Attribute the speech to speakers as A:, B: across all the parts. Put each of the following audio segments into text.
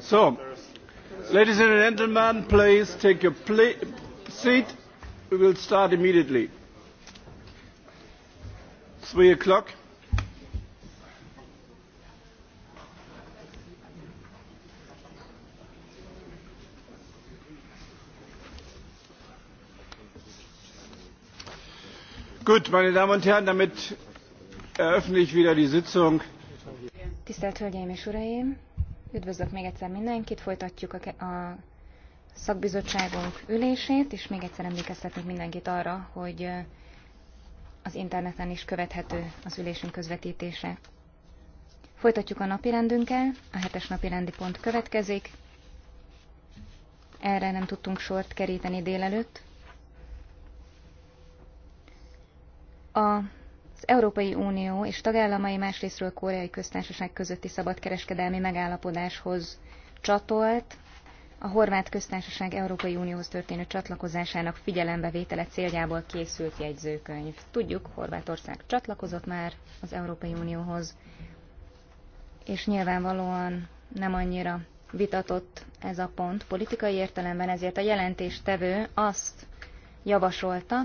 A: So,
B: ladies and gentlemen, please take your pla seat. We will start immediately.
A: Three o'clock.
C: Gut, meine Damen und Herren, damit eröffne ich wieder die Sitzung.
A: Tisztelt Hölgyeim és Uraim! Üdvözlök még egyszer mindenkit, folytatjuk a, a szakbizottságunk ülését, és még egyszer emlékeztetnék mindenkit arra, hogy az interneten is követhető az ülésünk közvetítése. Folytatjuk a napirendünkkel, a hetes napirendi pont következik. Erre nem tudtunk sort keríteni délelőtt. A az Európai Unió és tagállamai másrésztről Koreai Köztársaság közötti szabadkereskedelmi megállapodáshoz csatolt, a Horvát Köztársaság Európai Unióhoz történő csatlakozásának figyelembevétele céljából készült jegyzőkönyv. Tudjuk, Horvátország csatlakozott már az Európai Unióhoz, és nyilvánvalóan nem annyira vitatott ez a pont politikai értelemben, ezért a jelentéstevő azt javasolta,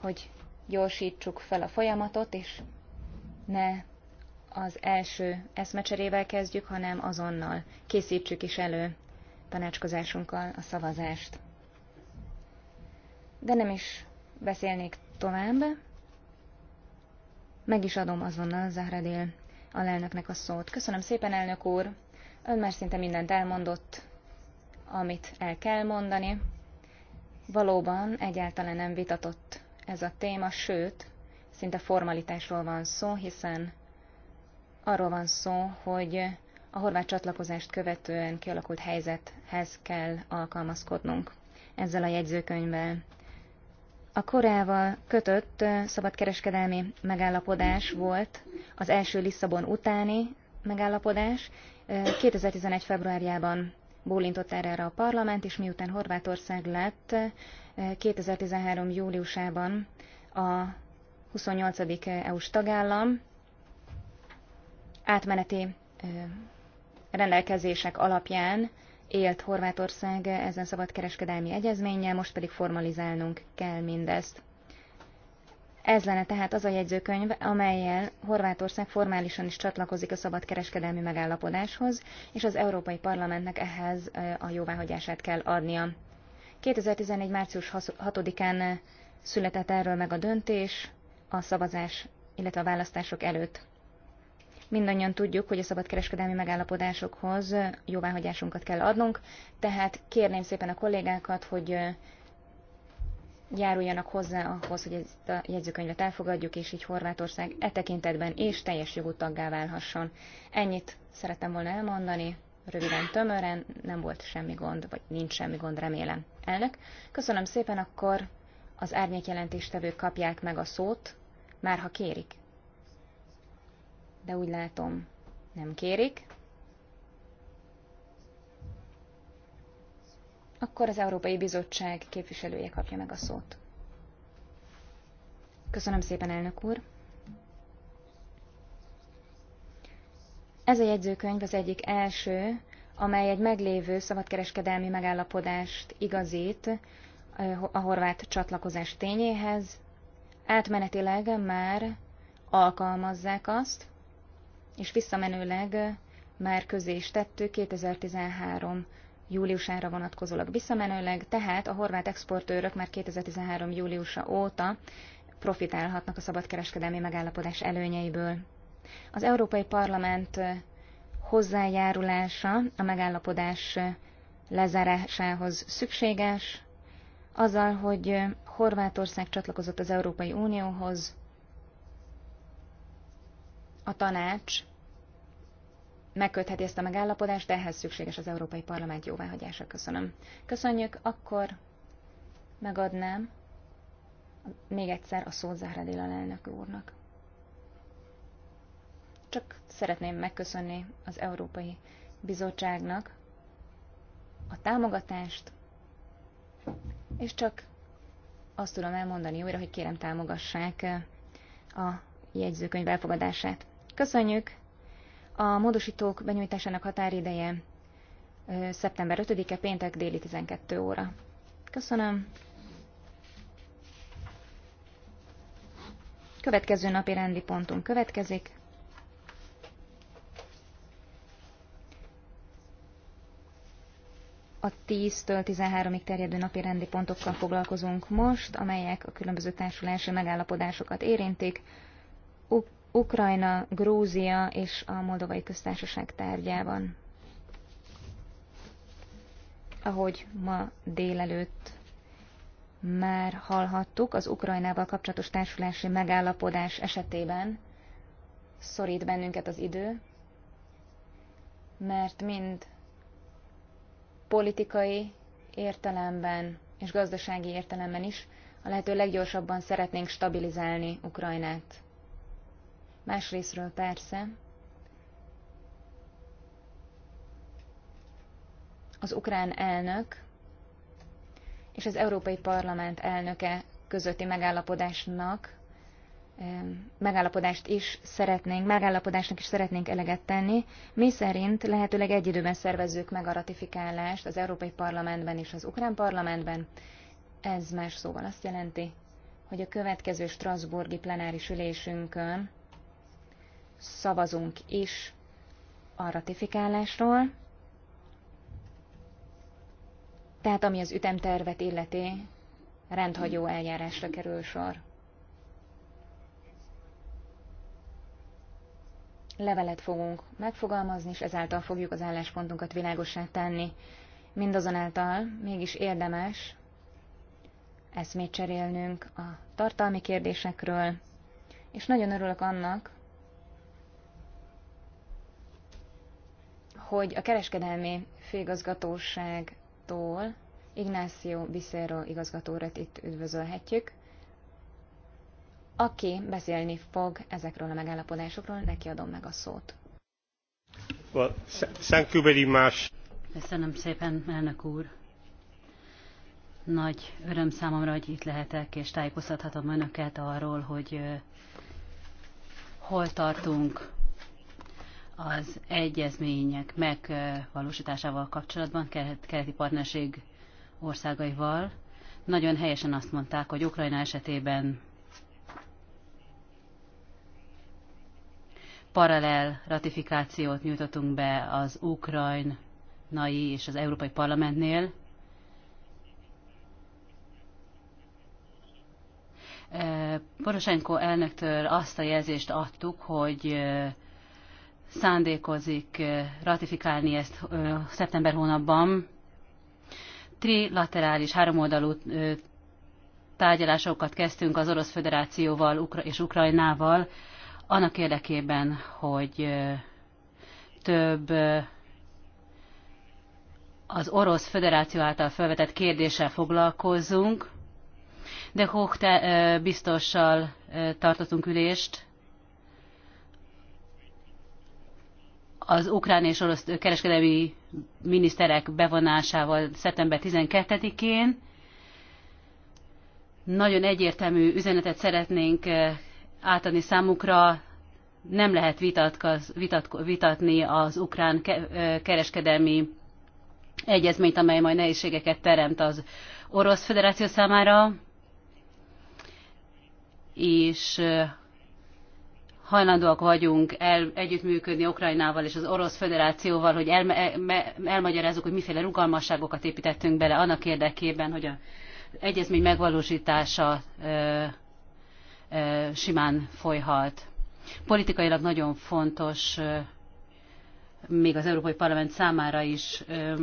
A: hogy gyorsítsuk fel a folyamatot, és ne az első eszmecserével kezdjük, hanem azonnal készítsük is elő tanácskozásunkkal a szavazást. De nem is beszélnék tovább. Meg is adom azonnal a alelnöknek a szót. Köszönöm szépen, elnök úr! Ön már szinte mindent elmondott, amit el kell mondani. Valóban egyáltalán nem vitatott ez a téma, sőt, szinte formalitásról van szó, hiszen arról van szó, hogy a horvát csatlakozást követően kialakult helyzethez kell alkalmazkodnunk ezzel a jegyzőkönyvvel. A korával kötött szabadkereskedelmi megállapodás volt az első Lisszabon utáni megállapodás. 2011. februárjában bólintott erre a parlament, és miután Horvátország lett 2013. Eh, júliusában a 28. Eh, EU-s tagállam, átmeneti eh, rendelkezések alapján élt Horvátország ezen szabadkereskedelmi egyezménnyel, most pedig formalizálnunk kell mindezt. Ez lenne tehát az a jegyzőkönyv, amelyel Horvátország formálisan is csatlakozik a szabadkereskedelmi megállapodáshoz, és az Európai Parlamentnek ehhez a jóváhagyását kell adnia. 2014. március 6-án született erről meg a döntés a szavazás, illetve a választások előtt. Mindannyian tudjuk, hogy a szabadkereskedelmi megállapodásokhoz jóváhagyásunkat kell adnunk, tehát kérném szépen a kollégákat, hogy járuljanak hozzá ahhoz, hogy ezt a jegyzőkönyvet elfogadjuk, és így Horvátország e tekintetben és teljes jogú taggá válhasson. Ennyit szerettem volna elmondani, röviden, tömören, nem volt semmi gond, vagy nincs semmi gond, remélem. Elnök, köszönöm szépen, akkor az árnyékjelentéstevők kapják meg a szót, már ha kérik. De úgy látom, nem kérik. Akkor az Európai Bizottság képviselője kapja meg a szót. Köszönöm szépen, elnök úr! Ez a jegyzőkönyv az egyik első, amely egy meglévő szabadkereskedelmi megállapodást igazít a horvát csatlakozás tényéhez. Átmenetileg már alkalmazzák azt, és visszamenőleg már közé is tettük 2013 júliusára vonatkozólag visszamenőleg, tehát a horvát exportőrök már 2013. júliusa óta profitálhatnak a szabadkereskedelmi megállapodás előnyeiből. Az Európai Parlament eh, hozzájárulása a megállapodás eh, lezárásához szükséges, azzal, hogy eh, Horvátország csatlakozott az Európai Unióhoz, a tanács megkötheti ezt a megállapodást, de ehhez szükséges az Európai Parlament jóváhagyása. Köszönöm. Köszönjük, akkor megadnám még egyszer a szót Zahradil elnök úrnak. Csak szeretném megköszönni az Európai Bizottságnak a támogatást, és csak azt tudom elmondani újra, hogy kérem támogassák a jegyzőkönyv elfogadását. Köszönjük! A módosítók benyújtásának határideje szeptember 5-e péntek déli 12 óra. Köszönöm. Következő napi rendi pontunk következik. A 10-től 13-ig terjedő napi rendi pontokkal foglalkozunk most, amelyek a különböző társulási megállapodásokat érintik. Ukrajna, Grúzia és a Moldovai Köztársaság tárgyában. Ahogy ma délelőtt már hallhattuk, az Ukrajnával kapcsolatos társulási megállapodás esetében szorít bennünket az idő, mert mind politikai értelemben és gazdasági értelemben is a lehető leggyorsabban szeretnénk stabilizálni Ukrajnát. Másrésztről persze az ukrán elnök és az Európai Parlament elnöke közötti megállapodásnak megállapodást is szeretnénk, megállapodásnak is szeretnénk eleget tenni, mi szerint lehetőleg egy időben szervezzük meg a ratifikálást az Európai Parlamentben és az Ukrán Parlamentben. Ez más szóval azt jelenti, hogy a következő Strasburgi plenáris ülésünkön szavazunk is a ratifikálásról. Tehát ami az ütemtervet illeti, rendhagyó eljárásra kerül sor. Levelet fogunk megfogalmazni, és ezáltal fogjuk az álláspontunkat világosá tenni. Mindazonáltal mégis érdemes eszmét cserélnünk a tartalmi kérdésekről, és nagyon örülök annak, hogy a kereskedelmi főigazgatóságtól Ignácio Bicero igazgatórat itt üdvözölhetjük, aki beszélni fog ezekről a megállapodásokról, neki adom meg a szót.
C: Well, thank you very much. Köszönöm szépen, elnök úr. Nagy öröm számomra, hogy itt lehetek, és tájékoztathatom önöket arról, hogy hol tartunk az egyezmények megvalósításával kapcsolatban, keleti partnerség országaival. Nagyon helyesen azt mondták, hogy Ukrajna esetében paralel ratifikációt nyújtottunk be az ukrajnai és az Európai Parlamentnél. Eh, Poroshenko elnöktől azt a jelzést adtuk, hogy eh, szándékozik ratifikálni ezt szeptember hónapban. Trilaterális, háromoldalú tárgyalásokat kezdtünk az Orosz Föderációval és Ukrajnával, annak érdekében, hogy több az Orosz Föderáció által felvetett kérdéssel foglalkozzunk, de Hochte biztossal tartottunk ülést, az ukrán és orosz kereskedelmi miniszterek bevonásával szeptember 12-én. Nagyon egyértelmű üzenetet szeretnénk eh, átadni számukra, nem lehet vitatkaz, vitat, vitatni az ukrán eh, kereskedelmi egyezményt, amely majd nehézségeket teremt az Orosz Föderáció számára, és eh, hajlandóak vagyunk el, együttműködni Ukrajnával és az Orosz Föderációval, hogy el, el, elmagyarázzuk, hogy miféle rugalmasságokat építettünk bele annak érdekében, hogy az egyezmény megvalósítása ö, ö, simán folyhat. Politikailag nagyon fontos, ö, még az Európai Parlament számára is, ö,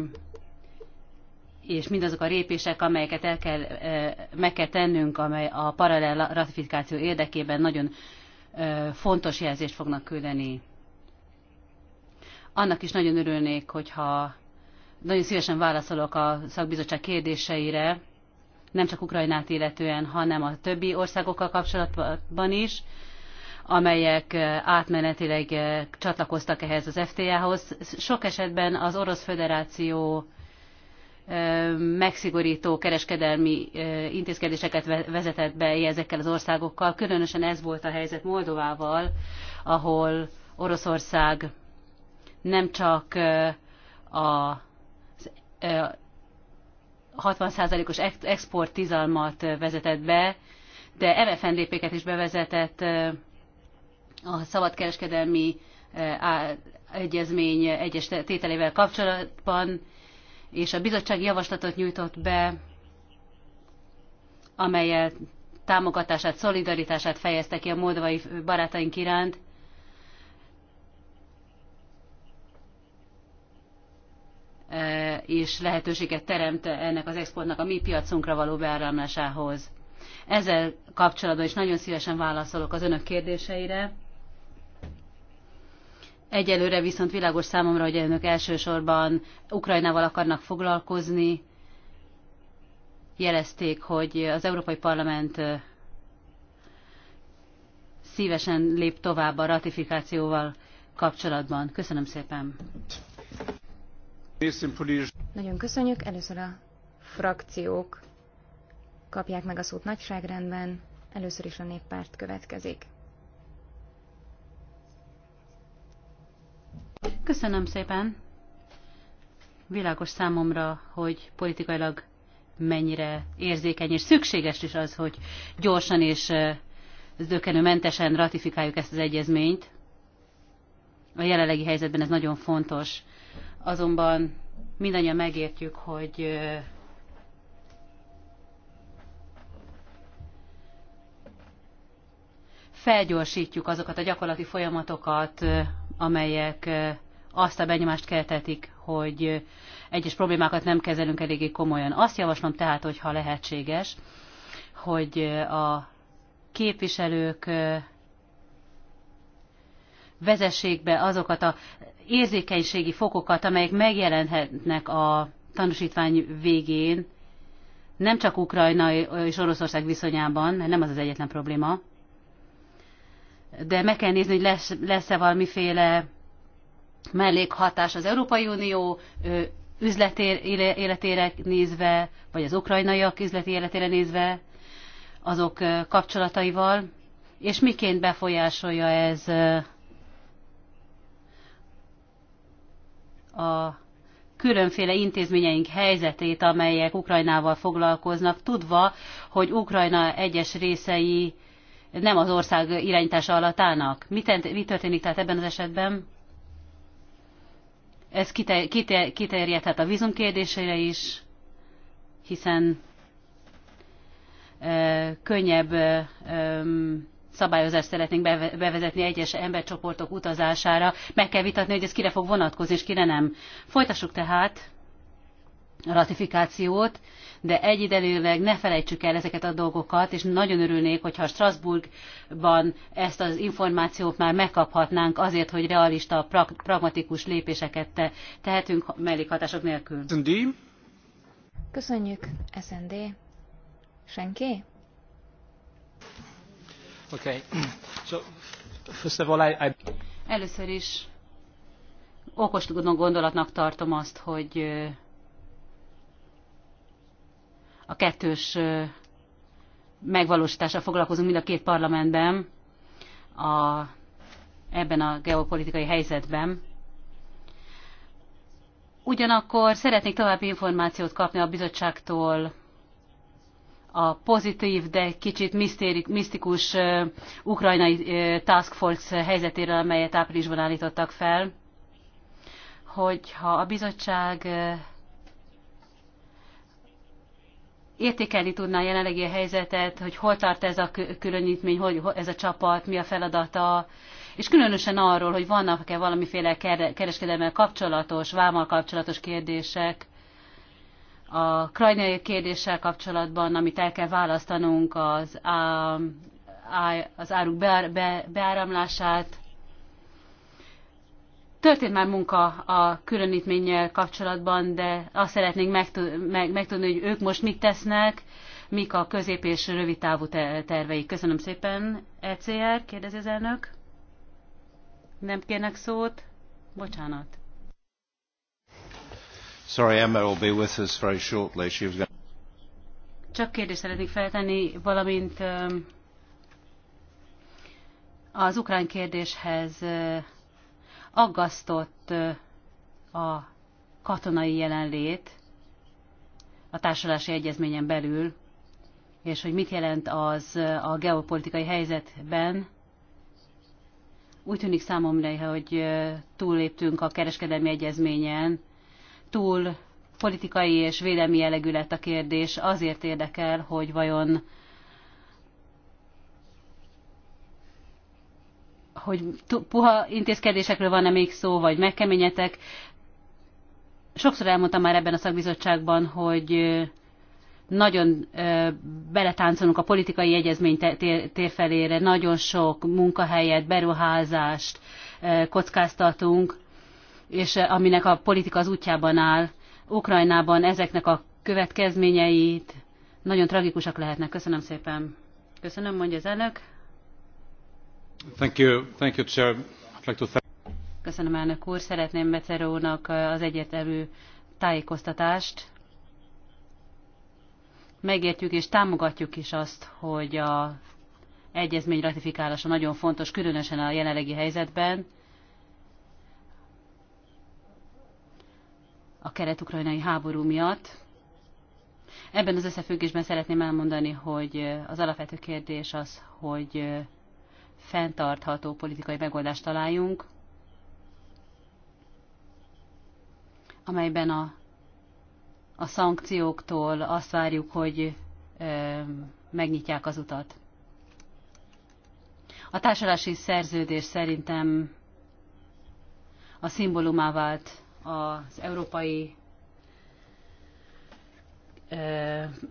C: és mindazok a lépések, amelyeket el kell, meg kell tennünk, amely a paralel ratifikáció érdekében nagyon fontos jelzést fognak küldeni. Annak is nagyon örülnék, hogyha nagyon szívesen válaszolok a szakbizottság kérdéseire, nem csak Ukrajnát illetően, hanem a többi országokkal kapcsolatban is, amelyek átmenetileg csatlakoztak ehhez az FTA-hoz. Sok esetben az Orosz Föderáció megszigorító kereskedelmi intézkedéseket vezetett be ezekkel az országokkal. Különösen ez volt a helyzet Moldovával, ahol Oroszország nem csak a 60%-os export tizalmat vezetett be, de MFNDP-ket is bevezetett a szabadkereskedelmi egyezmény egyes tételével kapcsolatban, és a bizottság javaslatot nyújtott be, amelyet támogatását, szolidaritását fejezte ki a moldvai barátaink iránt. E, és lehetőséget teremt ennek az exportnak a mi piacunkra való beáramlásához. Ezzel kapcsolatban is nagyon szívesen válaszolok az önök kérdéseire. Egyelőre viszont világos számomra, hogy önök elsősorban Ukrajnával akarnak foglalkozni. Jelezték, hogy az Európai Parlament szívesen lép tovább a ratifikációval kapcsolatban. Köszönöm szépen.
A: Nagyon köszönjük. Először a frakciók kapják meg a szót nagyságrendben. Először is a néppárt
C: következik. Köszönöm szépen. Világos számomra, hogy politikailag mennyire érzékeny és szükséges is az, hogy gyorsan és zökenőmentesen ratifikáljuk ezt az egyezményt. A jelenlegi helyzetben ez nagyon fontos. Azonban mindannyian megértjük, hogy felgyorsítjuk azokat a gyakorlati folyamatokat, amelyek azt a benyomást keltetik, hogy egyes problémákat nem kezelünk eléggé komolyan. Azt javaslom tehát, hogy ha lehetséges, hogy a képviselők vezessék be azokat a érzékenységi fokokat, amelyek megjelenhetnek a tanúsítvány végén, nem csak Ukrajna és Oroszország viszonyában, mert nem az az egyetlen probléma, de meg kell nézni, hogy lesz, lesz-e valamiféle mellékhatás az Európai Unió üzleti életére nézve, vagy az ukrajnaiak üzleti életére nézve, azok kapcsolataival, és miként befolyásolja ez a különféle intézményeink helyzetét, amelyek Ukrajnával foglalkoznak, tudva, hogy Ukrajna egyes részei nem az ország irányítása alatt állnak. Mi történik tehát ebben az esetben? Ez kiterjedhet a vízum kérdésére is, hiszen ö, könnyebb ö, ö, szabályozást szeretnénk bevezetni egyes embercsoportok utazására. Meg kell vitatni, hogy ez kire fog vonatkozni, és kire nem. Folytassuk tehát a ratifikációt, de egyidejűleg ne felejtsük el ezeket a dolgokat, és nagyon örülnék, hogyha Strasbourgban ezt az információt már megkaphatnánk azért, hogy realista, pragmatikus lépéseket tehetünk mellékhatások nélkül. SND.
A: Köszönjük, SND. Senki?
B: Okay. So, first of all, I, I...
C: Először is okos gondolatnak tartom azt, hogy a kettős megvalósítással foglalkozunk mind a két parlamentben a, ebben a geopolitikai helyzetben. Ugyanakkor szeretnék további információt kapni a bizottságtól a pozitív, de kicsit misztikus uh, ukrajnai uh, task force helyzetéről, amelyet áprilisban állítottak fel, hogyha a bizottság uh, értékelni tudná a jelenlegi helyzetet, hogy hol tart ez a különítmény, hogy ez a csapat, mi a feladata, és különösen arról, hogy vannak-e valamiféle kereskedelmel kapcsolatos, vámmal kapcsolatos kérdések, a krajnai kérdéssel kapcsolatban, amit el kell választanunk az, á, á, az áruk be, beáramlását, Történt már munka a különítménnyel kapcsolatban, de azt szeretnénk megtudni, hogy ők most mit tesznek, mik a közép és rövid távú terveik. Köszönöm szépen. ECR, kérdezi az elnök. Nem kérnek szót? Bocsánat.
B: Sorry, Emma will be with us very shortly. She was
C: going... Csak kérdést szeretnék feltenni, valamint az ukrán kérdéshez aggasztott a katonai jelenlét a társulási egyezményen belül, és hogy mit jelent az a geopolitikai helyzetben. Úgy tűnik számomra, hogy túlléptünk a kereskedelmi egyezményen, túl politikai és védelmi jellegű lett a kérdés, azért érdekel, hogy vajon hogy puha intézkedésekről van-e még szó, vagy megkeményetek. Sokszor elmondtam már ebben a szakbizottságban, hogy nagyon beletáncolunk a politikai egyezmény térfelére, nagyon sok munkahelyet, beruházást kockáztatunk, és aminek a politika az útjában áll. Ukrajnában ezeknek a következményeit nagyon tragikusak lehetnek. Köszönöm szépen. Köszönöm, mondja az elnök. Köszönöm elnök úr, szeretném becerra úrnak az egyértelmű tájékoztatást. Megértjük és támogatjuk is azt, hogy a egyezmény ratifikálása nagyon fontos, különösen a jelenlegi helyzetben. a kelet-ukrajnai háború miatt. Ebben az összefüggésben szeretném elmondani, hogy az alapvető kérdés az, hogy fenntartható politikai megoldást találjunk, amelyben a, a szankcióktól azt várjuk, hogy ö, megnyitják az utat. A társadalási szerződés szerintem a szimbólumá vált az európai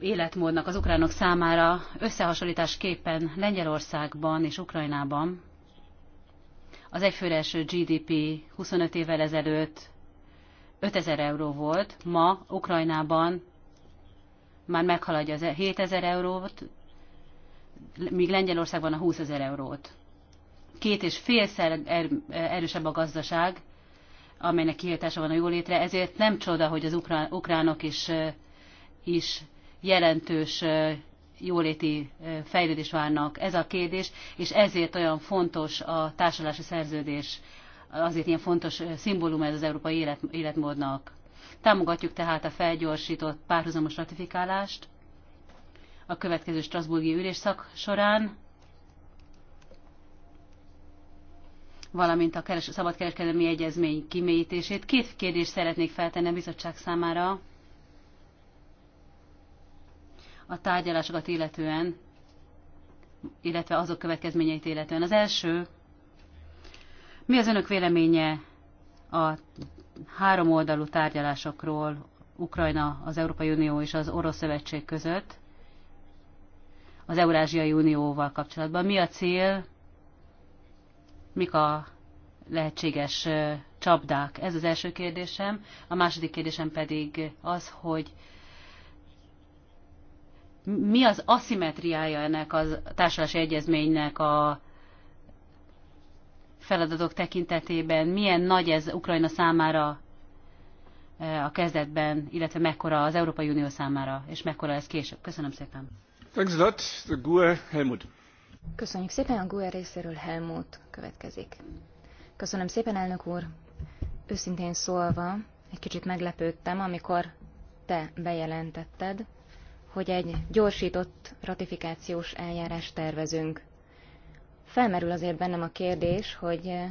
C: életmódnak az ukránok számára összehasonlításképpen Lengyelországban és Ukrajnában az egyfőre első GDP 25 évvel ezelőtt 5000 euró volt, ma Ukrajnában már meghaladja az 7000 eurót, míg Lengyelországban a 20 ezer eurót. Két és félszer er-, erősebb a gazdaság, amelynek kihatása van a jólétre, ezért nem csoda, hogy az ukránok is is jelentős jóléti fejlődés várnak. Ez a kérdés, és ezért olyan fontos a társadalási szerződés, azért ilyen fontos szimbólum ez az európai élet, életmódnak. Támogatjuk tehát a felgyorsított párhuzamos ratifikálást a következő Strasburgi ülésszak során, valamint a keres, szabadkereskedelmi egyezmény kimélyítését. Két kérdést szeretnék feltenni a bizottság számára a tárgyalásokat illetően, illetve azok következményeit illetően. Az első, mi az önök véleménye a három oldalú tárgyalásokról Ukrajna, az Európai Unió és az Orosz Szövetség között az Eurázsiai Unióval kapcsolatban? Mi a cél? Mik a lehetséges csapdák? Ez az első kérdésem. A második kérdésem pedig az, hogy mi az aszimetriája ennek a társadalmi egyezménynek a feladatok tekintetében, milyen nagy ez Ukrajna számára eh, a kezdetben, illetve mekkora az Európai Unió számára, és mekkora ez később. Köszönöm szépen.
B: Thanks a lot. GUE, e, Helmut.
A: Köszönjük szépen, a GUE részéről Helmut következik. Köszönöm szépen, elnök úr. Őszintén szólva, egy kicsit meglepődtem, amikor te bejelentetted, hogy egy gyorsított ratifikációs eljárást tervezünk. Felmerül azért bennem a kérdés, hogy eh,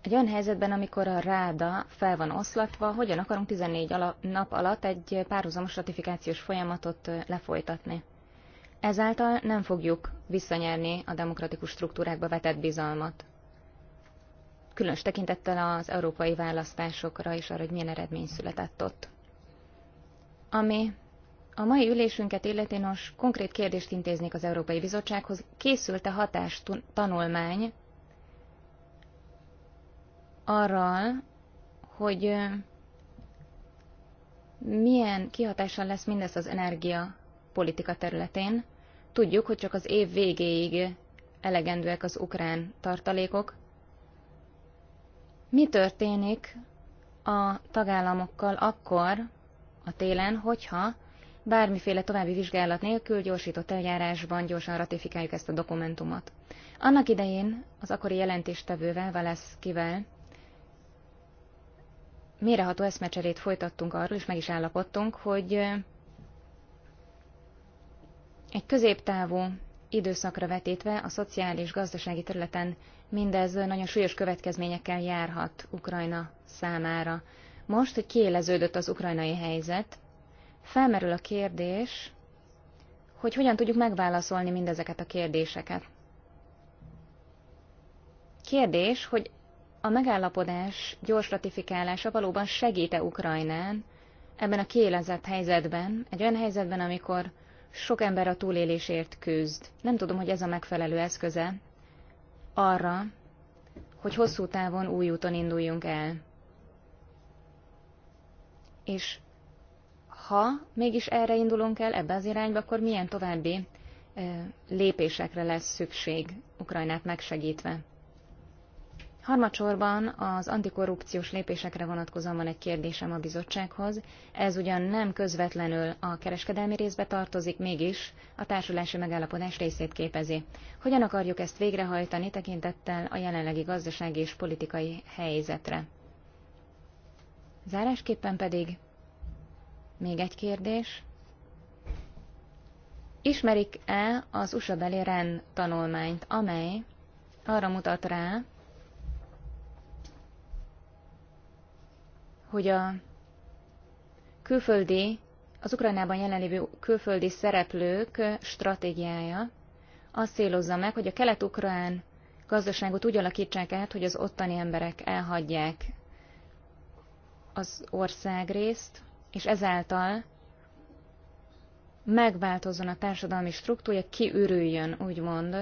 A: egy olyan helyzetben, amikor a ráda fel van oszlatva, hogyan akarunk 14 nap alatt egy párhuzamos ratifikációs folyamatot eh, lefolytatni. Ezáltal nem fogjuk visszanyerni a demokratikus struktúrákba vetett bizalmat. Különös tekintettel az európai választásokra és arra, hogy milyen eredmény született ott. Ami a mai ülésünket illeti nos konkrét kérdést intéznék az Európai Bizottsághoz. Készült a hatástanulmány arról, hogy milyen kihatással lesz mindez az energiapolitika területén. Tudjuk, hogy csak az év végéig elegendőek az ukrán tartalékok. Mi történik a tagállamokkal akkor, a télen, hogyha bármiféle további vizsgálat nélkül gyorsított eljárásban gyorsan ratifikáljuk ezt a dokumentumot. Annak idején az akkori jelentéstevővel, Valesz kivel méreható eszmecserét folytattunk arról, és meg is állapodtunk, hogy egy középtávú időszakra vetítve a szociális gazdasági területen mindez nagyon súlyos következményekkel járhat Ukrajna számára. Most, hogy kiéleződött az ukrajnai helyzet, felmerül a kérdés, hogy hogyan tudjuk megválaszolni mindezeket a kérdéseket. Kérdés, hogy a megállapodás gyors ratifikálása valóban segíte Ukrajnán ebben a kiélezett helyzetben, egy olyan helyzetben, amikor sok ember a túlélésért küzd. Nem tudom, hogy ez a megfelelő eszköze arra, hogy hosszú távon új úton induljunk el. És ha mégis erre indulunk el, ebbe az irányba, akkor milyen további lépésekre lesz szükség Ukrajnát megsegítve? Harmadsorban az antikorrupciós lépésekre vonatkozóan van egy kérdésem a bizottsághoz. Ez ugyan nem közvetlenül a kereskedelmi részbe tartozik, mégis a társulási megállapodás részét képezi. Hogyan akarjuk ezt végrehajtani tekintettel a jelenlegi gazdasági és politikai helyzetre? Zárásképpen pedig még egy kérdés. Ismerik-e az USA beli REN tanulmányt, amely arra mutat rá, hogy a külföldi, az Ukrajnában jelenlévő külföldi szereplők stratégiája azt célozza meg, hogy a kelet-ukrán gazdaságot úgy alakítsák át, hogy az ottani emberek elhagyják az országrészt, és ezáltal megváltozzon a társadalmi struktúra, kiürüljön, úgymond,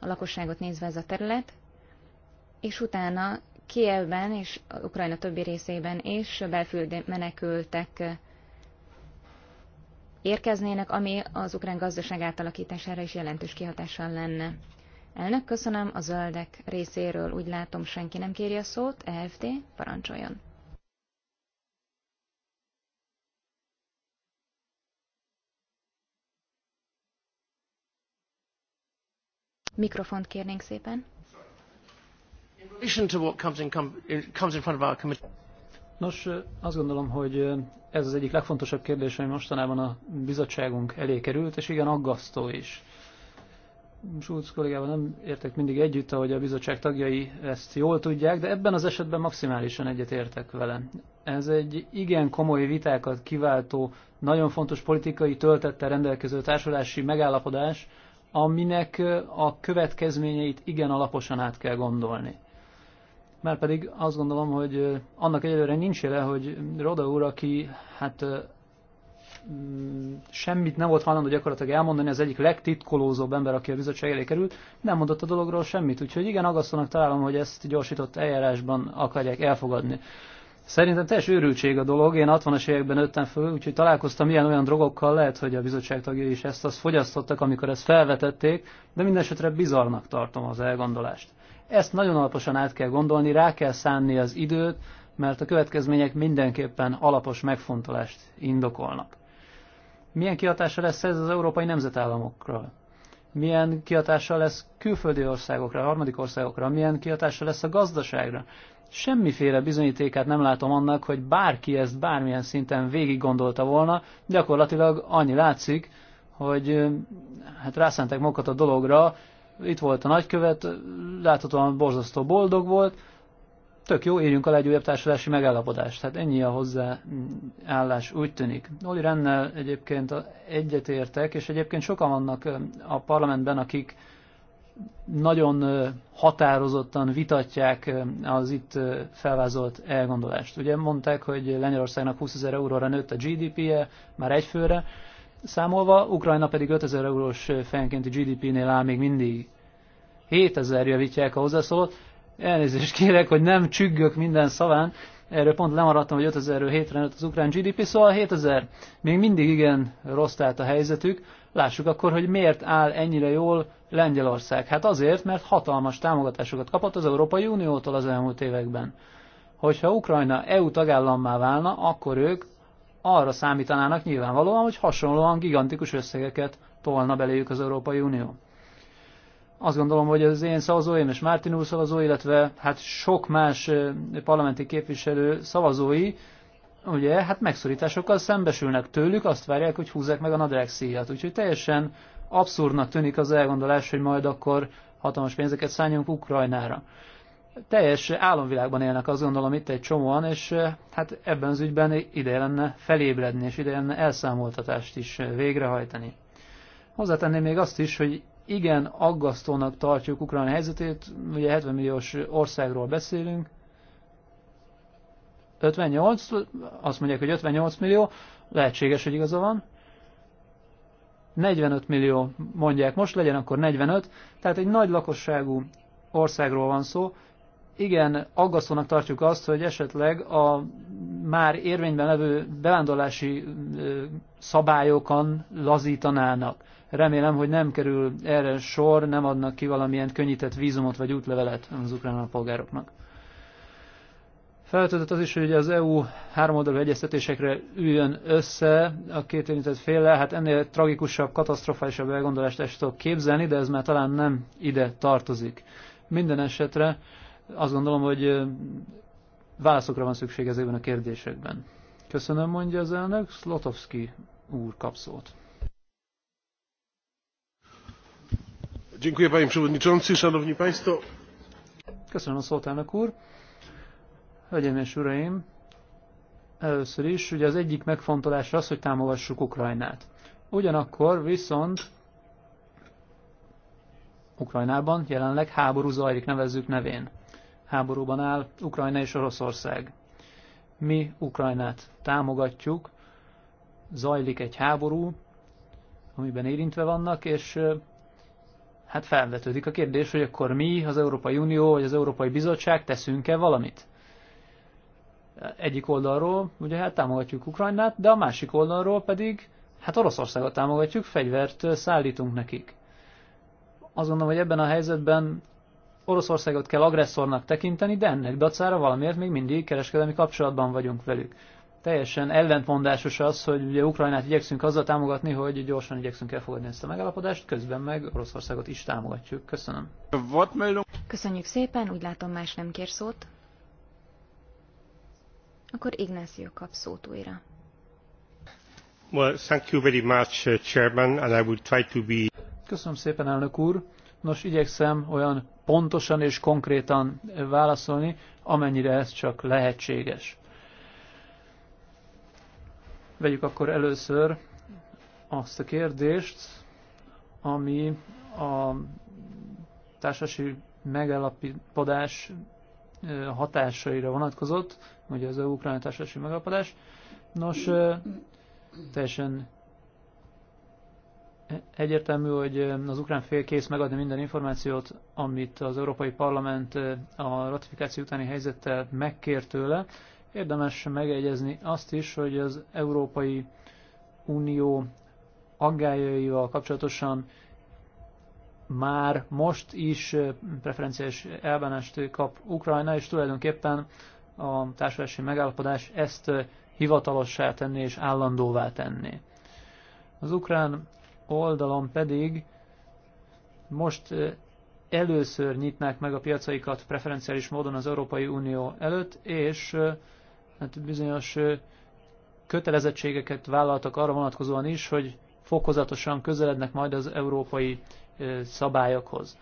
A: a lakosságot nézve ez a terület, és utána Kievben és Ukrajna többi részében is belföldi menekültek érkeznének, ami az ukrán gazdaság átalakítására is jelentős kihatással lenne. Elnök, köszönöm a zöldek részéről, úgy látom senki nem kéri a szót, EFD, parancsoljon. Mikrofont kérnénk szépen.
B: Nos, azt gondolom, hogy ez az egyik legfontosabb kérdés, ami mostanában a bizottságunk elé került, és igen aggasztó is. Schulz kollégával nem értek mindig együtt, ahogy a bizottság tagjai ezt jól tudják, de ebben az esetben maximálisan egyet értek vele. Ez egy igen komoly vitákat kiváltó, nagyon fontos politikai töltettel rendelkező társulási megállapodás, aminek a következményeit igen alaposan át kell gondolni. mert pedig azt gondolom, hogy annak egyelőre nincs jele, hogy Roda úr, aki hát mm, semmit nem volt hajlandó gyakorlatilag elmondani, az egyik legtitkolózóbb ember, aki a bizottság elé került, nem mondott a dologról semmit. Úgyhogy igen, aggasztónak találom, hogy ezt gyorsított eljárásban akarják elfogadni. Szerintem teljes őrültség a dolog. Én 60-as években nőttem föl, úgyhogy találkoztam ilyen-olyan drogokkal, lehet, hogy a bizottság tagjai is ezt azt fogyasztottak, amikor ezt felvetették, de minden esetre bizarnak tartom az elgondolást. Ezt nagyon alaposan át kell gondolni, rá kell szánni az időt, mert a következmények mindenképpen alapos megfontolást indokolnak. Milyen kihatása lesz ez az európai nemzetállamokra? Milyen kihatása lesz külföldi országokra, harmadik országokra? Milyen kihatása lesz a gazdaságra? semmiféle bizonyítékát nem látom annak, hogy bárki ezt bármilyen szinten végig gondolta volna, gyakorlatilag annyi látszik, hogy hát rászentek magukat a dologra, itt volt a nagykövet, láthatóan borzasztó boldog volt, tök jó, írjunk alá egy újabb társulási megállapodást. Tehát ennyi a hozzáállás, úgy tűnik. Oli Rennel egyébként egyetértek, és egyébként sokan vannak a parlamentben, akik nagyon határozottan vitatják az itt felvázolt elgondolást. Ugye mondták, hogy Lengyelországnak 20 ezer euróra nőtt a GDP-je, már egyfőre számolva, Ukrajna pedig 5 ezer eurós fejenkénti GDP-nél áll még mindig. 7 ezer javítják a hozzászólót. Elnézést kérek, hogy nem csüggök minden szaván, erről pont lemaradtam, hogy 5 ezerről 7 az ukrán GDP, szóval ezer. még mindig igen rossz a helyzetük Lássuk akkor, hogy miért áll ennyire jól Lengyelország. Hát azért, mert hatalmas támogatásokat kapott az Európai Uniótól az elmúlt években. Hogyha Ukrajna EU tagállammá válna, akkor ők arra számítanának nyilvánvalóan, hogy hasonlóan gigantikus összegeket tolna beléjük az Európai Unió. Azt gondolom, hogy az én szavazóim és Mártin úr szavazó, illetve hát sok más parlamenti képviselő szavazói ugye, hát megszorításokkal szembesülnek tőlük, azt várják, hogy húzzák meg a nadrág szíjat. Úgyhogy teljesen abszurdnak tűnik az elgondolás, hogy majd akkor hatalmas pénzeket szálljunk Ukrajnára. Teljes álomvilágban élnek azt gondolom itt egy csomóan, és eh, hát ebben az ügyben ideje lenne felébredni, és ideje lenne elszámoltatást is eh, végrehajtani. Hozzátenném még azt is, hogy igen aggasztónak tartjuk Ukrajna helyzetét, ugye 70 milliós országról beszélünk, 58, azt mondják, hogy 58 millió, lehetséges, hogy igaza van. 45 millió mondják most, legyen akkor 45, tehát egy nagy lakosságú országról van szó. Igen, aggasztónak tartjuk azt, hogy esetleg a már érvényben levő bevándorlási szabályokon lazítanának. Remélem, hogy nem kerül erre sor, nem adnak ki valamilyen könnyített vízumot vagy útlevelet az ukrán polgároknak. Feltöltött az is, hogy az EU háromoldalú egyeztetésekre üljön össze a két érintett féle, hát ennél tragikusabb, katasztrofálisabb elgondolást el tudok képzelni, de ez már talán nem ide tartozik. Minden esetre azt gondolom, hogy válaszokra van szükség ezekben a kérdésekben. Köszönöm, mondja az elnök. Slotowski úr kap szót. Dziękuję panie przewodniczący, szanowni państwo. Köszönöm a szót, elnök úr. Hölgyeim és Uraim, először is, ugye az egyik megfontolás az, hogy támogassuk Ukrajnát. Ugyanakkor viszont Ukrajnában jelenleg háború zajlik, nevezzük nevén. Háborúban áll Ukrajna és Oroszország. Mi Ukrajnát támogatjuk, zajlik egy háború, amiben érintve vannak, és hát felvetődik a kérdés, hogy akkor mi, az Európai Unió vagy az Európai Bizottság teszünk-e valamit? egyik oldalról ugye hát támogatjuk Ukrajnát, de a másik oldalról pedig hát Oroszországot támogatjuk, fegyvert szállítunk nekik. Azt gondolom, hogy ebben a helyzetben Oroszországot kell agresszornak tekinteni, de ennek dacára valamiért még mindig kereskedelmi kapcsolatban vagyunk velük. Teljesen ellentmondásos az, hogy ugye Ukrajnát igyekszünk azzal támogatni, hogy gyorsan igyekszünk elfogadni ezt a megállapodást, közben meg Oroszországot is támogatjuk. Köszönöm.
A: Köszönjük szépen, úgy látom más nem kér szót. Akkor Ignacio kap szót újra.
C: Well, thank you very much, uh, Chairman, and I will try to be...
B: Köszönöm szépen, elnök úr. Nos, igyekszem olyan pontosan és konkrétan uh, válaszolni, amennyire ez csak lehetséges. Vegyük akkor először azt a kérdést, ami a társasi megállapodás hatásaira vonatkozott, ugye az ukrán társadalmi megalapodás. Nos, teljesen e, egyértelmű, hogy az ukrán fél kész megadni minden információt, amit az Európai Parlament a ratifikáció utáni helyzettel megkért tőle. Érdemes megegyezni azt is, hogy az Európai Unió aggájaival kapcsolatosan már most is preferenciás elbánást kap Ukrajna, és tulajdonképpen a társadalmi megállapodás ezt hivatalossá tenni és állandóvá tenni. Az ukrán oldalon pedig most először nyitnák meg a piacaikat preferenciális módon az Európai Unió előtt, és hát bizonyos kötelezettségeket vállaltak arra vonatkozóan is, hogy fokozatosan közelednek majd az európai szabályokhoz.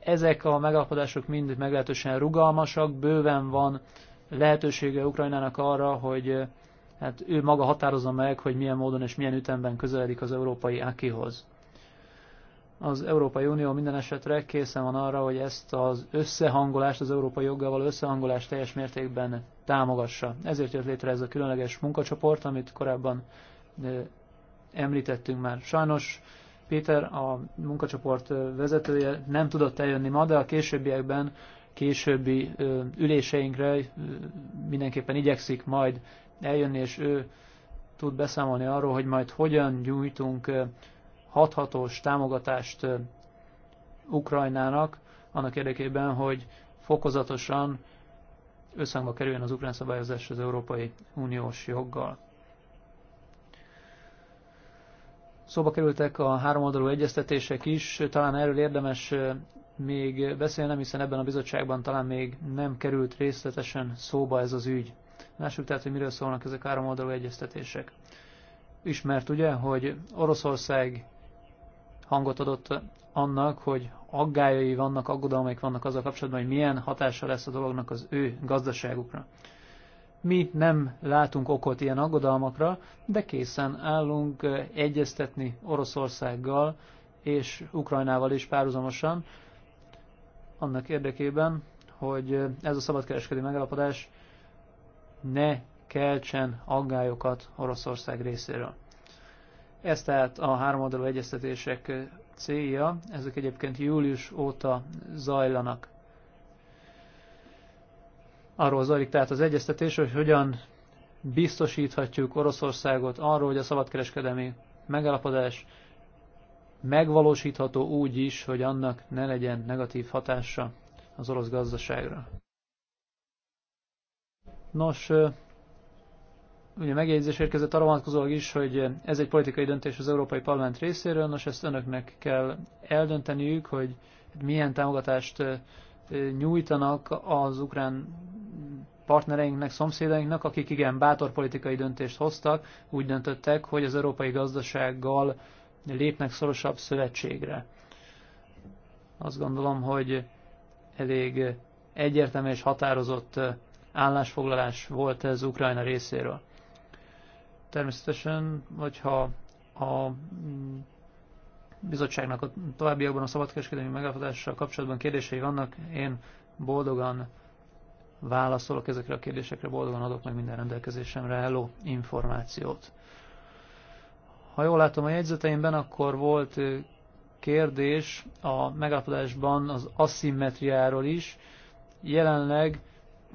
B: Ezek a megállapodások mind meglehetősen rugalmasak, bőven van lehetősége Ukrajnának arra, hogy hát ő maga határozza meg, hogy milyen módon és milyen ütemben közeledik az európai akihoz. Az Európai Unió minden esetre készen van arra, hogy ezt az összehangolást, az európai joggal való összehangolást teljes mértékben támogassa. Ezért jött létre ez a különleges munkacsoport, amit korábban említettünk már. Sajnos Péter, a munkacsoport vezetője nem tudott eljönni ma, de a későbbiekben, későbbi üléseinkre mindenképpen igyekszik majd eljönni, és ő tud beszámolni arról, hogy majd hogyan gyújtunk hathatós támogatást Ukrajnának, annak érdekében, hogy fokozatosan összhangba kerüljön az ukrán szabályozás az Európai Uniós joggal. Szóba kerültek a háromoldalú egyeztetések is, talán erről érdemes még beszélnem, hiszen ebben a bizottságban talán még nem került részletesen szóba ez az ügy. Lássuk tehát, hogy miről szólnak ezek a háromoldalú egyeztetések. Ismert ugye, hogy Oroszország hangot adott annak, hogy aggályai vannak, aggodalmaik vannak azzal kapcsolatban, hogy milyen hatása lesz a dolognak az ő gazdaságukra. Mi nem látunk okot ilyen aggodalmakra, de készen állunk eh, egyeztetni Oroszországgal és Ukrajnával is párhuzamosan, annak érdekében, hogy eh, ez a szabadkereskedő megállapodás ne keltsen aggályokat Oroszország részéről. Ez tehát a háromoldalú egyeztetések eh, célja, ezek egyébként július óta zajlanak. Arról zajlik tehát az egyeztetés, hogy hogyan biztosíthatjuk Oroszországot arról, hogy a szabadkereskedelmi megállapodás megvalósítható úgy is, hogy annak ne legyen negatív hatása az orosz gazdaságra. Nos, ugye megjegyzés érkezett arra vonatkozóan is, hogy ez egy politikai döntés az Európai Parlament részéről, nos ezt önöknek kell eldönteniük, hogy milyen támogatást nyújtanak az ukrán partnereinknek, szomszédainknak, akik igen bátor politikai döntést hoztak, úgy döntöttek, hogy az európai gazdasággal lépnek szorosabb szövetségre. Azt gondolom, hogy elég egyértelmű és határozott állásfoglalás volt ez Ukrajna részéről. Természetesen, hogyha a bizottságnak a továbbiakban a szabadkereskedelmi megállapodással kapcsolatban kérdései vannak, én boldogan válaszolok ezekre a kérdésekre, boldogan adok meg minden rendelkezésemre álló információt. Ha jól látom a jegyzeteimben, akkor volt kérdés a megállapodásban az aszimmetriáról is. Jelenleg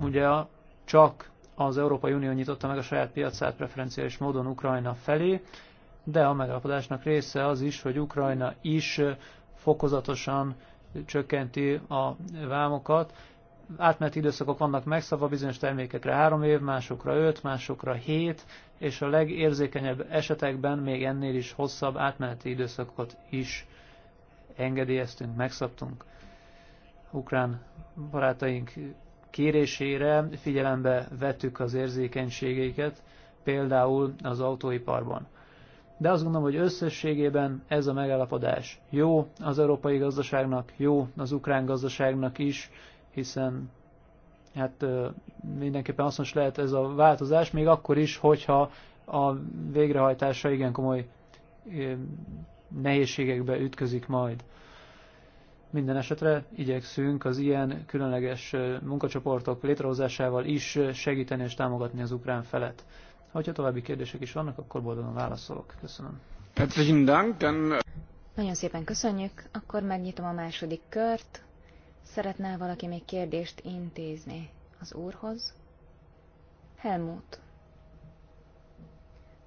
B: ugye csak az Európai Unió nyitotta meg a saját piacát preferenciális módon Ukrajna felé, de a megállapodásnak része az is, hogy Ukrajna is fokozatosan csökkenti a vámokat. Átmeneti időszakok vannak megszabva bizonyos termékekre három év, másokra öt, másokra hét, és a legérzékenyebb esetekben még ennél is hosszabb átmeneti időszakot is engedélyeztünk, megszabtunk. Ukrán barátaink kérésére figyelembe vettük az érzékenységeiket, például az autóiparban de azt gondolom, hogy összességében ez a megállapodás jó az európai gazdaságnak, jó az ukrán gazdaságnak is, hiszen hát mindenképpen hasznos lehet ez a változás, még akkor is, hogyha a végrehajtása igen komoly nehézségekbe ütközik majd. Minden esetre igyekszünk az ilyen különleges munkacsoportok létrehozásával is segíteni és támogatni az ukrán felet. Ha további kérdések is vannak, akkor boldogan válaszolok. Köszönöm. Hát,
A: Nagyon szépen köszönjük. Akkor megnyitom a második kört. Szeretná valaki még kérdést intézni az úrhoz? Helmut.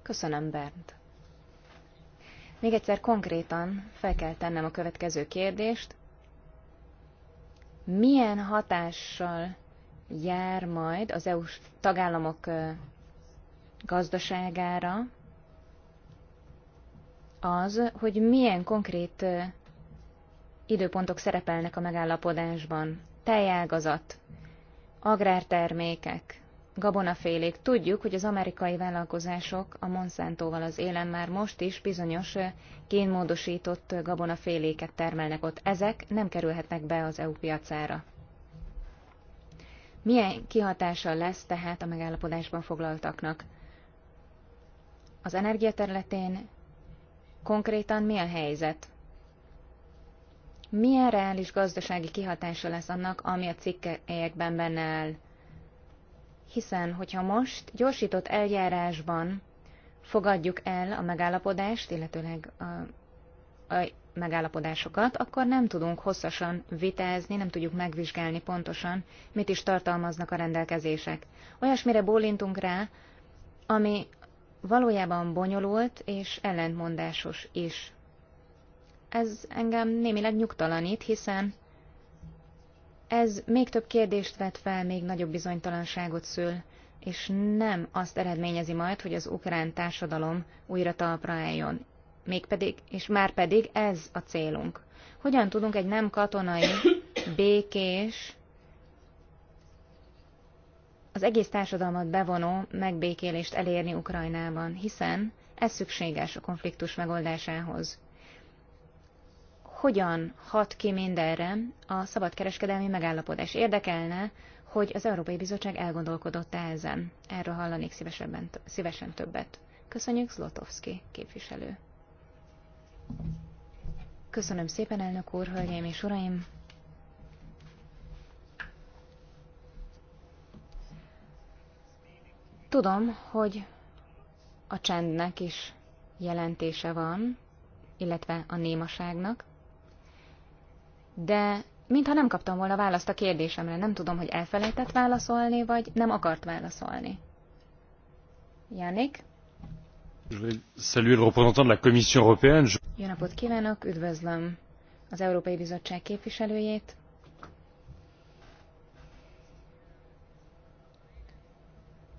A: Köszönöm, Bernd. Még egyszer konkrétan fel kell tennem a következő kérdést. Milyen hatással jár majd az EU-s tagállamok gazdaságára az, hogy milyen konkrét időpontok szerepelnek a megállapodásban. Tejágazat, agrártermékek, gabonafélék. Tudjuk, hogy az amerikai vállalkozások a Monsantóval az élen már most is bizonyos kénmódosított gabonaféléket termelnek ott. Ezek nem kerülhetnek be az EU piacára. Milyen kihatása lesz tehát a megállapodásban foglaltaknak? Az energia területén konkrétan mi a helyzet? Milyen reális gazdasági kihatása lesz annak, ami a cikkelyekben benne áll? Hiszen, hogyha most gyorsított eljárásban fogadjuk el a megállapodást, illetőleg a, a megállapodásokat, akkor nem tudunk hosszasan vitázni, nem tudjuk megvizsgálni pontosan, mit is tartalmaznak a rendelkezések. Olyasmire bólintunk rá, ami valójában bonyolult és ellentmondásos is. Ez engem némileg nyugtalanít, hiszen ez még több kérdést vet fel, még nagyobb bizonytalanságot szül, és nem azt eredményezi majd, hogy az ukrán társadalom újra talpra eljön. Mégpedig, és már pedig ez a célunk. Hogyan tudunk egy nem katonai, békés az egész társadalmat bevonó megbékélést elérni Ukrajnában, hiszen ez szükséges a konfliktus megoldásához. Hogyan hat ki mindenre a szabadkereskedelmi megállapodás? Érdekelne, hogy az Európai Bizottság elgondolkodott -e ezen. Erről hallanék szívesebben, szívesen többet. Köszönjük, Zlotowski képviselő. Köszönöm szépen, elnök úr, hölgyeim és uraim! Tudom, hogy a csendnek is jelentése van, illetve a némaságnak, de mintha nem kaptam volna választ a kérdésemre, nem tudom, hogy elfelejtett válaszolni, vagy nem akart válaszolni. Janik? Jó napot kívánok, üdvözlöm az Európai Bizottság képviselőjét.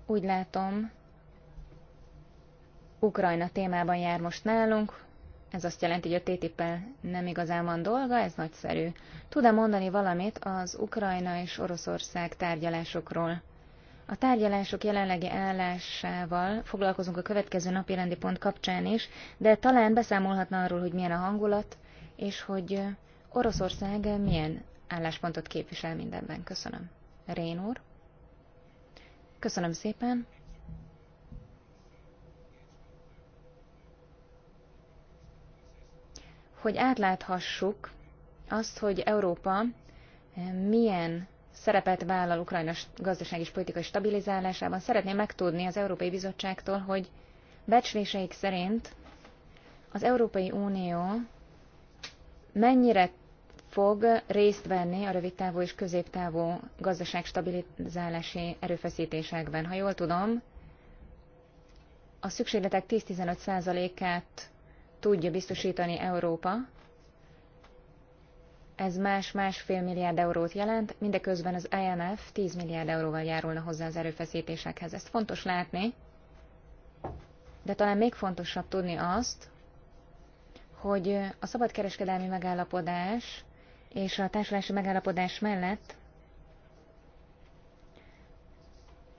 A: Úgy látom, Ukrajna témában jár most nálunk, ez azt jelenti, hogy a ttip nem igazán van dolga, ez nagyszerű. Tud-e mondani valamit az Ukrajna és Oroszország tárgyalásokról? A tárgyalások jelenlegi állásával foglalkozunk a következő napi rendi pont kapcsán is, de talán beszámolhatna arról, hogy milyen a hangulat, és hogy Oroszország milyen álláspontot képvisel mindenben. Köszönöm. Rén úr? Köszönöm szépen. Hogy átláthassuk azt, hogy Európa eh, milyen szerepet vállal Ukrajna gazdasági és politikai stabilizálásában, szeretném megtudni az Európai Bizottságtól, hogy becsléseik szerint az Európai Unió mennyire fog részt venni a rövidtávú és középtávú gazdaság stabilizálási erőfeszítésekben. Ha jól tudom, a szükségletek 10-15%-át tudja biztosítani Európa, ez más-másfél milliárd eurót jelent, mindeközben az IMF 10 milliárd euróval járulna hozzá az erőfeszítésekhez. Ezt fontos látni, de talán még fontosabb tudni azt, hogy a szabadkereskedelmi megállapodás és a társulási megállapodás mellett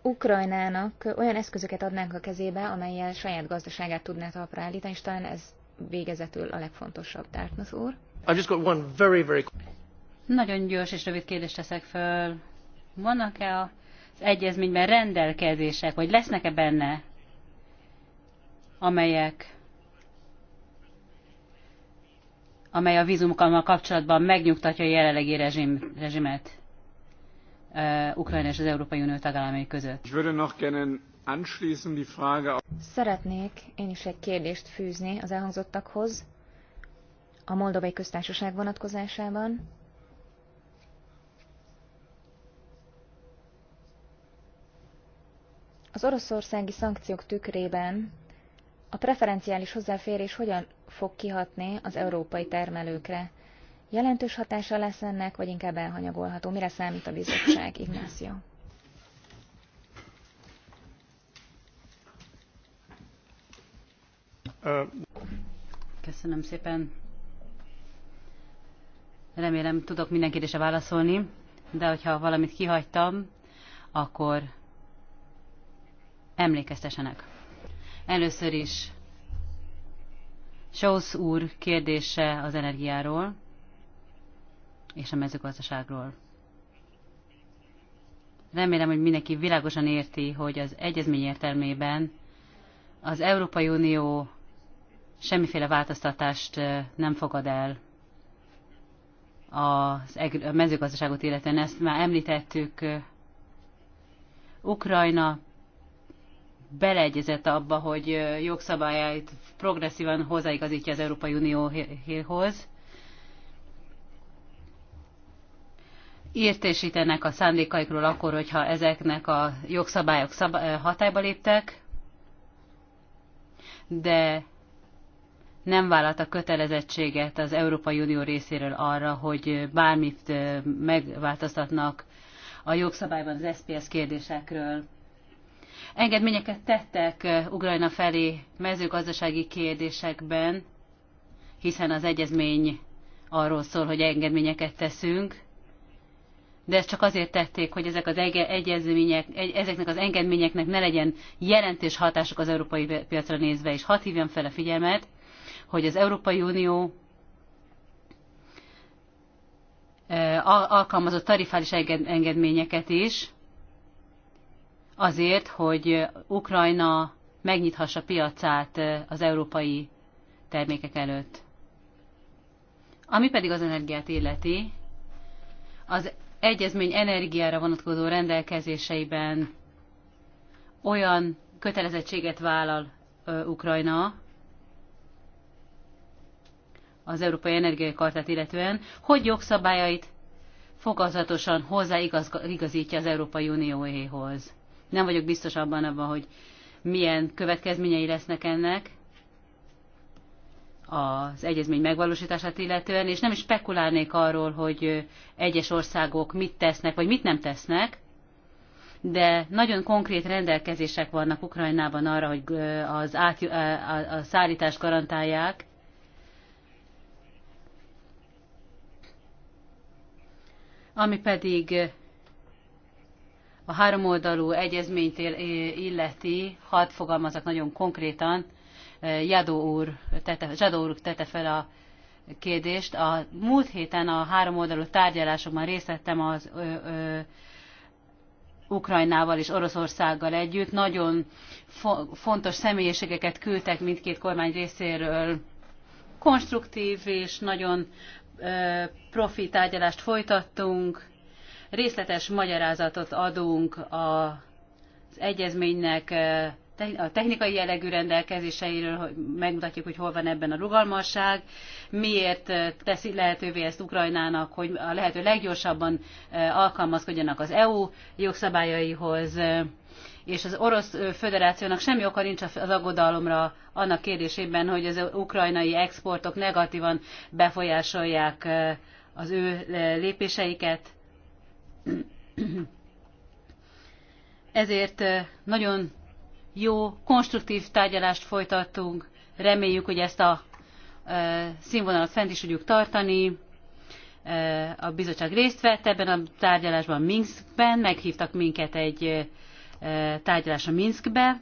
A: Ukrajnának olyan eszközöket adnánk a kezébe, amelyel saját gazdaságát tudná talpra állítani,
C: és talán ez végezetül a legfontosabb, Dartmouth úr. Nagyon gyors és rövid kérdést teszek föl. Vannak-e az egyezményben rendelkezések, vagy lesznek-e benne, amelyek amely a vízumokkal kapcsolatban megnyugtatja a jelenlegi rezsim, rezsimet uh, Ukrajna és az Európai Unió tagállamai között. Szeretnék én is egy kérdést
A: fűzni az elhangzottakhoz a Moldovai Köztársaság vonatkozásában. Az oroszországi szankciók tükrében a preferenciális hozzáférés hogyan fog kihatni az európai termelőkre? Jelentős hatása lesz ennek, vagy inkább elhanyagolható? Mire számít a bizottság, Ignácio?
C: Köszönöm szépen. Remélem tudok minden kérdésre válaszolni, de hogyha valamit kihagytam, akkor emlékeztesenek. Először is Schaus úr kérdése az energiáról és a mezőgazdaságról. Remélem, hogy mindenki világosan érti, hogy az egyezmény értelmében az Európai Unió semmiféle változtatást nem fogad el az mezőgazdaságot illetően. Ezt már említettük. Ukrajna beleegyezett abba, hogy jogszabályait progresszívan hozzáigazítja az Európai Unióhoz. Értésítenek a szándékaikról akkor, hogyha ezeknek a jogszabályok hatályba léptek, de nem vállalta kötelezettséget az Európai Unió részéről arra, hogy bármit megváltoztatnak a jogszabályban az SPS kérdésekről engedményeket tettek eh, Ukrajna felé mezőgazdasági kérdésekben, hiszen az egyezmény arról szól, hogy engedményeket teszünk, de ezt csak azért tették, hogy ezek az egyezmények, ezeknek az engedményeknek ne legyen jelentős hatásuk az európai piacra nézve, és hat hívjam fel a figyelmet, hogy az Európai Unió eh, alkalmazott tarifális engedményeket is, azért, hogy Ukrajna megnyithassa piacát az európai termékek előtt. Ami pedig az energiát illeti, az egyezmény energiára vonatkozó rendelkezéseiben olyan kötelezettséget vállal ö, Ukrajna az Európai Kartát illetően, hogy jogszabályait fogazatosan hozzáigazítja az Európai Unióéhoz nem vagyok biztos abban abban, hogy milyen következményei lesznek ennek az egyezmény megvalósítását illetően, és nem is spekulálnék arról, hogy egyes országok mit tesznek, vagy mit nem tesznek, de nagyon konkrét rendelkezések vannak Ukrajnában arra, hogy az át, a, a szállítást garantálják, ami pedig a háromoldalú egyezményt illeti, hadd fogalmazok nagyon konkrétan, e, Jadó úr tete, Zsadó úr tette fel a kérdést. A múlt héten a háromoldalú tárgyalásokban részt vettem az ö, ö, Ukrajnával és Oroszországgal együtt. Nagyon fo- fontos személyiségeket küldtek mindkét kormány részéről. Konstruktív és nagyon ö, profi tárgyalást folytattunk részletes magyarázatot adunk az egyezménynek e, a technikai jellegű rendelkezéseiről, hogy megmutatjuk, hogy hol van ebben a rugalmasság, miért e, teszi lehetővé ezt Ukrajnának, hogy a lehető leggyorsabban e, alkalmazkodjanak az EU jogszabályaihoz, és az Orosz Föderációnak semmi oka nincs az aggodalomra annak kérdésében, hogy az ukrajnai exportok negatívan befolyásolják az ő lépéseiket ezért nagyon jó, konstruktív tárgyalást folytattunk. Reméljük, hogy ezt a színvonalat fent is tudjuk tartani. A bizottság részt vett ebben a tárgyalásban Minskben, meghívtak minket egy tárgyalásra Minskbe,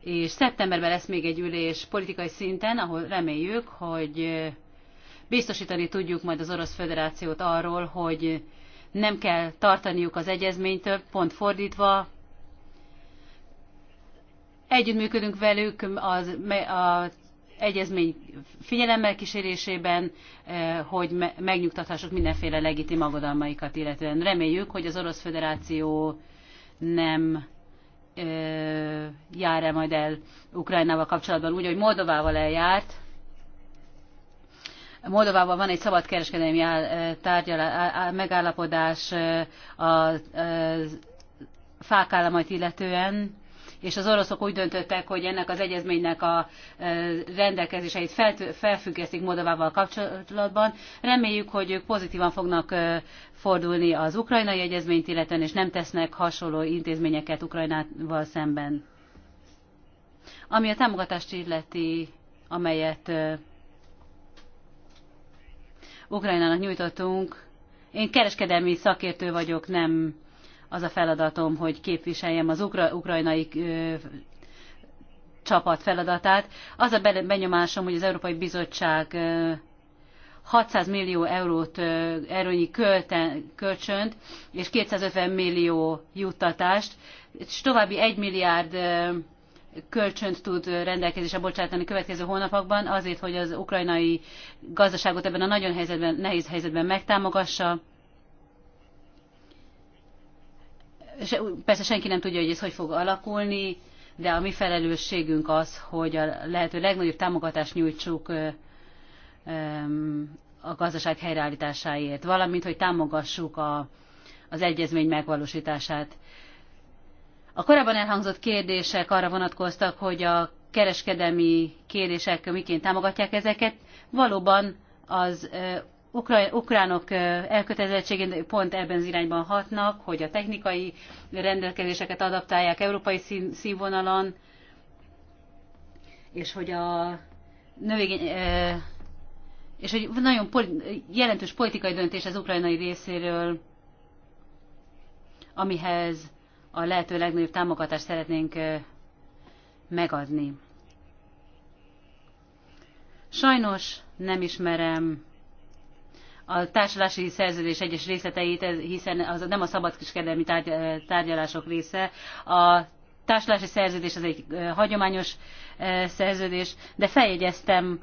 C: és szeptemberben lesz még egy ülés politikai szinten, ahol reméljük, hogy biztosítani tudjuk majd az Orosz Föderációt arról, hogy nem kell tartaniuk az egyezménytől, pont fordítva. Együttműködünk velük az, az egyezmény figyelemmel kísérésében, eh, hogy megnyugtathassuk mindenféle legitim aggodalmaikat, illetően reméljük, hogy az Orosz Föderáció nem eh, jár-e majd el Ukrajnával kapcsolatban úgy, hogy Moldovával eljárt, Moldovával van egy szabadkereskedelmi tárgyal, megállapodás a fák államait illetően, és az oroszok úgy döntöttek, hogy ennek az egyezménynek a rendelkezéseit felfüggesztik Moldovával kapcsolatban. Reméljük, hogy ők pozitívan fognak fordulni az ukrajnai egyezményt illetően, és nem tesznek hasonló intézményeket Ukrajnával szemben. Ami a támogatást illeti, amelyet Ukrajnának nyújtottunk. Én kereskedelmi szakértő vagyok, nem az a feladatom, hogy képviseljem az ukra- ukrajnai ö, csapat feladatát. Az a benyomásom, hogy az Európai Bizottság ö, 600 millió eurót erőnyi kölcsönt és 250 millió juttatást, és további 1 milliárd kölcsönt tud rendelkezésre bocsátani következő hónapokban, azért, hogy az ukrajnai gazdaságot ebben a nagyon helyzetben, nehéz helyzetben megtámogassa. Persze senki nem tudja, hogy ez hogy fog alakulni, de a mi felelősségünk az, hogy a lehető legnagyobb támogatást nyújtsuk a gazdaság helyreállításáért, valamint, hogy támogassuk a, az egyezmény megvalósítását. A korábban elhangzott kérdések arra vonatkoztak, hogy a kereskedelmi kérdések miként támogatják ezeket. Valóban az ukránok elkötelezettségén pont ebben az irányban hatnak, hogy a technikai rendelkezéseket adaptálják európai szín, színvonalon, és hogy a növény, és hogy nagyon jelentős politikai döntés az ukrajnai részéről, amihez a lehető legnagyobb támogatást szeretnénk megadni. Sajnos nem ismerem a társadalási szerződés egyes részleteit, hiszen az nem a szabadkereskedelmi tárgyalások része. A társadalási szerződés az egy hagyományos szerződés, de feljegyeztem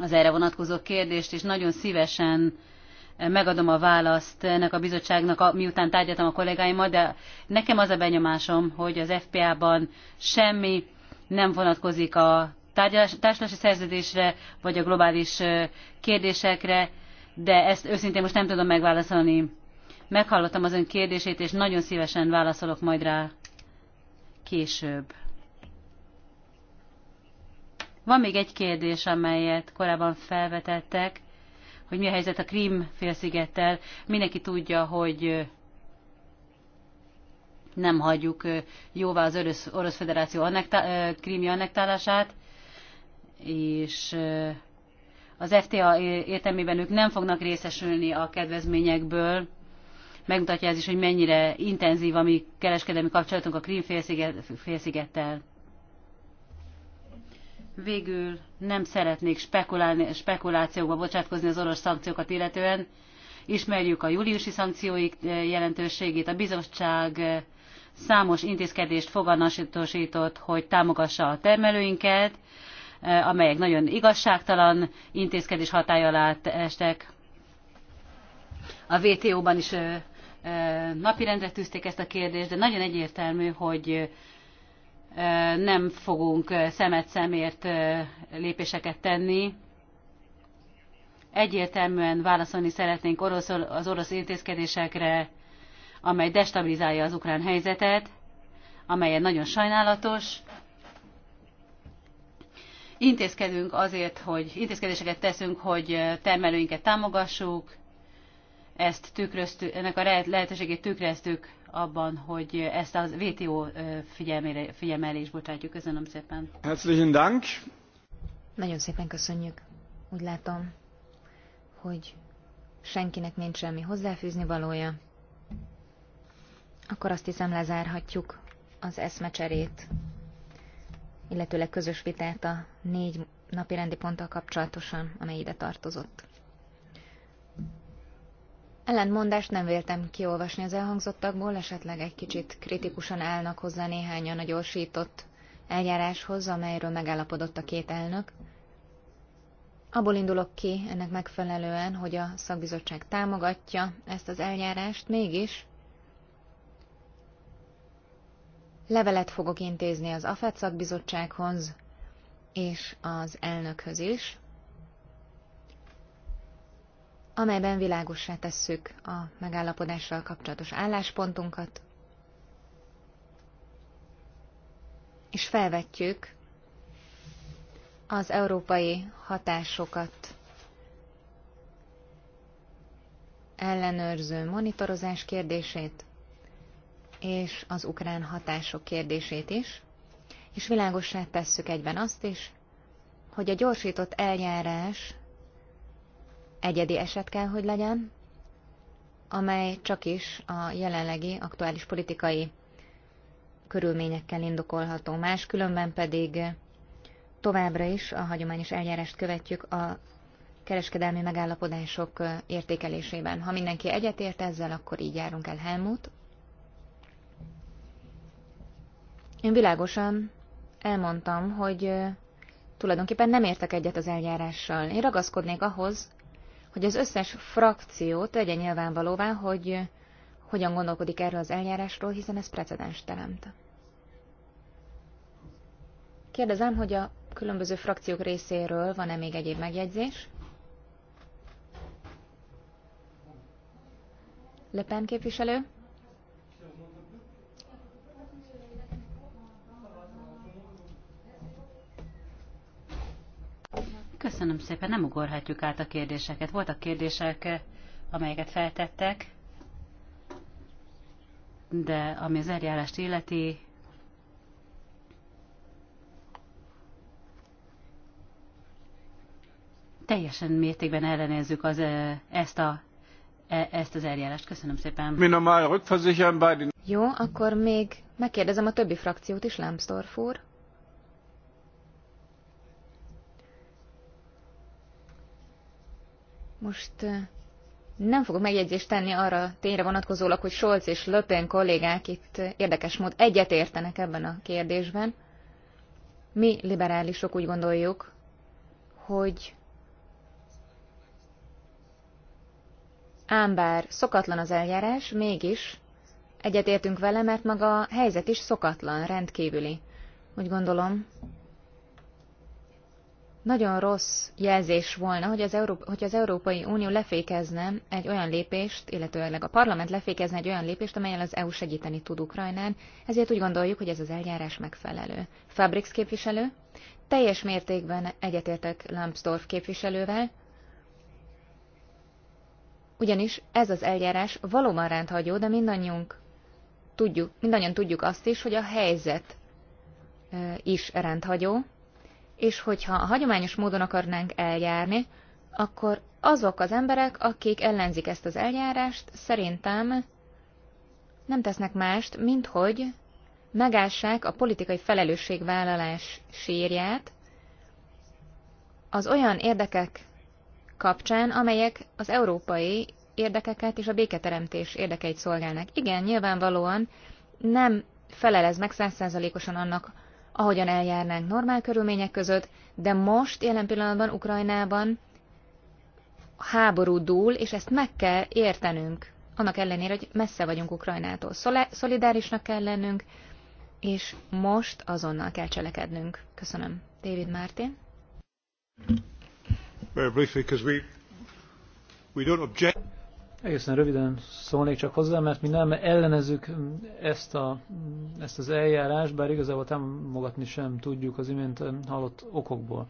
C: az erre vonatkozó kérdést, és nagyon szívesen megadom a választ ennek a bizottságnak, miután tárgyaltam a kollégáimmal, de nekem az a benyomásom, hogy az FPA-ban semmi nem vonatkozik a társadalmi szerződésre, vagy a globális kérdésekre, de ezt őszintén most nem tudom megválaszolni. Meghallottam az ön kérdését, és nagyon szívesen válaszolok majd rá később. Van még egy kérdés, amelyet korábban felvetettek, hogy mi a helyzet a Krím félszigettel. Mindenki tudja, hogy nem hagyjuk jóvá az Orosz, Orosz Federáció annektá, krími annektálását, és az FTA értelmében ők nem fognak részesülni a kedvezményekből. Megmutatja ez is, hogy mennyire intenzív a mi kereskedelmi kapcsolatunk a Krím félsziget, félszigettel. Végül nem szeretnék spekulálni, spekulációkba bocsátkozni az orosz szankciókat illetően. Ismerjük a júliusi szankcióik eh, jelentőségét. A bizottság eh, számos intézkedést foganatosított, hogy támogassa a termelőinket, eh, amelyek nagyon igazságtalan intézkedés hatály alá estek. A WTO-ban is napirendre tűzték ezt a kérdést, de nagyon egyértelmű, hogy nem fogunk szemet szemért lépéseket tenni. Egyértelműen válaszolni szeretnénk orosz, az orosz intézkedésekre, amely destabilizálja az ukrán helyzetet, amelyen nagyon sajnálatos. Intézkedünk azért, hogy intézkedéseket teszünk, hogy termelőinket támogassuk, ezt tükröztük, ennek a lehetőségét tükröztük abban, hogy ezt a WTO figyelmére is bocsátjuk. Köszönöm szépen.
B: Herzlichen Dank.
A: Nagyon szépen köszönjük. Úgy látom, hogy senkinek nincs semmi hozzáfűzni valója. Akkor azt hiszem lezárhatjuk az eszmecserét, illetőleg közös vitát a négy napi rendi ponttal kapcsolatosan, amely ide tartozott. Ellentmondást nem véltem kiolvasni az elhangzottakból, esetleg egy kicsit kritikusan állnak hozzá néhányan a gyorsított eljáráshoz, amelyről megállapodott a két elnök. Abból indulok ki ennek megfelelően, hogy a szakbizottság támogatja ezt az eljárást, mégis levelet fogok intézni az AFET szakbizottsághoz és az elnökhöz is, amelyben világossá tesszük a megállapodással kapcsolatos álláspontunkat, és felvetjük az európai hatásokat ellenőrző monitorozás kérdését, és az ukrán hatások kérdését is, és világossá tesszük egyben azt is, hogy a gyorsított eljárás Egyedi eset kell, hogy legyen, amely csak is a jelenlegi aktuális politikai körülményekkel indokolható. Más különben pedig továbbra is a hagyományos eljárást követjük a kereskedelmi megállapodások értékelésében. Ha mindenki egyetért ezzel, akkor így járunk el Helmut. Én világosan elmondtam, hogy tulajdonképpen nem értek egyet az eljárással. Én ragaszkodnék ahhoz, hogy az összes frakció tegye nyilvánvalóvá, hogy hogyan gondolkodik erről az eljárásról, hiszen ez precedens teremt. Kérdezem, hogy a különböző frakciók részéről van-e még egyéb megjegyzés? Pen képviselő?
C: Köszönöm szépen, nem ugorhatjuk át a kérdéseket. Voltak kérdések, amelyeket feltettek, de ami az eljárást illeti, teljesen mértékben ellenézzük az, e, ezt, a, e, ezt az eljárást. Köszönöm
B: szépen.
C: Jó, akkor még megkérdezem
A: a többi frakciót is, Lambsdorff úr. Most nem fogok megjegyzést tenni arra tényre vonatkozólag, hogy Scholz és Löpen kollégák itt érdekes mód egyetértenek ebben a kérdésben. Mi liberálisok úgy gondoljuk, hogy ám bár szokatlan az eljárás, mégis egyetértünk vele, mert maga a helyzet is szokatlan, rendkívüli. Úgy gondolom, nagyon rossz jelzés volna, hogy az, Európa, hogy az Európai Unió lefékezne egy olyan lépést, illetőleg a parlament lefékezne egy olyan lépést, amelyel az EU segíteni tud Ukrajnán, ezért úgy gondoljuk, hogy ez az eljárás megfelelő. Fabrix képviselő, teljes mértékben egyetértek Lambsdorff képviselővel, ugyanis ez az eljárás valóban rendhagyó, de mindannyiunk tudjuk, mindannyian tudjuk azt is, hogy a helyzet is rendhagyó, és hogyha a hagyományos módon akarnánk eljárni, akkor azok az emberek, akik ellenzik ezt az eljárást, szerintem nem tesznek mást, mint hogy megássák a politikai felelősségvállalás sírját az olyan érdekek kapcsán, amelyek az európai érdekeket és a béketeremtés érdekeit szolgálnak. Igen, nyilvánvalóan nem felelez meg százszázalékosan annak, ahogyan eljárnánk normál körülmények között, de most, jelen pillanatban Ukrajnában háború dúl, és ezt meg kell értenünk, annak ellenére, hogy messze vagyunk Ukrajnától. Szolidárisnak kell lennünk, és most azonnal kell cselekednünk. Köszönöm. David Martin.
C: Very briefly, because we, we don't object.
B: Egészen röviden szólnék csak hozzá, mert mi nem ellenezzük ezt, a, ezt az eljárást, bár igazából támogatni sem tudjuk az imént hallott okokból.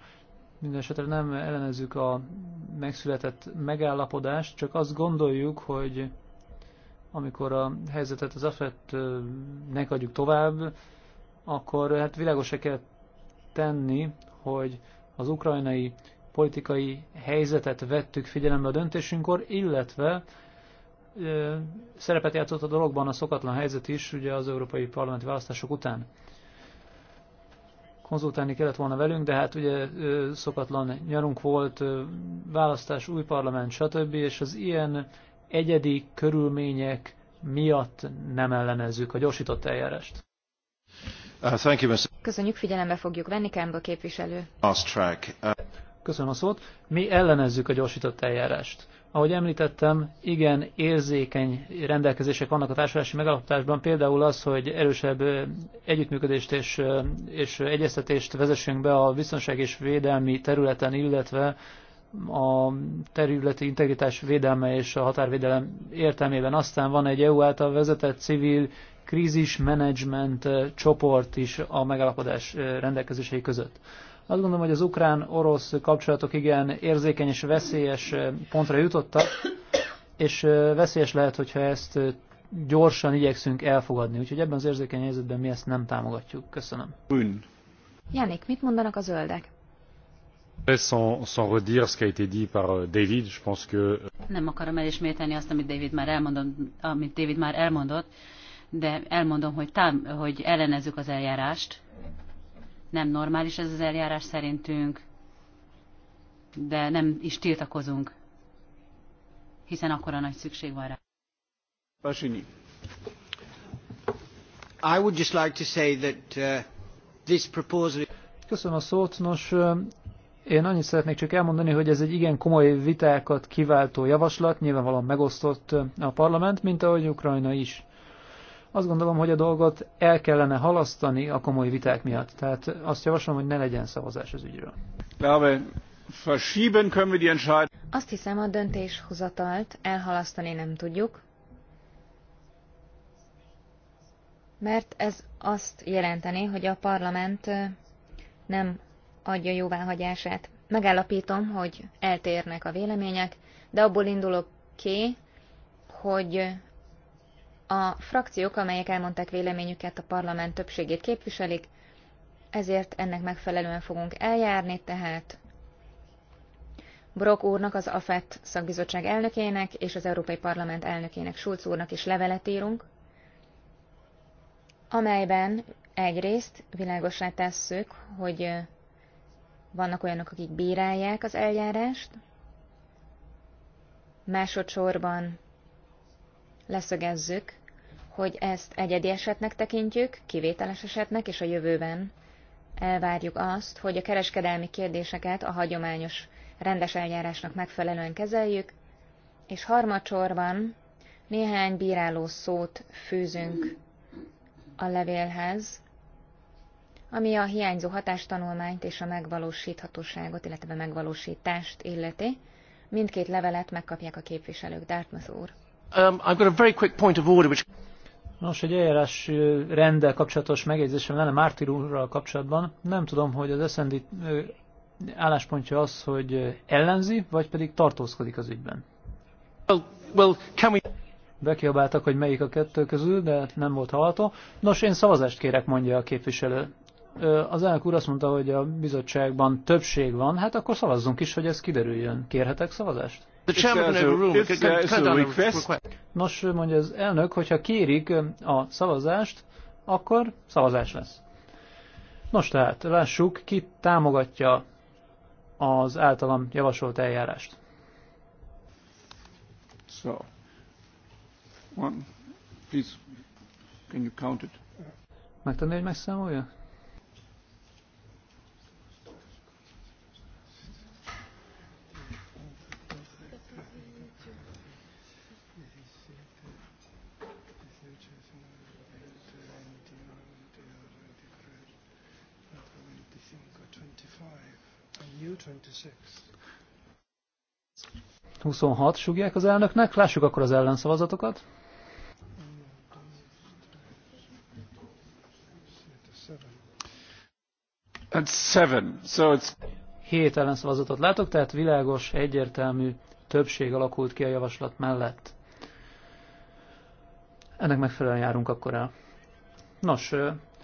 B: Mindenesetre nem ellenezzük a megszületett megállapodást, csak azt gondoljuk, hogy amikor a helyzetet az AFET-nek adjuk tovább, akkor hát világosra kell tenni, hogy az ukrajnai politikai helyzetet vettük figyelembe a döntésünkkor, illetve szerepet játszott a dologban a szokatlan helyzet is, ugye az európai parlamenti választások után. Konzultálni kellett volna velünk, de hát ugye szokatlan nyarunk volt, választás, új parlament, stb. És az ilyen egyedi körülmények miatt nem ellenezzük a gyorsított eljárást.
A: Uh, Köszönjük, figyelembe fogjuk venni, Kemba képviselő.
B: Köszönöm a szót. Mi ellenezzük a gyorsított eljárást. Ahogy említettem, igen érzékeny rendelkezések vannak a társadalási megalapításban, például az, hogy erősebb együttműködést és, és egyeztetést vezessünk be a biztonság és védelmi területen, illetve a területi integritás védelme és a határvédelem értelmében. Aztán van egy EU által vezetett civil krízismenedzsment csoport is a megállapodás rendelkezései között. Azt gondolom, hogy az ukrán-orosz kapcsolatok igen érzékeny és veszélyes pontra jutottak, és veszélyes lehet, hogyha ezt gyorsan igyekszünk elfogadni. Úgyhogy ebben az érzékeny helyzetben mi ezt nem támogatjuk. Köszönöm.
C: Ün. Janik, mit mondanak a zöldek?
B: Sans, sans redire ce qui a été dit par euh, David, je pense que... Euh,
C: nem akarom elismételni azt, amit David már elmondott, amit David már elmondott de elmondom, hogy, tám, hogy ellenezzük az eljárást, nem normális ez az eljárás szerintünk, de nem is tiltakozunk, hiszen akkor a nagy szükség van rá. Pasini. I would just like to say that uh, this proposal...
B: Köszönöm a szót. Nos, én annyit szeretnék csak elmondani, hogy ez egy igen komoly vitákat kiváltó javaslat, nyilvánvalóan megosztott a parlament, mint ahogy Ukrajna is. Azt gondolom, hogy a dolgot el kellene halasztani a komoly viták miatt. Tehát azt javaslom, hogy ne legyen szavazás az ügyről.
A: Azt hiszem, a döntéshozatalt elhalasztani nem tudjuk, mert ez azt jelenteni, hogy a parlament nem adja jóváhagyását. Megállapítom, hogy eltérnek a vélemények, de abból indulok ki, hogy a frakciók, amelyek elmondták véleményüket, a parlament többségét képviselik, ezért ennek megfelelően fogunk eljárni, tehát Brok úrnak, az AFET szakbizottság elnökének és az Európai Parlament elnökének Schulz úrnak is levelet írunk, amelyben egyrészt világosra tesszük, hogy vannak olyanok, akik bírálják az eljárást, másodszorban leszögezzük, hogy ezt egyedi esetnek tekintjük, kivételes esetnek, és a jövőben elvárjuk azt, hogy a kereskedelmi kérdéseket a hagyományos rendes eljárásnak megfelelően kezeljük, és harmadsorban néhány bíráló szót fűzünk a levélhez, ami a hiányzó hatástanulmányt és a megvalósíthatóságot, illetve megvalósítást illeti. Mindkét levelet megkapják a képviselők, Dartmouth úr.
B: Um, I've got a very quick point of order, which... Nos, egy eljárás rendel kapcsolatos megjegyzésem lenne Mártir úrral kapcsolatban. Nem tudom, hogy az SND álláspontja az, hogy ellenzi, vagy pedig tartózkodik az ügyben. Well, well, can we... Bekiabáltak, hogy melyik a kettő közül, de nem volt hallható. Nos, én szavazást kérek, mondja a képviselő az elnök úr azt mondta, hogy a bizottságban többség van, hát akkor szavazzunk is, hogy ez kiderüljön. Kérhetek szavazást? Nos, mondja az elnök, hogyha kérik a szavazást, akkor szavazás lesz. Nos tehát, lássuk, ki támogatja az általam javasolt eljárást. So, one, please, can you count it? Megtenni, hogy megszámolja? 26 súgják az elnöknek. Lássuk akkor az ellenszavazatokat. And Hét ellenszavazatot látok, tehát világos, egyértelmű többség alakult ki a javaslat mellett. Ennek megfelelően járunk akkor el. Nos,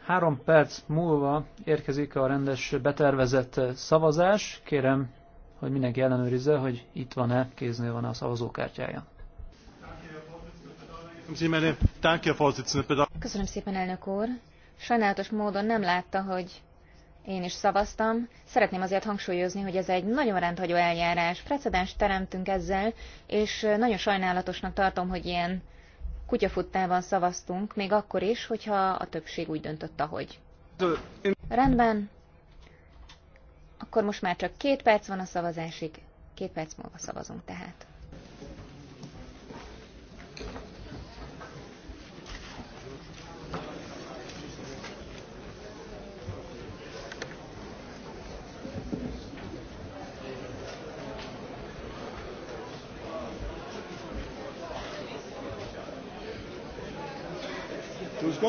B: Három perc múlva érkezik a rendes betervezett szavazás. Kérem, hogy mindenki ellenőrizze, hogy itt van-e, kéznél van-e a szavazókártyája.
A: Köszönöm szépen, elnök úr. Sajnálatos módon nem látta, hogy én is szavaztam. Szeretném azért hangsúlyozni, hogy ez egy nagyon rendhagyó eljárás. Precedens teremtünk ezzel, és nagyon sajnálatosnak tartom, hogy ilyen kutyafuttában szavaztunk, még akkor is, hogyha a többség úgy döntött, ahogy. Rendben. Akkor most már csak két perc van a szavazásig. Két perc múlva szavazunk tehát.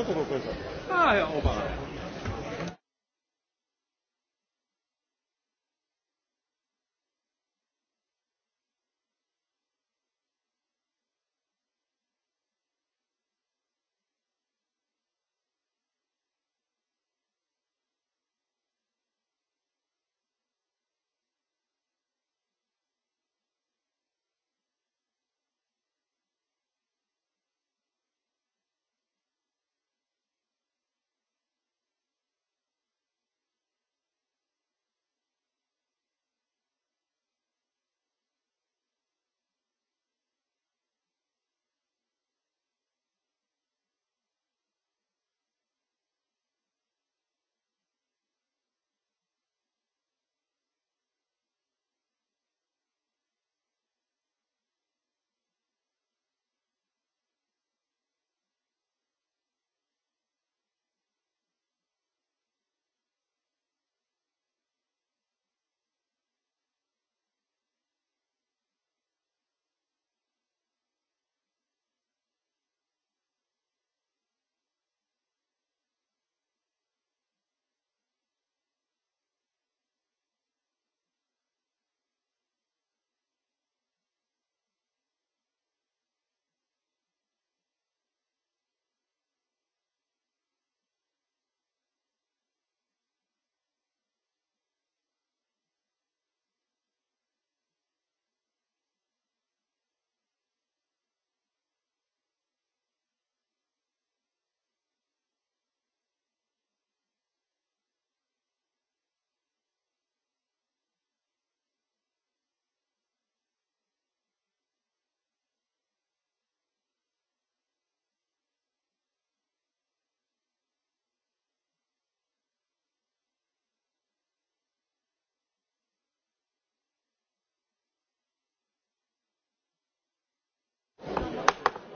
C: quanto qualcosa? Ah, ja,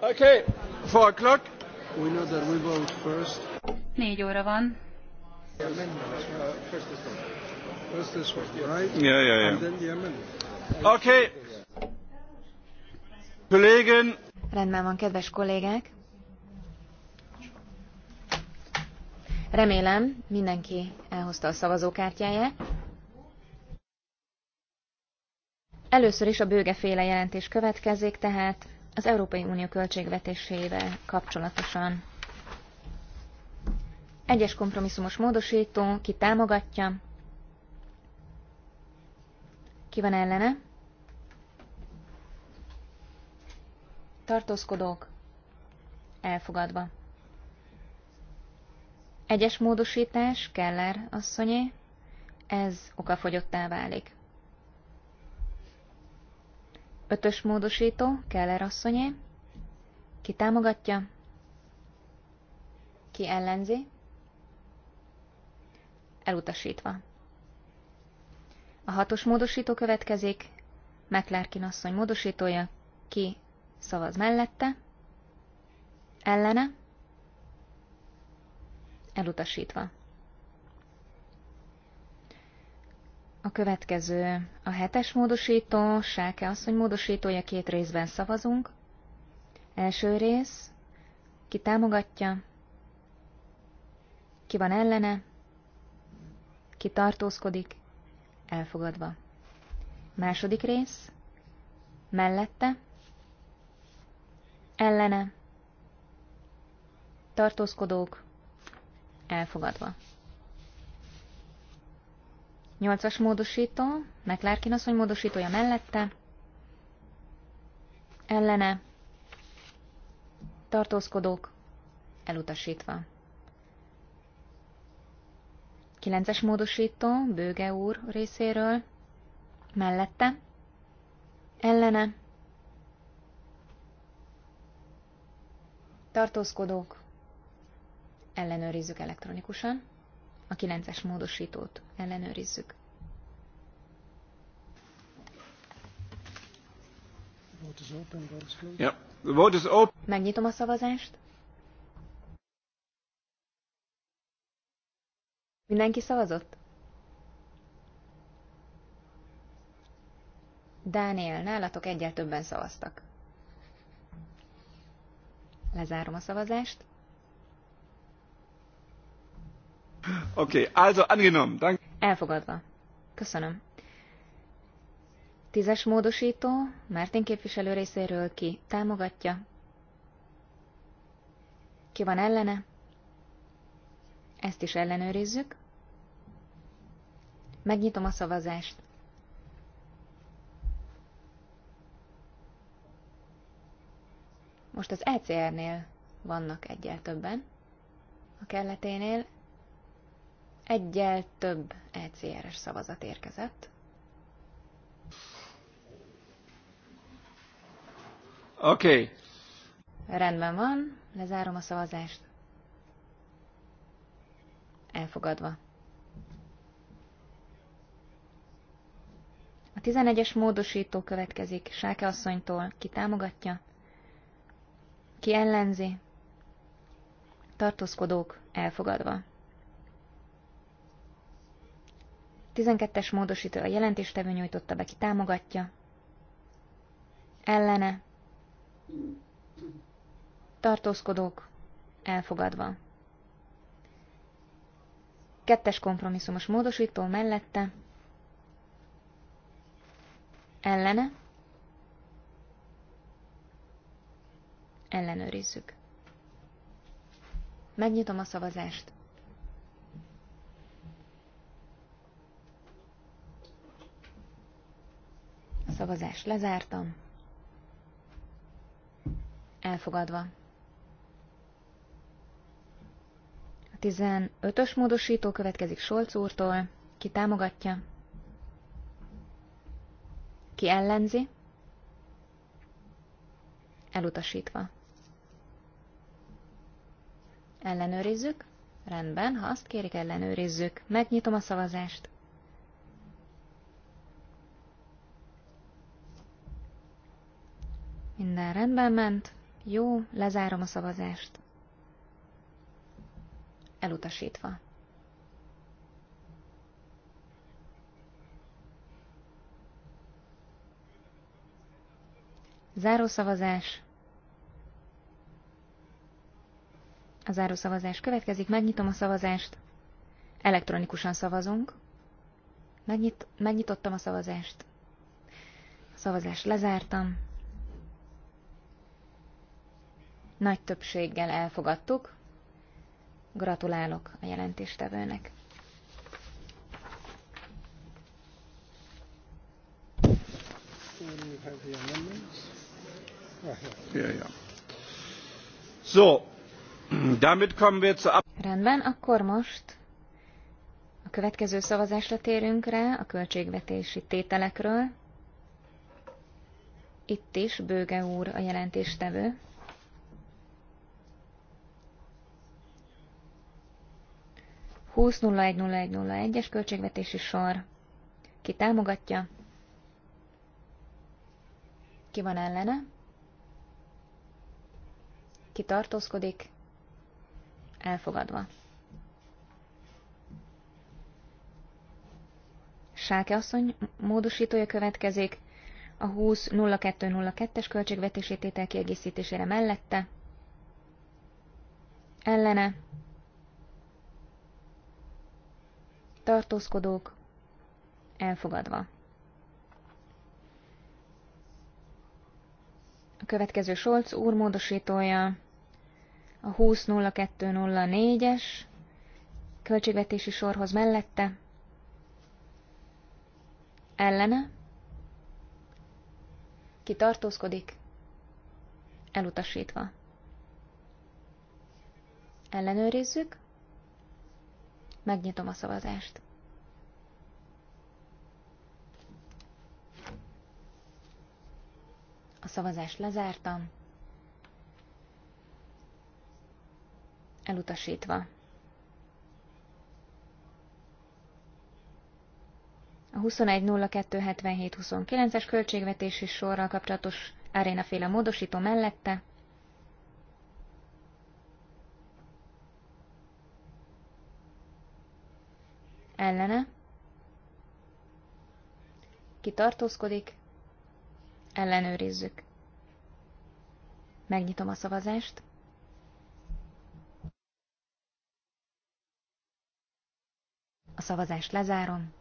B: Okay, four o'clock. We know that we vote first.
C: Négy óra van.
B: First this one, right? Yeah, yeah, yeah. And then the Okay. Kollegen.
A: Rendben van, kedves kollégák. Remélem, mindenki elhozta a szavazókártyáját. Először is a bőgeféle jelentés következik, tehát az Európai Unió költségvetésével kapcsolatosan. Egyes kompromisszumos módosító, ki támogatja, ki van ellene, tartózkodók, elfogadva. Egyes módosítás, Keller asszonyé, ez okafogyottá válik. Ötös módosító, Keller asszonyé. Ki támogatja? Ki ellenzi? Elutasítva. A hatos módosító következik, McLarkin asszony módosítója, ki szavaz mellette, ellene, elutasítva. A következő a hetes módosító, Sáke asszony módosítója, két részben szavazunk. Első rész, ki támogatja, ki van ellene, ki tartózkodik, elfogadva. Második rész, mellette, ellene, tartózkodók, elfogadva. Nyolcas módosító, McLarkin asszony módosítója mellette, ellene, tartózkodók, elutasítva. Kilences módosító, Bőge úr részéről, mellette, ellene, tartózkodók, ellenőrizzük elektronikusan a 9-es módosítót ellenőrizzük. Megnyitom a szavazást. Mindenki szavazott? Dániel, nálatok egyel többen szavaztak. Lezárom a szavazást.
B: Oké, okay, also angenommen. Dank.
A: Elfogadva. Köszönöm. Tízes módosító, Martin képviselő részéről ki támogatja? Ki van ellene? Ezt is ellenőrizzük. Megnyitom a szavazást. Most az ECR-nél vannak egyel többen. A kelleténél egyel több ECRS szavazat érkezett. Oké. Okay. Rendben van, lezárom a szavazást. Elfogadva. A 11-es módosító következik Sáke asszonytól, ki támogatja, ki ellenzi, tartózkodók elfogadva. 12-es módosító a jelentéstevő nyújtotta be, ki támogatja. Ellene. Tartózkodók. Elfogadva. Kettes kompromisszumos módosító mellette. Ellene. Ellenőrizzük. Megnyitom a szavazást. szavazást lezártam. Elfogadva. A 15-ös módosító következik Solc úrtól. Ki támogatja? Ki ellenzi? Elutasítva. Ellenőrizzük? Rendben, ha azt kérik, ellenőrizzük. Megnyitom a szavazást. Minden rendben ment. Jó, lezárom a szavazást. Elutasítva. Zárószavazás. A zárószavazás következik, megnyitom a szavazást. Elektronikusan szavazunk. Megnyit, megnyitottam a szavazást. A szavazást lezártam. nagy többséggel elfogadtuk. Gratulálok a jelentéstevőnek.
B: So, damit kommen wir
A: Rendben, akkor most a következő szavazásra térünk rá a költségvetési tételekről. Itt is Bőge úr a jelentéstevő. 20.01.01.01-es költségvetési sor. Ki támogatja? Ki van ellene? Ki tartózkodik? Elfogadva. Sáke asszony módosítója következik, a 20.02.02-es költségvetési tétel kiegészítésére mellette, ellene, tartózkodók, elfogadva. A következő Solc úr módosítója a 20.02.04-es költségvetési sorhoz mellette, ellene, ki tartózkodik, elutasítva. Ellenőrizzük. Megnyitom a szavazást. A szavazást lezártam. Elutasítva. A 21.02.77.29-es költségvetési sorral kapcsolatos arénaféle módosító mellette ellene, ki tartózkodik, ellenőrizzük. Megnyitom a szavazást. A szavazást lezárom.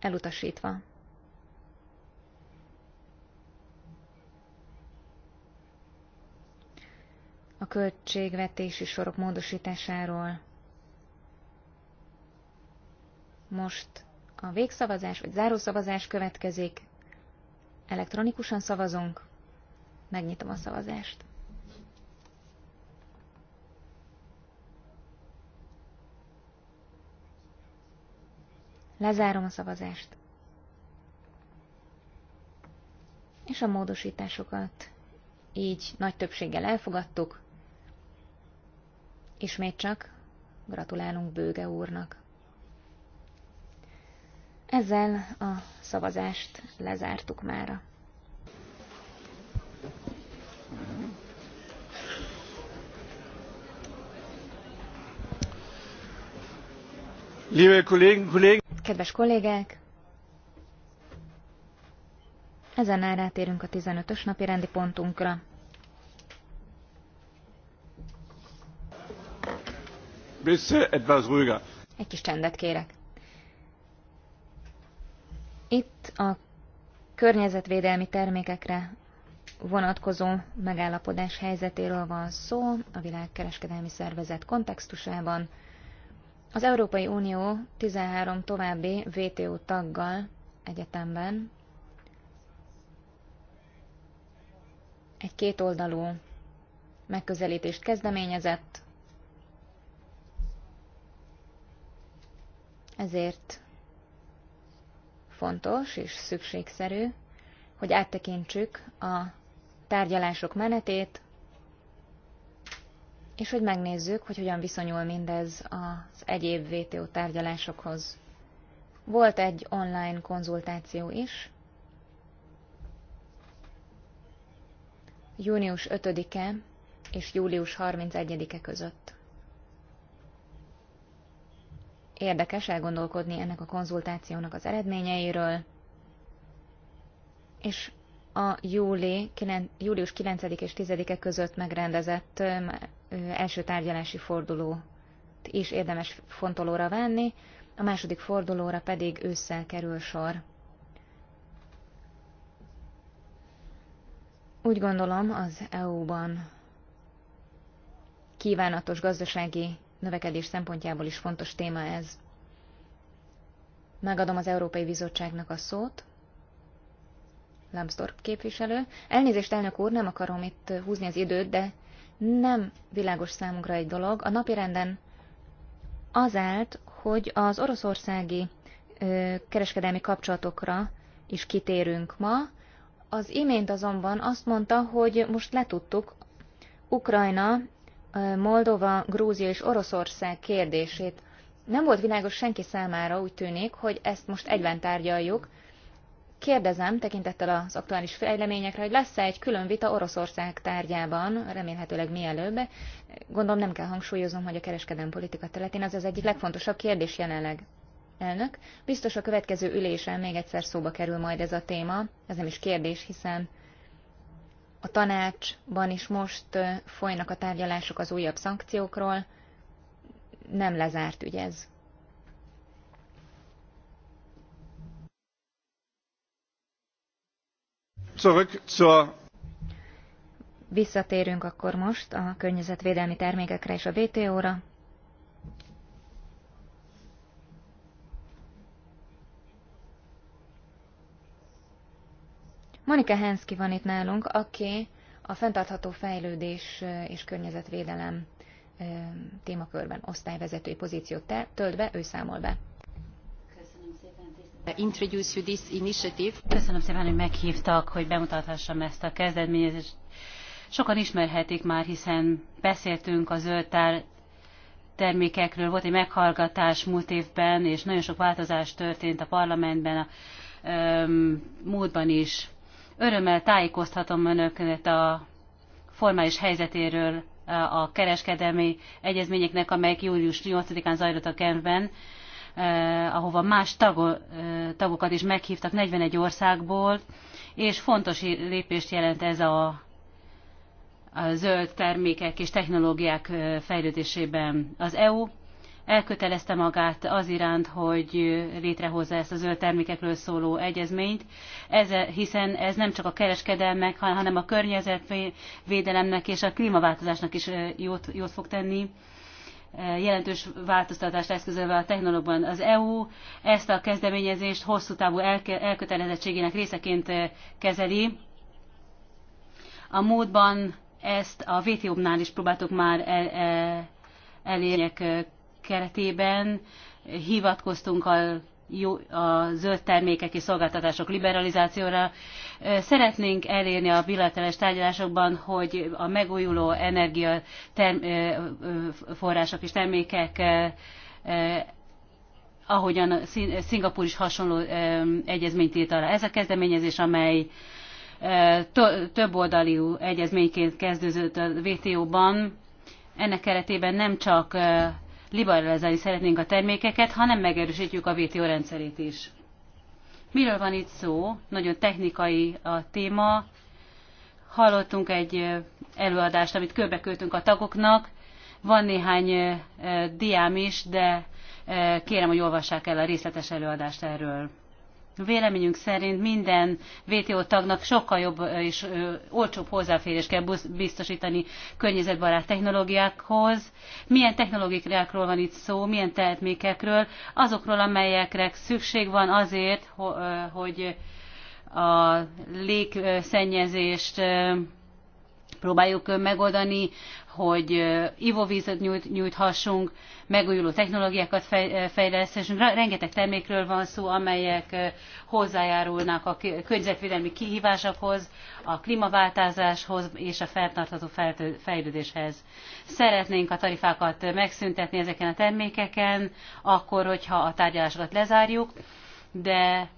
A: Elutasítva. a költségvetési sorok módosításáról. Most a végszavazás vagy zárószavazás következik. Elektronikusan szavazunk. Megnyitom a szavazást. Lezárom a szavazást. És a módosításokat így nagy többséggel elfogadtuk. Ismét csak gratulálunk Bőge úrnak. Ezzel a szavazást lezártuk mára.
B: Liebe Kollegen!
A: Kedves kollégák! Ezen rátérünk a 15-ös napi rendi pontunkra. Egy kis csendet kérek. Itt a környezetvédelmi termékekre vonatkozó megállapodás helyzetéről van szó a világkereskedelmi szervezet kontextusában. Az Európai Unió 13 további WTO taggal egyetemben egy kétoldalú megközelítést kezdeményezett, Ezért fontos és szükségszerű, hogy áttekintsük a tárgyalások menetét, és hogy megnézzük, hogy hogyan viszonyul mindez az egyéb VTO tárgyalásokhoz. Volt egy online konzultáció is, június 5-e és július 31-e között. Érdekes elgondolkodni ennek a konzultációnak az eredményeiről, és a júli, 9, július 9 és 10-e között megrendezett első tárgyalási forduló is érdemes fontolóra venni, a második fordulóra pedig ősszel kerül sor. Úgy gondolom, az EU-ban kívánatos gazdasági növekedés szempontjából is fontos téma ez. Megadom az Európai Bizottságnak a szót. Lambsdorff képviselő. Elnézést, elnök úr, nem akarom itt húzni az időt, de nem világos számunkra egy dolog. A napirenden az állt, hogy az oroszországi ö, kereskedelmi kapcsolatokra is kitérünk ma. Az imént azonban azt mondta, hogy most letudtuk, Ukrajna Moldova, Grúzia és Oroszország kérdését. Nem volt világos senki számára, úgy tűnik, hogy ezt most egyben tárgyaljuk. Kérdezem, tekintettel az aktuális fejleményekre, hogy lesz-e egy külön vita Oroszország tárgyában, remélhetőleg mielőbb. Gondolom nem kell hangsúlyoznom, hogy a kereskedelmi politika területén az az egyik legfontosabb kérdés jelenleg. Elnök, biztos a következő ülésen még egyszer szóba kerül majd ez a téma, ez nem is kérdés, hiszen a tanácsban is most folynak a tárgyalások az újabb szankciókról, nem lezárt ügy ez. Visszatérünk akkor most a környezetvédelmi termékekre és a WTO-ra. Monika Henszki van itt nálunk, aki a fenntartható fejlődés és környezetvédelem témakörben osztályvezetői pozíciót tölt be, ő számol be.
C: Introduce you this initiative. Köszönöm szépen, hogy meghívtak, hogy bemutathassam ezt a kezdeményezést. Sokan ismerhetik már, hiszen beszéltünk a zöldtár termékekről. Volt egy meghallgatás múlt évben, és nagyon sok változás történt a parlamentben, a múltban is. Örömmel tájékoztatom önöket a formális helyzetéről e, a kereskedelmi egyezményeknek, amelyek július 8-án zajlott a Genfben, e, ahova más e, tagokat is meghívtak 41 országból, és fontos lépést jelent ez a a zöld termékek és technológiák fejlődésében. Az EU elkötelezte magát az iránt, hogy létrehozza ezt a zöld termékekről szóló egyezményt, ez, hiszen ez nem csak a kereskedelmek, hanem a környezetvédelemnek és a klímaváltozásnak is jót, jót fog tenni jelentős változtatást eszközölve a technológban. Az EU ezt a kezdeményezést hosszú távú elke, elkötelezettségének részeként kezeli. A módban ezt a WTO-nál is próbáltuk már el, el, elérni keretében hivatkoztunk a, jó, a zöld termékek és szolgáltatások liberalizációra. Szeretnénk elérni a bilaterális tárgyalásokban, hogy a megújuló energiaforrások és termékek ahogyan Szingapúr is hasonló egyezményt írt alá. Ez a kezdeményezés, amely több oldalú egyezményként kezdődött a WTO-ban, ennek keretében nem csak liberalizálni szeretnénk a termékeket, hanem megerősítjük a WTO rendszerét is. Miről van itt szó? Nagyon technikai a téma. Hallottunk egy előadást, amit körbekültünk a tagoknak. Van néhány diám is, de kérem, hogy olvassák el a részletes előadást erről. Véleményünk szerint minden WTO tagnak sokkal jobb és olcsóbb hozzáférés kell biztosítani környezetbarát technológiákhoz. Milyen technológiákról van itt szó, milyen termékekről, azokról, amelyekre szükség van azért, hogy a légszennyezést próbáljuk megoldani, hogy ivóvízet nyújt, nyújthassunk, megújuló technológiákat fejleszthessünk. Rengeteg termékről van szó, amelyek hozzájárulnak a környezetvédelmi kihívásokhoz, a klímaváltozáshoz és a fenntartható fejlődéshez. Szeretnénk a tarifákat megszüntetni ezeken a termékeken, akkor, hogyha a tárgyalásokat lezárjuk, de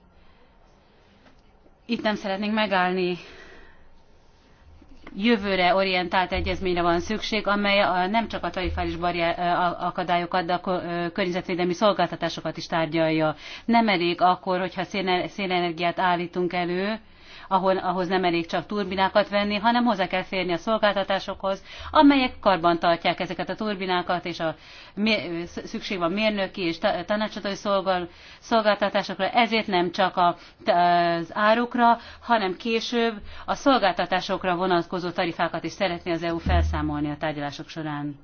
C: itt nem szeretnénk megállni jövőre orientált egyezményre van szükség, amely a, nem csak a tarifális akadályokat, de a környezetvédelmi szolgáltatásokat is tárgyalja. Nem elég akkor, hogyha szénenergiát állítunk elő, ahol, ahhoz nem elég csak turbinákat venni, hanem hozzá kell férni a szolgáltatásokhoz, amelyek karban tartják ezeket a turbinákat, és a, szükség van mérnöki és tanácsadói szolgáltatásokra, ezért nem csak a, az árukra, hanem később a szolgáltatásokra vonatkozó tarifákat is szeretné az EU felszámolni a tárgyalások során.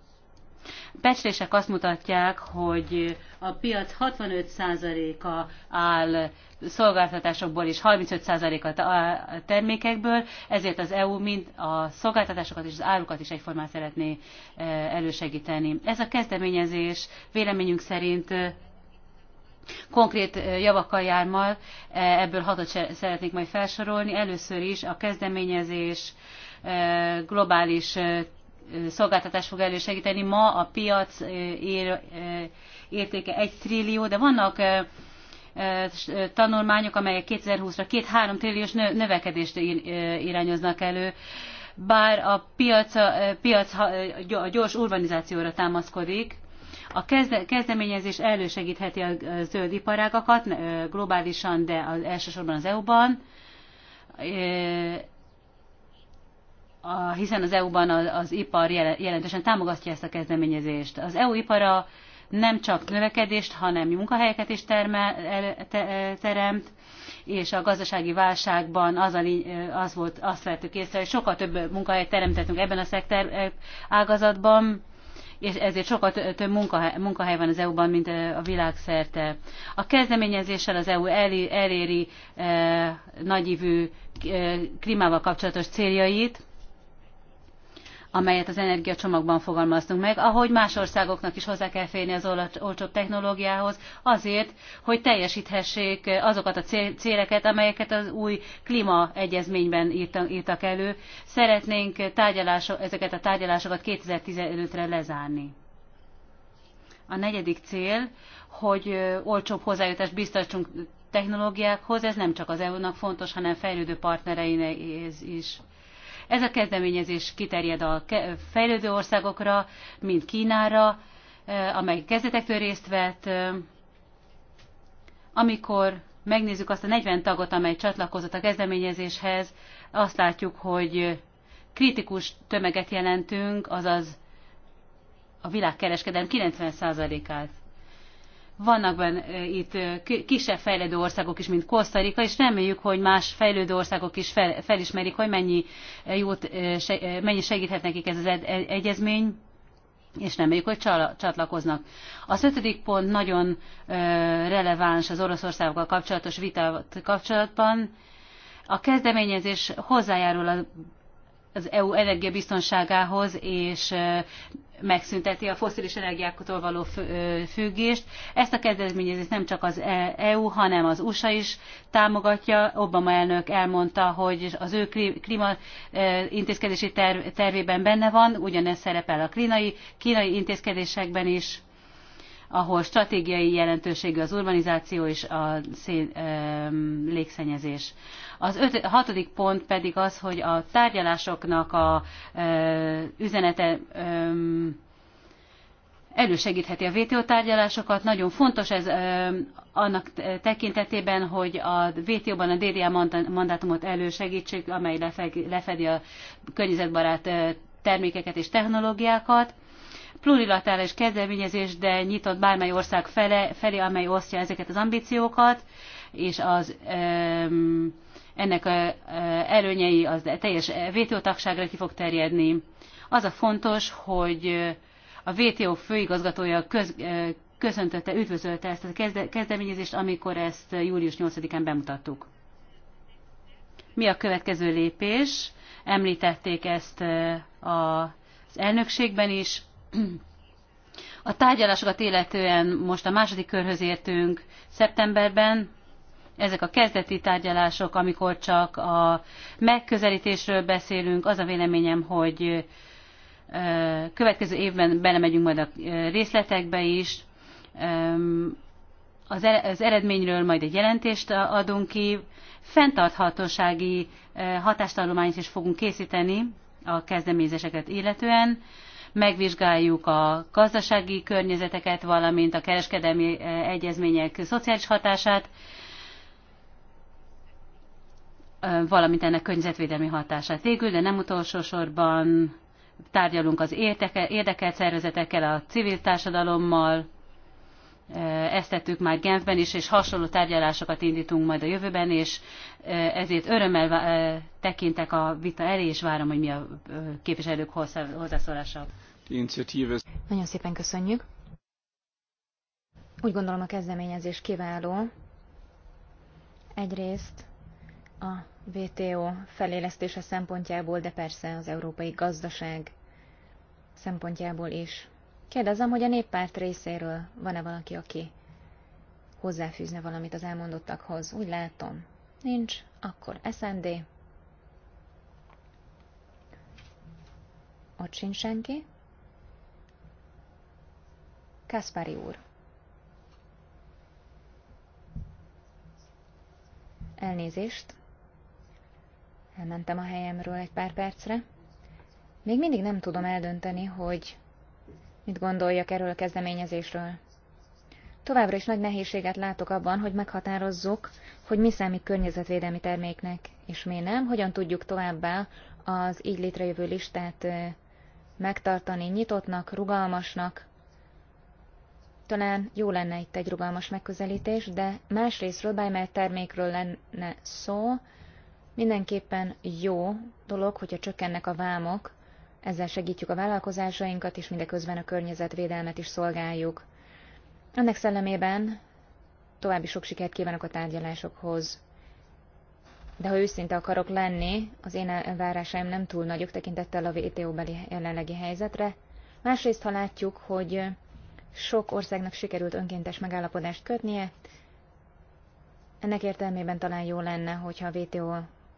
C: Becslések azt mutatják, hogy a piac 65%-a áll szolgáltatásokból és 35%-a termékekből, ezért az EU mind a szolgáltatásokat és az árukat is egyformán szeretné e, elősegíteni. Ez a kezdeményezés véleményünk szerint e, konkrét e, javakkal jár ma, ebből hatot szeretnék majd felsorolni. Először is a kezdeményezés globális szolgáltatás fog elősegíteni. Ma a piac ér, értéke 1 trillió, de vannak tanulmányok, amelyek 2020-ra 2-3 trilliós növekedést irányoznak elő, bár a piac, a piac a gyors urbanizációra támaszkodik. A kezdeményezés elősegítheti a zöld iparágakat globálisan, de elsősorban az EU-ban a, hiszen az EU-ban az, az ipar jelentősen támogatja ezt a kezdeményezést. Az EU ipara nem csak növekedést, hanem munkahelyeket is termel, el, te, e, teremt, és a gazdasági válságban az, a, az volt, azt vettük észre, hogy sokkal több munkahelyet teremtettünk ebben a szektor e, ágazatban, és ezért sokkal több munkahely, munkahely van az EU-ban, mint a világszerte. A kezdeményezéssel az EU eléri, eléri e, nagyívű e, klímával kapcsolatos céljait, amelyet az energiacsomagban fogalmaztunk meg, ahogy más országoknak is hozzá kell férni az olcsóbb technológiához, azért, hogy teljesíthessék azokat a céleket, amelyeket az új klímaegyezményben írtak elő. Szeretnénk ezeket a tárgyalásokat 2015-re lezárni. A negyedik cél, hogy olcsóbb hozzájutást biztosítsunk technológiákhoz, ez nem csak az EU-nak fontos, hanem fejlődő partnereinek is. Ez a kezdeményezés kiterjed a fejlődő országokra, mint Kínára, amely kezdetektől részt vett. Amikor megnézzük azt a 40 tagot, amely csatlakozott a kezdeményezéshez, azt látjuk, hogy kritikus tömeget jelentünk, azaz a világkereskedelem 90%-át. Vannak benne itt kisebb fejlődő országok is, mint Kosztarika, és reméljük, hogy más fejlődő országok is fel, felismerik, hogy mennyi, jót, mennyi segíthet nekik ez az e-, egyezmény és reméljük, hogy csatlakoznak. A ötödik pont nagyon releváns az Oroszországokkal kapcsolatos vitát kapcsolatban. A kezdeményezés hozzájárul a az EU energiabiztonságához, és megszünteti a foszilis energiáktól való függést. Ezt a kezdeményezést nem csak az EU, e hanem az USA is támogatja. Obama elnök elmondta, hogy az ő klíma intézkedési tervében benne van, ugyanez szerepel a kínai, kínai intézkedésekben is ahol stratégiai jelentőségű az urbanizáció és a szén, ö, légszennyezés. Az öt, hatodik pont pedig az, hogy a tárgyalásoknak a ö, üzenete ö, elősegítheti a VTO tárgyalásokat. Nagyon fontos ez ö, annak tekintetében, hogy a vto ban a DDA mandátumot elősegítsük, amely lefedi a környezetbarát termékeket és technológiákat plurilaterális kezdeményezés, de nyitott bármely ország fele, felé, amely osztja ezeket az ambíciókat, és az um, ennek a, eh, előnyei az teljes WTO tagságra ki fog terjedni. Az a fontos, hogy eh, a WTO főigazgatója köz, eh, köszöntötte, üdvözölte ezt a kezdeményezést, amikor ezt július 8-án bemutattuk. Mi a következő lépés? Említették ezt az elnökségben is. A tárgyalásokat illetően most a második körhöz értünk szeptemberben. Ezek a kezdeti tárgyalások, amikor csak a megközelítésről beszélünk, az a véleményem, hogy következő évben belemegyünk majd a részletekbe is. Az eredményről majd egy jelentést adunk ki. Fentarthatósági hatástanulmányt is fogunk készíteni a kezdeményezéseket illetően megvizsgáljuk a gazdasági környezeteket, valamint a kereskedelmi eh, egyezmények szociális hatását, eh, valamint ennek környezetvédelmi hatását. Végül, de nem utolsó sorban tárgyalunk az érdekelt szervezetekkel, a civil társadalommal, eh, ezt tettük már Genfben is, és hasonló tárgyalásokat indítunk majd a jövőben, és ezért örömmel tekintek a vita elé, és várom, hogy mi a képviselők hozzászólása. Nagyon szépen köszönjük.
A: Úgy gondolom a kezdeményezés kiváló. Egyrészt a WTO felélesztése szempontjából, de persze az európai gazdaság szempontjából is. Kérdezem, hogy a néppárt részéről van-e valaki, aki hozzáfűzne valamit az elmondottakhoz? Úgy látom. Nincs, akkor SND. Ott sincs senki. Kaspari úr. Elnézést. Elmentem a helyemről egy pár percre. Még mindig nem tudom eldönteni, hogy mit gondoljak erről a kezdeményezésről. Továbbra is nagy nehézséget látok abban, hogy meghatározzuk, hogy mi számít környezetvédelmi terméknek, és mi nem, hogyan tudjuk továbbá az így létrejövő listát megtartani nyitottnak, rugalmasnak, talán jó lenne itt egy rugalmas megközelítés, de másrésztről, bármely termékről lenne szó, mindenképpen jó dolog, hogyha csökkennek a vámok, ezzel segítjük a vállalkozásainkat, és mindeközben a környezetvédelmet is szolgáljuk. Ennek szellemében további sok sikert kívánok a tárgyalásokhoz. De ha őszinte akarok lenni, az én elvárásaim nem túl nagyok tekintettel a WTO-beli jelenlegi helyzetre. Másrészt, ha látjuk, hogy sok országnak sikerült önkéntes megállapodást kötnie. Ennek értelmében talán jó lenne, hogyha a WTO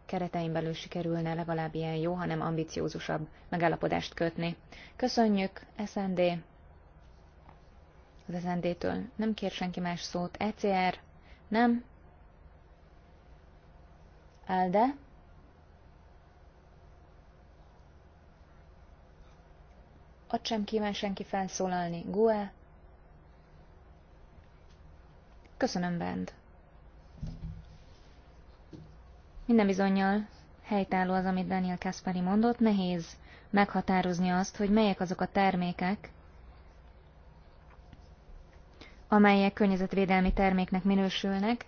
A: keretein belül sikerülne legalább ilyen jó, hanem ambiciózusabb megállapodást kötni. Köszönjük, SND! Az SND-től nem kér senki más szót. ECR? Nem? Alde? Ott sem kíván senki felszólalni. Gue? Köszönöm, Bend. Minden bizonyal helytálló az, amit Daniel Kaspari mondott, nehéz meghatározni azt, hogy melyek azok a termékek, amelyek környezetvédelmi terméknek minősülnek,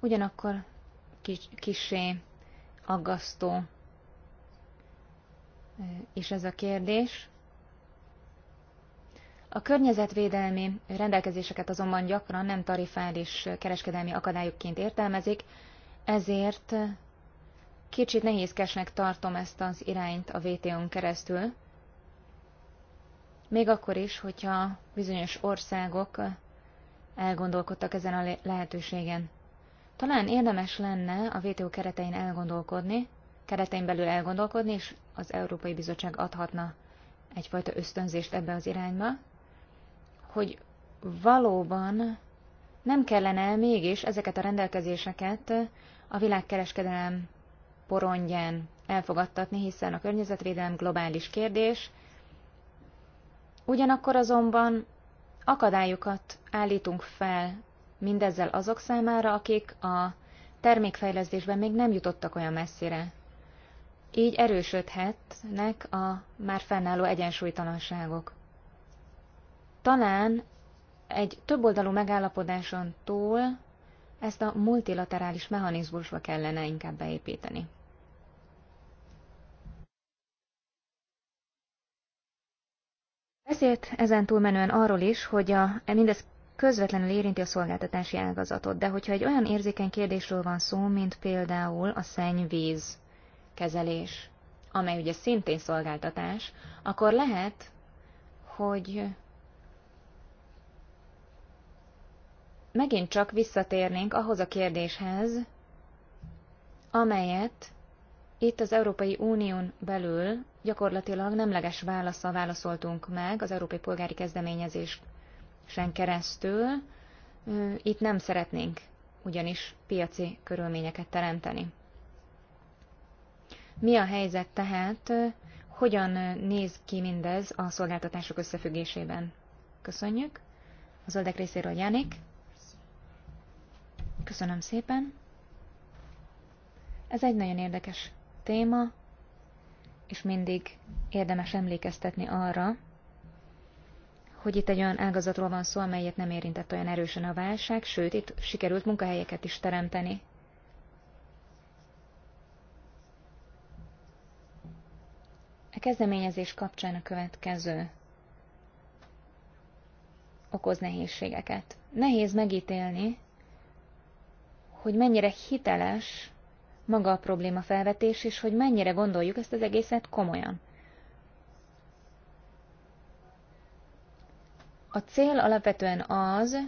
A: ugyanakkor kis, kisé aggasztó. És ez a kérdés, a környezetvédelmi rendelkezéseket azonban gyakran nem tarifális kereskedelmi akadályokként értelmezik, ezért kicsit nehézkesnek tartom ezt az irányt a vto n keresztül, még akkor is, hogyha bizonyos országok elgondolkodtak ezen a lehetőségen. Talán érdemes lenne a VTO keretein elgondolkodni, keretein belül elgondolkodni, és az Európai Bizottság adhatna egyfajta ösztönzést ebbe az irányba, hogy valóban nem kellene mégis ezeket a rendelkezéseket a világkereskedelem porondján elfogadtatni, hiszen a környezetvédelem globális kérdés. Ugyanakkor azonban akadályokat állítunk fel mindezzel azok számára, akik a termékfejlesztésben még nem jutottak olyan messzire. Így erősödhetnek a már fennálló egyensúlytalanságok talán egy többoldalú megállapodáson túl ezt a multilaterális mechanizmusba kellene inkább beépíteni. Beszélt ezen túlmenően arról is, hogy a, mindez közvetlenül érinti a szolgáltatási ágazatot, de hogyha egy olyan érzékeny kérdésről van szó, mint például a szennyvíz kezelés, amely ugye szintén szolgáltatás, akkor lehet, hogy megint csak visszatérnénk ahhoz a kérdéshez, amelyet itt az Európai Unión belül gyakorlatilag nemleges válaszsal válaszoltunk meg az Európai Polgári Kezdeményezésen keresztül. Itt nem szeretnénk ugyanis piaci körülményeket teremteni. Mi a helyzet tehát, hogyan néz ki mindez a szolgáltatások összefüggésében? Köszönjük. A zöldek részéről Jánik. Köszönöm szépen. Ez egy nagyon érdekes téma, és mindig érdemes emlékeztetni arra, hogy itt egy olyan ágazatról van szó, amelyet nem érintett olyan erősen a válság, sőt, itt sikerült munkahelyeket is teremteni. A kezdeményezés kapcsán a következő okoz nehézségeket. Nehéz megítélni, hogy mennyire hiteles maga a probléma felvetés, és hogy mennyire gondoljuk ezt az egészet komolyan. A cél alapvetően az,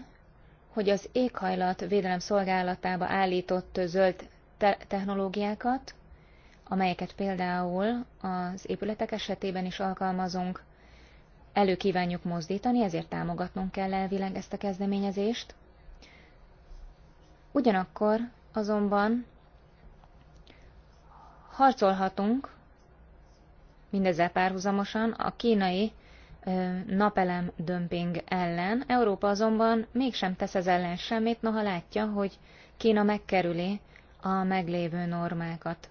A: hogy az éghajlat védelem szolgálatába állított zöld te technológiákat, amelyeket például az épületek esetében is alkalmazunk, elő kívánjuk mozdítani, ezért támogatnunk kell elvileg ezt a kezdeményezést, Ugyanakkor azonban harcolhatunk mindezzel párhuzamosan a kínai napelem dömping ellen. Európa azonban mégsem tesz ez ellen semmit, noha látja, hogy Kína megkerüli a meglévő normákat.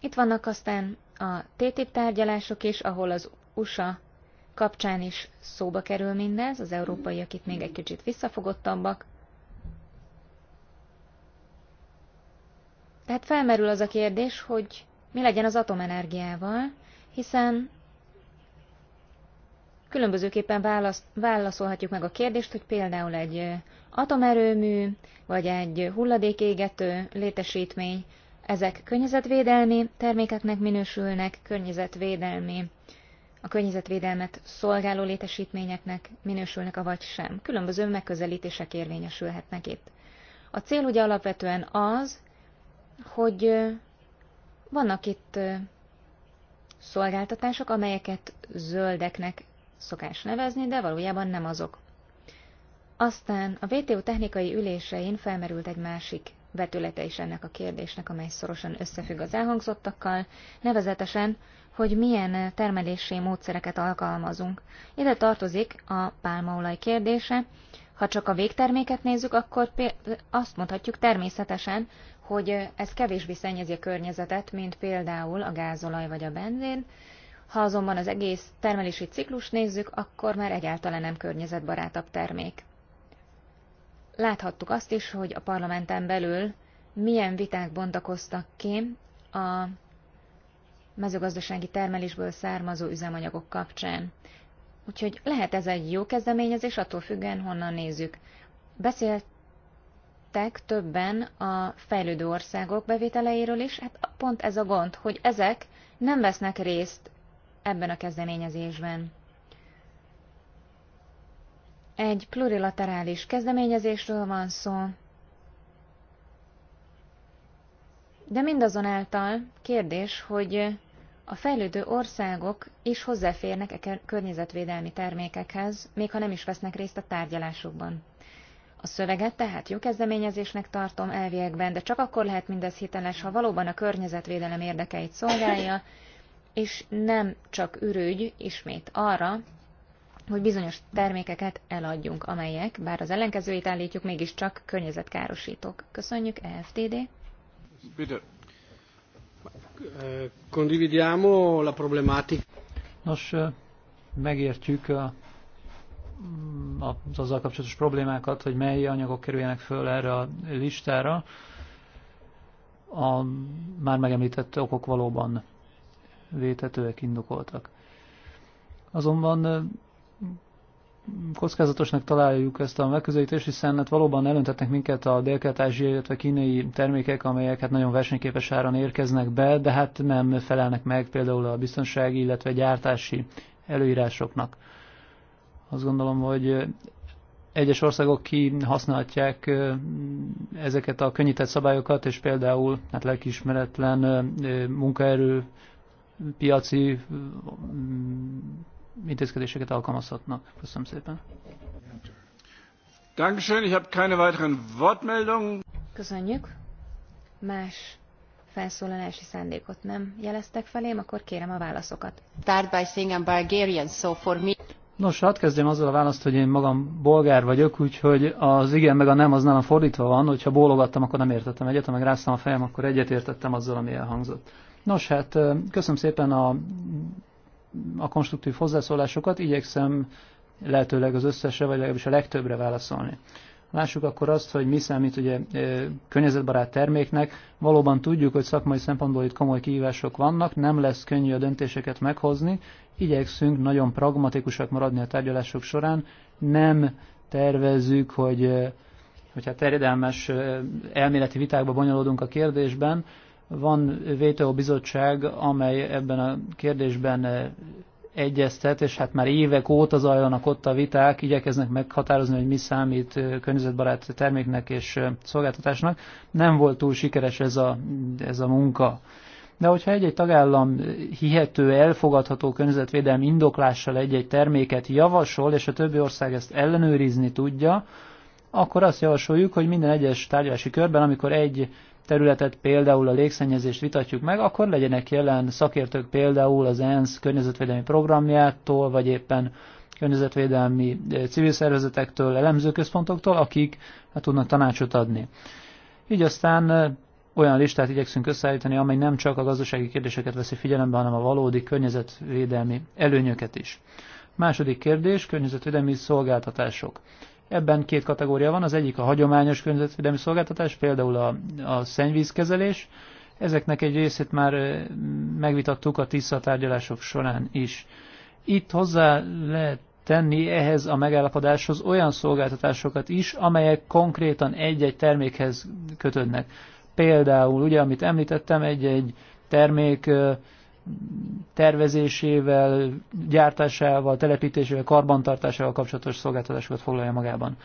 A: Itt vannak aztán a TTIP tárgyalások is, ahol az USA kapcsán is szóba kerül mindez, az európaiak itt még egy kicsit visszafogottabbak. Tehát felmerül az a kérdés, hogy mi legyen az atomenergiával, hiszen különbözőképpen válasz, válaszolhatjuk meg a kérdést, hogy például egy atomerőmű, vagy egy hulladékégető létesítmény, ezek környezetvédelmi termékeknek minősülnek, környezetvédelmi a környezetvédelmet szolgáló létesítményeknek minősülnek, avagy sem. Különböző megközelítések érvényesülhetnek itt. A cél ugye alapvetően az, hogy vannak itt szolgáltatások, amelyeket zöldeknek szokás nevezni, de valójában nem azok. Aztán a VTO technikai ülésein felmerült egy másik vetülete is ennek a kérdésnek, amely szorosan összefügg az elhangzottakkal, nevezetesen, hogy milyen termelési módszereket alkalmazunk. Ide tartozik a pálmaolaj kérdése. Ha csak a végterméket nézzük, akkor azt mondhatjuk természetesen, hogy ez kevésbé szennyezi a környezetet, mint például a gázolaj vagy a benzin. Ha azonban az egész termelési ciklus nézzük, akkor már egyáltalán nem környezetbarátabb termék. Láthattuk azt is, hogy a parlamenten belül milyen viták bontakoztak ki a mezőgazdasági termelésből származó üzemanyagok kapcsán. Úgyhogy lehet ez egy jó kezdeményezés, attól függően honnan nézzük. Beszéltek többen a fejlődő országok bevételeiről is, hát pont ez a gond, hogy ezek nem vesznek részt ebben a kezdeményezésben. Egy plurilaterális kezdeményezésről van szó, De mindazonáltal kérdés, hogy a fejlődő országok is hozzáférnek e környezetvédelmi termékekhez, még ha nem is vesznek részt a tárgyalásokban. A szöveget tehát jó kezdeményezésnek tartom elviekben, de csak akkor lehet mindez hiteles, ha valóban a környezetvédelem érdekeit szolgálja, és nem csak ürügy ismét arra, hogy bizonyos termékeket eladjunk, amelyek, bár az ellenkezőit állítjuk, mégiscsak környezetkárosítók. Köszönjük, EFTD!
B: Condividiamo la problematica. Nos, megértjük a, mm, az azzal kapcsolatos problémákat, hogy mely anyagok kerüljenek föl erre a listára. A már megemlített okok valóban vétetőek, indokoltak. Azonban kockázatosnak találjuk ezt a megközelítést, hiszen hát valóban elöntetnek minket a dél ázsiai illetve kínai termékek, amelyek hát nagyon versenyképes áron érkeznek be, de hát nem felelnek meg például a biztonsági, illetve gyártási előírásoknak. Azt gondolom, hogy egyes országok kihasználhatják ezeket a könnyített szabályokat, és például hát lelkiismeretlen munkaerő piaci intézkedéseket alkalmazhatnak. Köszönöm szépen.
A: Dankeschön, ich habe keine weiteren Wortmeldungen. Köszönjük. Más felszólalási szándékot nem jeleztek felém, akkor kérem a válaszokat.
C: Start by saying I'm Bulgarian, so for me...
B: Nos, hát kezdjem azzal a választ, hogy én magam bolgár vagyok, úgyhogy az igen meg a nem az nálam fordítva van, hogyha bólogattam, akkor nem értettem egyet, ha meg ráztam a fejem, akkor egyet értettem azzal, ami elhangzott. Nos, hát köszönöm szépen a a konstruktív hozzászólásokat, igyekszem lehetőleg az összesre, vagy legalábbis a legtöbbre válaszolni. Lássuk akkor azt, hogy mi számít ugye e, környezetbarát terméknek. Valóban tudjuk, hogy szakmai szempontból itt komoly kihívások vannak, nem lesz könnyű a döntéseket meghozni, igyekszünk nagyon pragmatikusak maradni a tárgyalások során, nem tervezzük, hogy e, hogyha hát terjedelmes e, elméleti vitákba bonyolódunk a kérdésben, van bizottság, amely ebben a kérdésben eh, egyeztet, és hát már évek óta zajlanak ott a viták, igyekeznek meghatározni, hogy mi számít eh, környezetbarát terméknek és eh, szolgáltatásnak. Nem volt túl sikeres ez a, ez a munka. De hogyha egy-egy tagállam hihető, elfogadható környezetvédelmi indoklással egy-egy terméket javasol, és a többi ország ezt ellenőrizni tudja, akkor azt javasoljuk, hogy minden egyes tárgyalási körben, amikor egy területet, például a légszennyezést vitatjuk meg, akkor legyenek jelen szakértők például az ENSZ környezetvédelmi programjától, vagy éppen környezetvédelmi eh, civil szervezetektől, elemzőközpontoktól, akik hát, tudnak tanácsot adni. Így aztán eh, olyan listát igyekszünk összeállítani, amely nem csak a gazdasági kérdéseket veszi figyelembe, hanem a valódi környezetvédelmi előnyöket is. Második kérdés, környezetvédelmi szolgáltatások. Ebben két kategória van, az egyik a hagyományos környezetvédelmi szolgáltatás, például a, a szennyvízkezelés. Ezeknek egy részét már megvitattuk a TISZA tárgyalások során is. Itt hozzá lehet tenni ehhez a megállapodáshoz olyan szolgáltatásokat is, amelyek konkrétan egy-egy termékhez kötődnek. Például, ugye, amit említettem, egy-egy termék tervezésével, gyártásával, telepítésével, karbantartásával kapcsolatos szolgáltatásokat foglalja magában.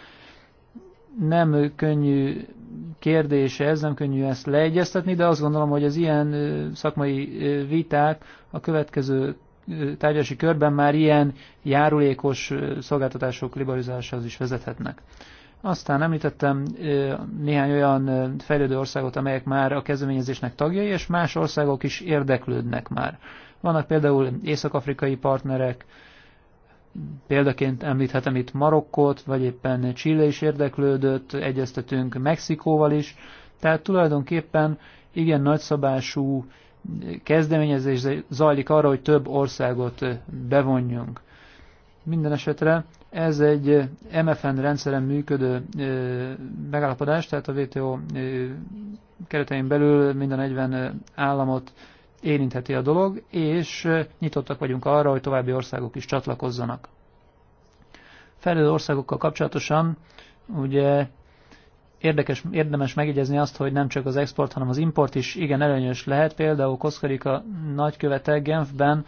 B: Nem könnyű kérdése ez, nem könnyű ezt leegyeztetni, de azt gondolom, hogy az ilyen szakmai viták a következő tárgyalási körben már ilyen járulékos szolgáltatások liberalizálásához is vezethetnek. Aztán említettem néhány olyan fejlődő országot, amelyek már a kezdeményezésnek tagjai, és más országok is érdeklődnek már. Vannak például észak-afrikai partnerek, példaként említhetem itt Marokkot, vagy éppen Chile is érdeklődött, egyeztetünk Mexikóval is, tehát tulajdonképpen igen nagyszabású kezdeményezés zajlik arra, hogy több országot bevonjunk. Minden esetre ez egy eh, MFN rendszeren működő eh, megállapodás, tehát a WTO eh, keretein belül minden 40 államot érintheti a dolog, és nyitottak vagyunk arra, hogy további országok is csatlakozzanak. Felelő országokkal kapcsolatosan ugye érdekes, érdemes megjegyezni azt, hogy nem csak az export, hanem az import is igen előnyös lehet. Például Koszkarika nagykövete Genfben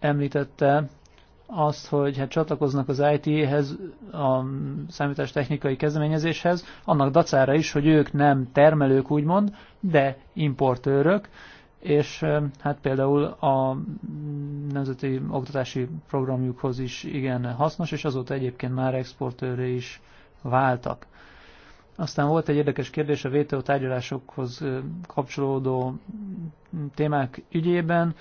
B: említette azt, hogy hát csatlakoznak az IT-hez, a számítástechnikai kezdeményezéshez, annak dacára is, hogy ők nem termelők úgymond, de importőrök, és hát például a nemzeti oktatási programjukhoz is igen hasznos, és azóta egyébként már exportőre is váltak. Aztán volt egy érdekes kérdés a VTO tárgyalásokhoz kapcsolódó témák ügyében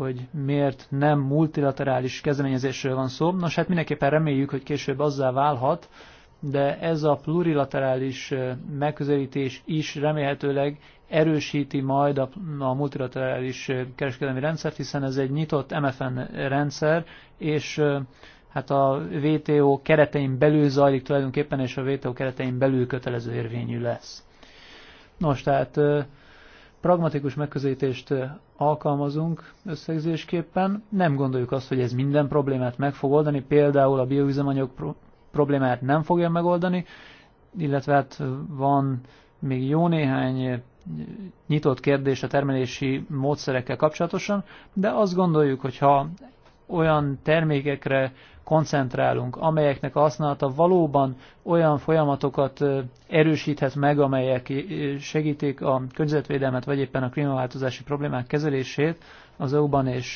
B: hogy miért nem multilaterális kezdeményezésről van szó. Nos, hát mindenképpen reméljük, hogy később azzá válhat, de ez a plurilaterális megközelítés is remélhetőleg erősíti majd a, a multilaterális kereskedelmi rendszert, hiszen ez egy nyitott MFN rendszer, és hát a WTO keretein belül zajlik tulajdonképpen, és a WTO keretein belül kötelező érvényű lesz. Nos, tehát pragmatikus megközelítést alkalmazunk összegzésképpen. Nem gondoljuk azt, hogy ez minden problémát meg fog oldani, például a bioüzemanyag problémát nem fogja megoldani, illetve hát van még jó néhány nyitott kérdés a termelési módszerekkel kapcsolatosan, de azt gondoljuk, hogy ha olyan termékekre koncentrálunk, amelyeknek a használata valóban olyan folyamatokat erősíthet meg, amelyek segítik a környezetvédelmet, vagy éppen a klímaváltozási problémák kezelését az EU-ban és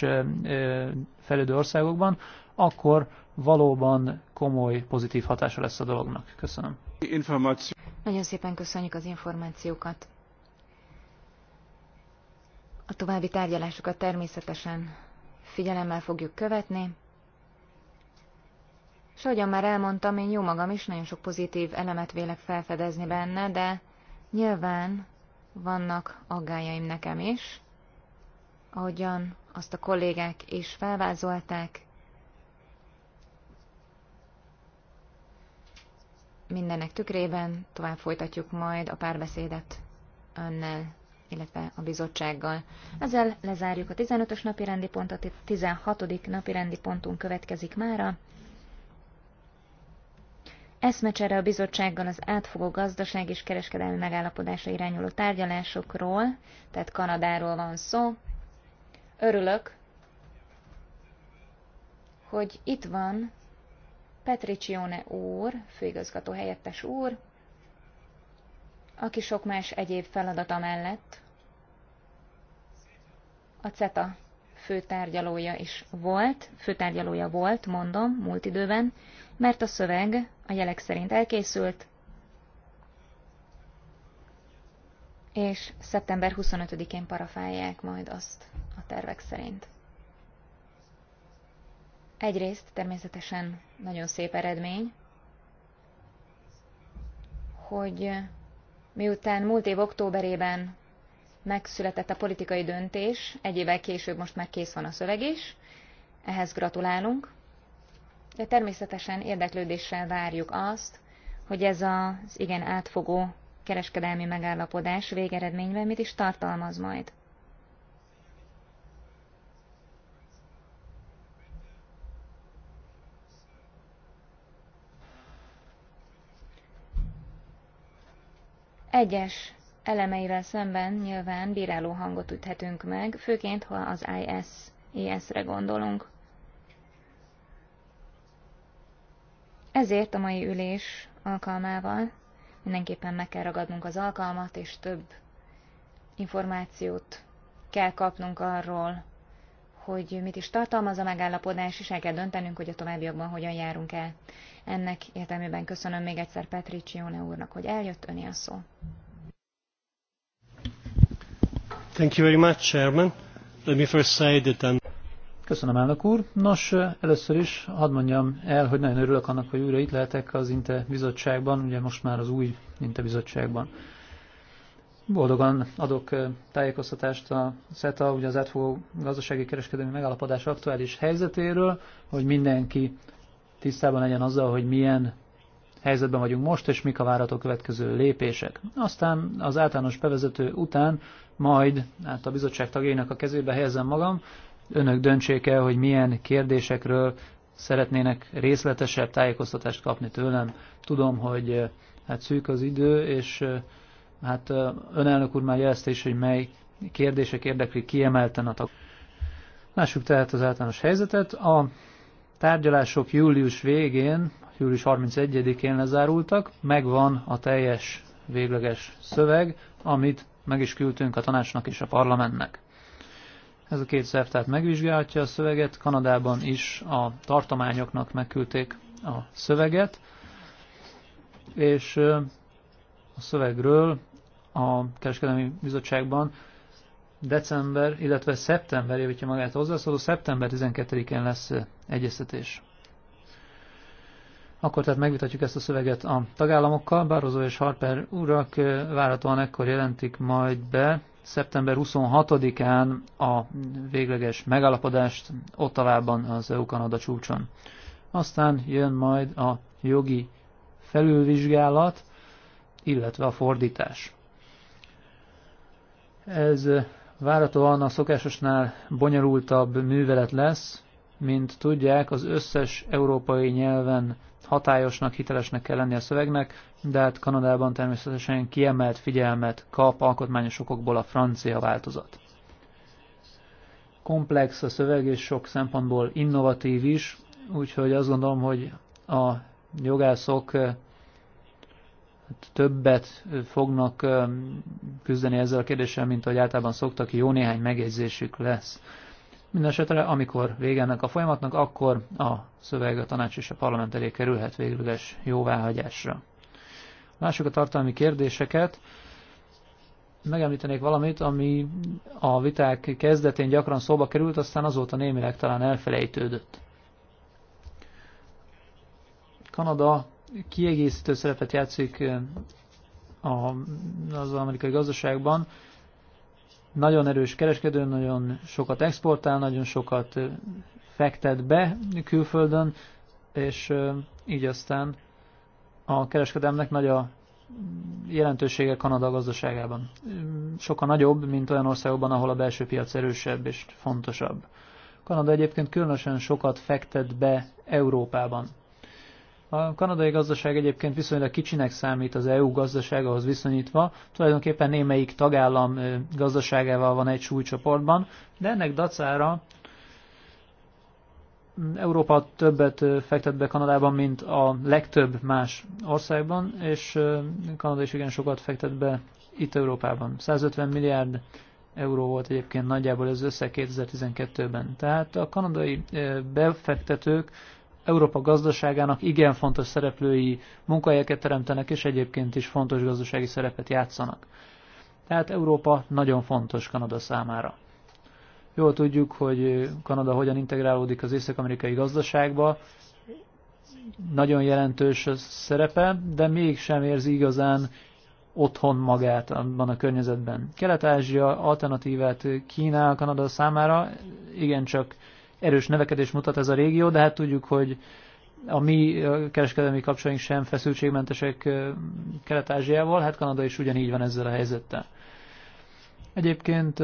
B: fejlődő országokban, akkor valóban komoly pozitív hatása lesz a dolognak. Köszönöm. Információ.
A: Nagyon szépen köszönjük az információkat. A további tárgyalásokat természetesen figyelemmel fogjuk követni. És ahogyan már elmondtam, én jó magam is nagyon sok pozitív elemet vélek felfedezni benne, de nyilván vannak aggájaim nekem is. Ahogyan azt a kollégák is felvázolták, mindennek tükrében tovább folytatjuk majd a párbeszédet önnel, illetve a bizottsággal. Ezzel lezárjuk a 15-ös napi rendi pontot, a 16. napi rendi pontunk következik mára eszmecsere a bizottsággal az átfogó gazdaság és kereskedelmi megállapodásra irányuló tárgyalásokról, tehát Kanadáról van szó. Örülök, hogy itt van Petricione úr, főigazgató helyettes úr, aki sok más egyéb feladata mellett a CETA főtárgyalója is volt, főtárgyalója volt, mondom, múlt időben, mert a szöveg a jelek szerint elkészült, és szeptember 25-én parafálják majd azt a tervek szerint. Egyrészt természetesen nagyon szép eredmény, hogy miután múlt év októberében megszületett a politikai döntés, egy évvel később most már kész van a szöveg is, ehhez gratulálunk de természetesen érdeklődéssel várjuk azt, hogy ez az igen átfogó kereskedelmi megállapodás végeredményben mit is tartalmaz majd. Egyes elemeivel szemben nyilván bíráló hangot üthetünk meg, főként ha az IS-re e gondolunk. Ezért a mai ülés alkalmával mindenképpen meg kell ragadnunk az alkalmat, és több információt kell kapnunk arról, hogy mit is tartalmaz a megállapodás, és el kell döntenünk, hogy a továbbiakban hogyan járunk el. Ennek értelmében köszönöm még egyszer Petriccione úrnak, hogy eljött öné a szó.
B: Thank you very much, Chairman. Let me first say that I'm Köszönöm, elnök úr. Nos, először is hadd mondjam el, hogy nagyon örülök annak, hogy újra itt lehetek az Inte bizottságban, ugye most már az új Inte bizottságban. Boldogan adok tájékoztatást a SETA, ugye az átfogó gazdasági kereskedelmi megállapodás aktuális helyzetéről, hogy mindenki tisztában legyen azzal, hogy milyen helyzetben vagyunk most, és mik a várható következő lépések. Aztán az általános bevezető után majd hát a bizottság tagjainak a kezébe helyezem magam, önök döntsék el, hogy milyen kérdésekről szeretnének részletesebb tájékoztatást kapni tőlem. Tudom, hogy eh, hát szűk az idő, és eh, hát eh, önelnök úr már jelezte is, hogy mely kérdések érdekli kiemelten a tag. Lássuk tehát az általános helyzetet. A tárgyalások július végén, július 31-én lezárultak, megvan a teljes végleges szöveg, amit meg is küldtünk a tanácsnak és a parlamentnek. Ez a két szerv tehát megvizsgálhatja a szöveget. Kanadában is a tartományoknak megküldték a szöveget, és a szövegről a Kereskedelmi Bizottságban december, illetve szeptember, javítja magát hozzászóló, szeptember 12-én lesz egyeztetés. Akkor tehát megvitatjuk ezt a szöveget a tagállamokkal. Bározó és Harper urak várhatóan ekkor jelentik majd be Szeptember 26-án a végleges megállapodást Ottavában az EU-Kanada csúcson. Aztán jön majd a jogi felülvizsgálat, illetve a fordítás. Ez várhatóan a szokásosnál bonyolultabb művelet lesz, mint tudják, az összes európai nyelven hatályosnak, hitelesnek kell lenni a szövegnek, de hát Kanadában természetesen kiemelt figyelmet kap alkotmányos okokból a francia változat. Komplex a szöveg, és sok szempontból innovatív is, úgyhogy azt gondolom, hogy a jogászok eh, hát többet eh, fognak eh, küzdeni ezzel a kérdéssel, mint ahogy általában szoktak, jó néhány megjegyzésük lesz. Mindenesetre, amikor vége ennek a folyamatnak, akkor a szöveg a tanács és a parlament elé kerülhet végleges jóváhagyásra. Lássuk a tartalmi kérdéseket. Megemlítenék valamit, ami a viták kezdetén gyakran szóba került, aztán azóta némileg talán elfelejtődött. Kanada kiegészítő szerepet játszik az amerikai gazdaságban, nagyon erős kereskedő, nagyon sokat exportál, nagyon sokat fektet be külföldön, és így aztán a kereskedelmnek nagy a jelentősége Kanada gazdaságában. Sokkal nagyobb, mint olyan országokban, ahol a belső piac erősebb és fontosabb. Kanada egyébként különösen sokat fektet be Európában. A kanadai gazdaság egyébként viszonylag kicsinek számít az EU gazdaságához viszonyítva, tulajdonképpen némelyik tagállam gazdaságával van egy súlycsoportban, de ennek dacára mm, Európa többet fektet be Kanadában, mint a legtöbb más országban, és Kanada is igen sokat fektet be itt Európában. 150 milliárd euró volt egyébként nagyjából az össze 2012-ben. Tehát a kanadai befektetők Európa gazdaságának igen fontos szereplői munkahelyeket teremtenek, és egyébként is fontos gazdasági szerepet játszanak. Tehát Európa nagyon fontos Kanada számára. Jól tudjuk, hogy Kanada hogyan integrálódik az észak-amerikai gazdaságba, nagyon jelentős a szerepe, de mégsem érzi igazán otthon magát abban a környezetben. Kelet-Ázsia alternatívát kínál Kanada számára, igencsak erős növekedés mutat ez a régió, de hát tudjuk, hogy a mi kereskedelmi kapcsolink sem feszültségmentesek Kelet-Ázsiával, hát Kanada is ugyanígy van ezzel a helyzettel. Egyébként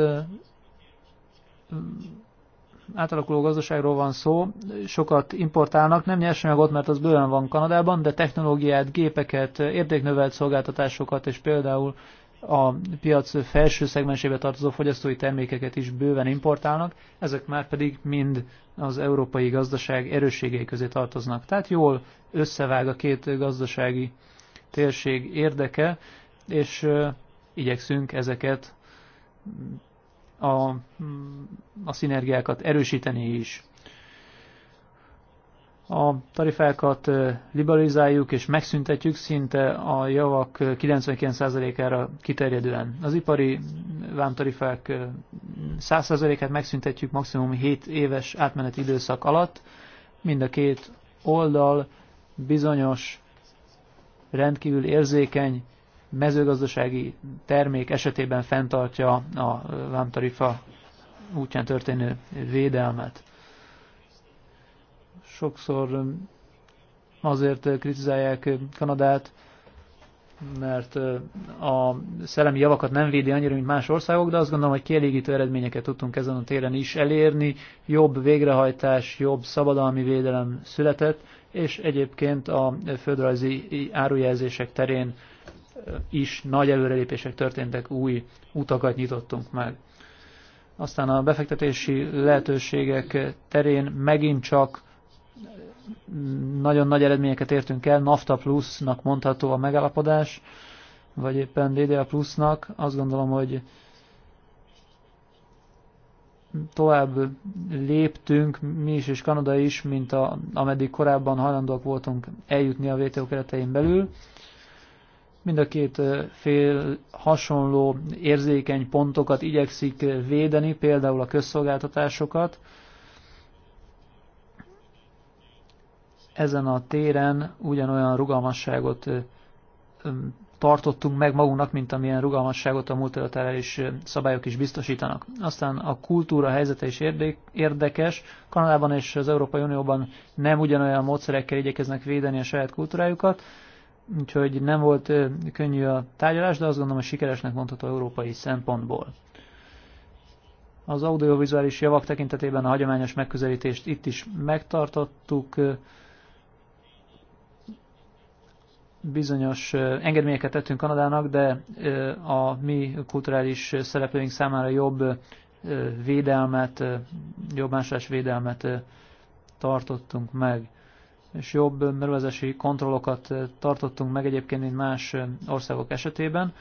B: átalakuló gazdaságról van szó, sokat importálnak, nem nyersanyagot, mert az bőven van Kanadában, de technológiát, gépeket, értéknövelt szolgáltatásokat, és például a piac felső szegmensébe tartozó fogyasztói termékeket is bőven importálnak, ezek már pedig mind az európai gazdaság erősségei közé tartoznak. Tehát jól összevág a két gazdasági térség érdeke, és igyekszünk ezeket a, a szinergiákat erősíteni is a tarifákat liberalizáljuk és megszüntetjük szinte a javak 99%-ára kiterjedően. Az ipari vámtarifák 100%-át megszüntetjük maximum 7 éves átmeneti időszak alatt. Mind a két oldal bizonyos rendkívül érzékeny mezőgazdasági termék esetében fenntartja a vámtarifa útján történő védelmet. Sokszor azért kritizálják Kanadát, mert a szellemi javakat nem védi annyira, mint más országok, de azt gondolom, hogy kielégítő eredményeket tudtunk ezen a téren is elérni. Jobb végrehajtás, jobb szabadalmi védelem született, és egyébként a földrajzi árujelzések terén is nagy előrelépések történtek, új utakat nyitottunk meg. Aztán a befektetési lehetőségek terén megint csak nagyon nagy eredményeket értünk el, NAFTA plusznak mondható a megállapodás, vagy éppen DDA plusznak. Azt gondolom, hogy tovább léptünk, mi is és Kanada is, mint a, ameddig korábban hajlandóak voltunk eljutni a WTO keretein belül. Mind a két fél hasonló érzékeny pontokat igyekszik védeni, például a közszolgáltatásokat, ezen a téren ugyanolyan rugalmasságot tartottunk meg magunknak, mint amilyen rugalmasságot a multilaterális szabályok is biztosítanak. Aztán a kultúra helyzete is érdekes. Kanadában és az Európai Unióban nem ugyanolyan módszerekkel igyekeznek védeni a saját kultúrájukat, úgyhogy nem volt könnyű a tárgyalás, de azt gondolom, hogy sikeresnek mondható európai szempontból. Az audiovizuális javak tekintetében a hagyományos megközelítést itt is megtartottuk, bizonyos engedményeket tettünk Kanadának, de a mi kulturális szereplőink számára jobb védelmet, jobb másolás védelmet tartottunk meg. És jobb mervezési kontrollokat tartottunk meg egyébként, mint más országok esetében,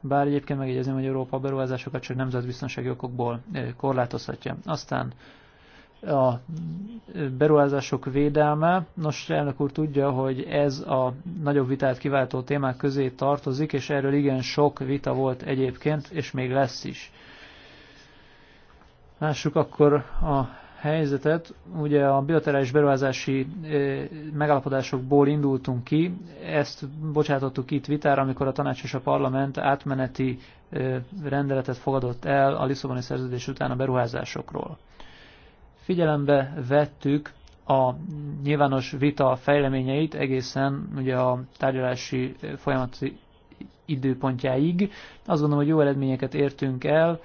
B: bár egyébként megjegyezném, hogy Európa beruházásokat csak nemzetbiztonsági okokból korlátozhatja. Aztán a beruházások védelme. Nos, elnök úr tudja, hogy ez a nagyobb vitát kiváltó témák közé tartozik, és erről igen sok vita volt egyébként, és még lesz is. Lássuk akkor a helyzetet. Ugye a bilaterális beruházási eh, megállapodásokból indultunk ki, ezt bocsátottuk itt vitára, amikor a tanács és a parlament átmeneti eh, rendeletet fogadott el a Lisszaboni szerződés után a beruházásokról. Figyelembe vettük a nyilvános vita fejleményeit egészen ugye a tárgyalási folyamat időpontjáig. Azt gondolom, hogy jó eredményeket értünk el.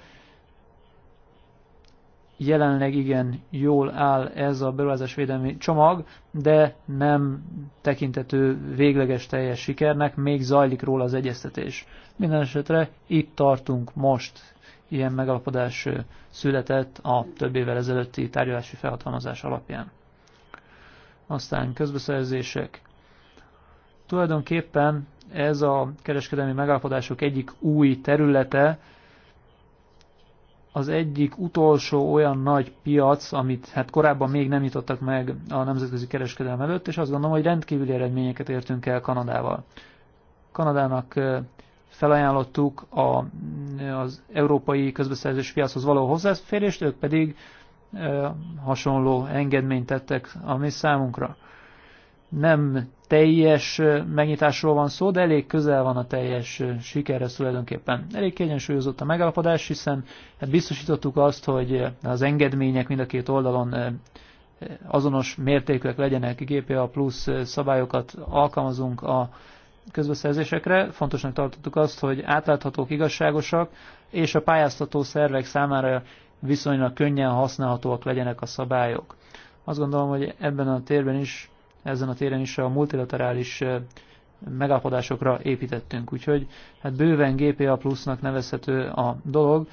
B: Jelenleg igen, jól áll ez a beruházásvédelmi csomag, de nem tekintető végleges teljes sikernek, még zajlik róla az egyeztetés. Minden esetre itt tartunk most ilyen megalapodás született a több évvel ezelőtti tárgyalási felhatalmazás alapján. Aztán közbeszerzések. Tulajdonképpen ez a kereskedelmi megállapodások egyik új területe, az egyik utolsó olyan nagy piac, amit hát korábban még nem nyitottak meg a nemzetközi kereskedelem előtt, és azt gondolom, hogy rendkívüli eredményeket értünk el Kanadával. Kanadának felajánlottuk a, az európai közbeszerzés piachoz való hozzáférést, ők pedig hasonló engedményt tettek a mi számunkra. Nem teljes megnyitásról van szó, de elég közel van a teljes sikerre tulajdonképpen. Elég kiegyensúlyozott a megalapodás, hiszen hát biztosítottuk azt, hogy az engedmények mind a két oldalon azonos mértékűek legyenek, GPA plusz szabályokat alkalmazunk a közbeszerzésekre. Fontosnak tartottuk azt, hogy átláthatók, igazságosak, és a pályáztató szervek számára viszonylag könnyen használhatóak legyenek a szabályok. Azt gondolom, hogy ebben a térben is, ezen a téren is a multilaterális megállapodásokra építettünk. Úgyhogy hát bőven GPA plusznak nevezhető a dolog.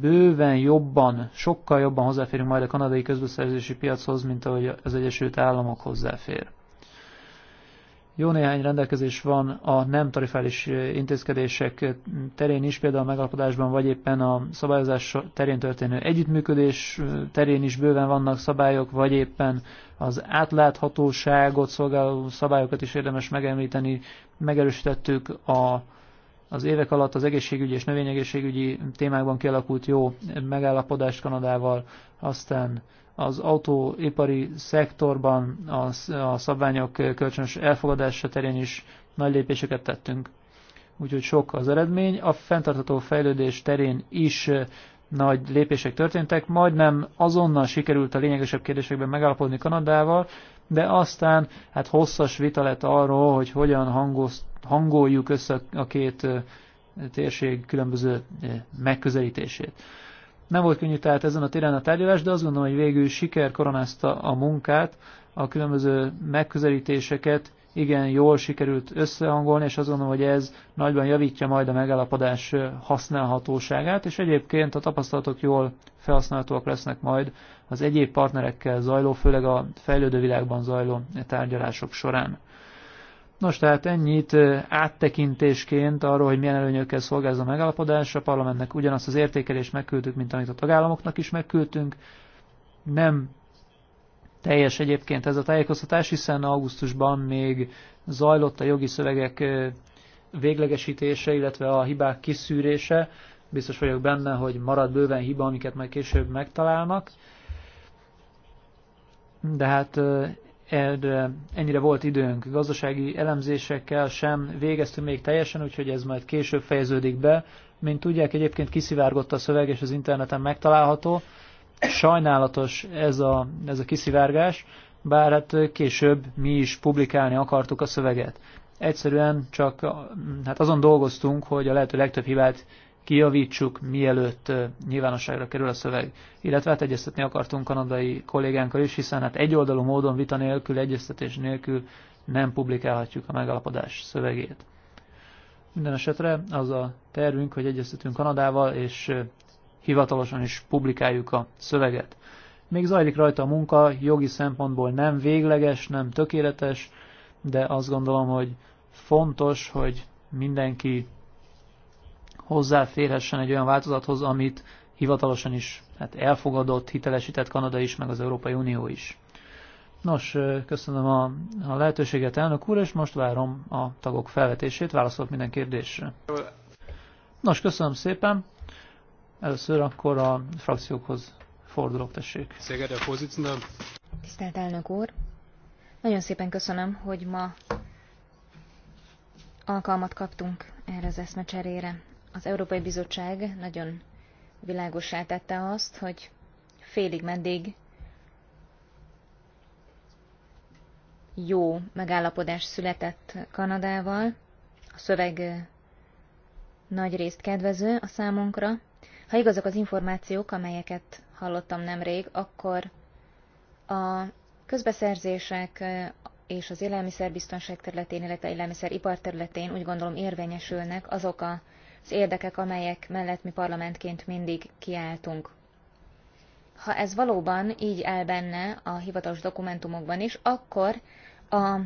B: Bőven jobban, sokkal jobban hozzáférünk majd a kanadai közbeszerzési piachoz, mint ahogy az Egyesült Államok hozzáfér. Jó néhány rendelkezés van a nem tarifális intézkedések terén is, például a megalapodásban, vagy éppen a szabályozás terén történő együttműködés terén is bőven vannak szabályok, vagy éppen az átláthatóságot szolgáló szabályokat is érdemes megemlíteni. Megerősítettük a az évek alatt az egészségügyi és növényegészségügyi témákban kialakult jó megállapodást Kanadával, aztán az autóipari szektorban a szabványok kölcsönös elfogadása terén is nagy lépéseket tettünk. Úgyhogy sok az eredmény. A fenntartható fejlődés terén is nagy lépések történtek, majdnem azonnal sikerült a lényegesebb kérdésekben megállapodni Kanadával, de aztán hát hosszas vita lett arról, hogy hogyan hangozt, hangoljuk össze a két térség különböző megközelítését. Nem volt könnyű tehát ezen a téren a tárgyalás, de azt gondolom, hogy végül siker koronázta a munkát, a különböző megközelítéseket igen jól sikerült összehangolni, és azt gondolom, hogy ez nagyban javítja majd a megállapodás használhatóságát, és egyébként a tapasztalatok jól felhasználhatóak lesznek majd az egyéb partnerekkel zajló, főleg a fejlődő világban zajló tárgyalások során. Nos, tehát ennyit áttekintésként arról, hogy milyen előnyökkel szolgál a megállapodás. A parlamentnek ugyanazt az értékelést megküldtük, mint amit a tagállamoknak is megküldtünk. Nem teljes egyébként ez a tájékoztatás, hiszen augusztusban még zajlott a jogi szövegek véglegesítése, illetve a hibák kiszűrése. Biztos vagyok benne, hogy marad bőven hiba, amiket majd később megtalálnak. De hát erre ennyire volt időnk. Gazdasági elemzésekkel sem végeztünk még teljesen, úgyhogy ez majd később fejeződik be. Mint tudják, egyébként kiszivárgott a szöveg, és az interneten megtalálható. Sajnálatos ez a, ez a kiszivárgás, bár hát később mi is publikálni akartuk a szöveget. Egyszerűen csak hát azon dolgoztunk, hogy a lehető legtöbb hibát kijavítsuk, mielőtt nyilvánosságra kerül a szöveg. Illetve hát egyeztetni akartunk kanadai kollégánkkal is, hiszen hát egyoldalú módon vita nélkül, egyeztetés nélkül nem publikálhatjuk a megalapodás szövegét. Minden esetre az a tervünk, hogy egyeztetünk Kanadával, és hivatalosan is publikáljuk a szöveget. Még zajlik rajta a munka, jogi szempontból nem végleges, nem tökéletes, de azt gondolom, hogy fontos, hogy mindenki hozzáférhessen egy olyan változathoz, amit hivatalosan is hát elfogadott, hitelesített Kanada is, meg az Európai Unió is. Nos, köszönöm a, a lehetőséget, elnök úr, és most várom a tagok felvetését, válaszolt minden kérdésre. Nos, köszönöm szépen. Először akkor a frakciókhoz fordulok, tessék.
A: Tisztelt elnök úr, nagyon szépen köszönöm, hogy ma alkalmat kaptunk erre az eszmecserére az Európai Bizottság nagyon világosá tette azt, hogy félig meddig jó megállapodás született Kanadával, a szöveg nagy részt kedvező a számunkra. Ha igazak az információk, amelyeket hallottam nemrég, akkor a közbeszerzések és az élelmiszerbiztonság területén, illetve élelmiszeripar területén úgy gondolom érvényesülnek azok a az érdekek, amelyek mellett mi parlamentként mindig kiálltunk. Ha ez valóban így áll benne a hivatalos dokumentumokban is, akkor a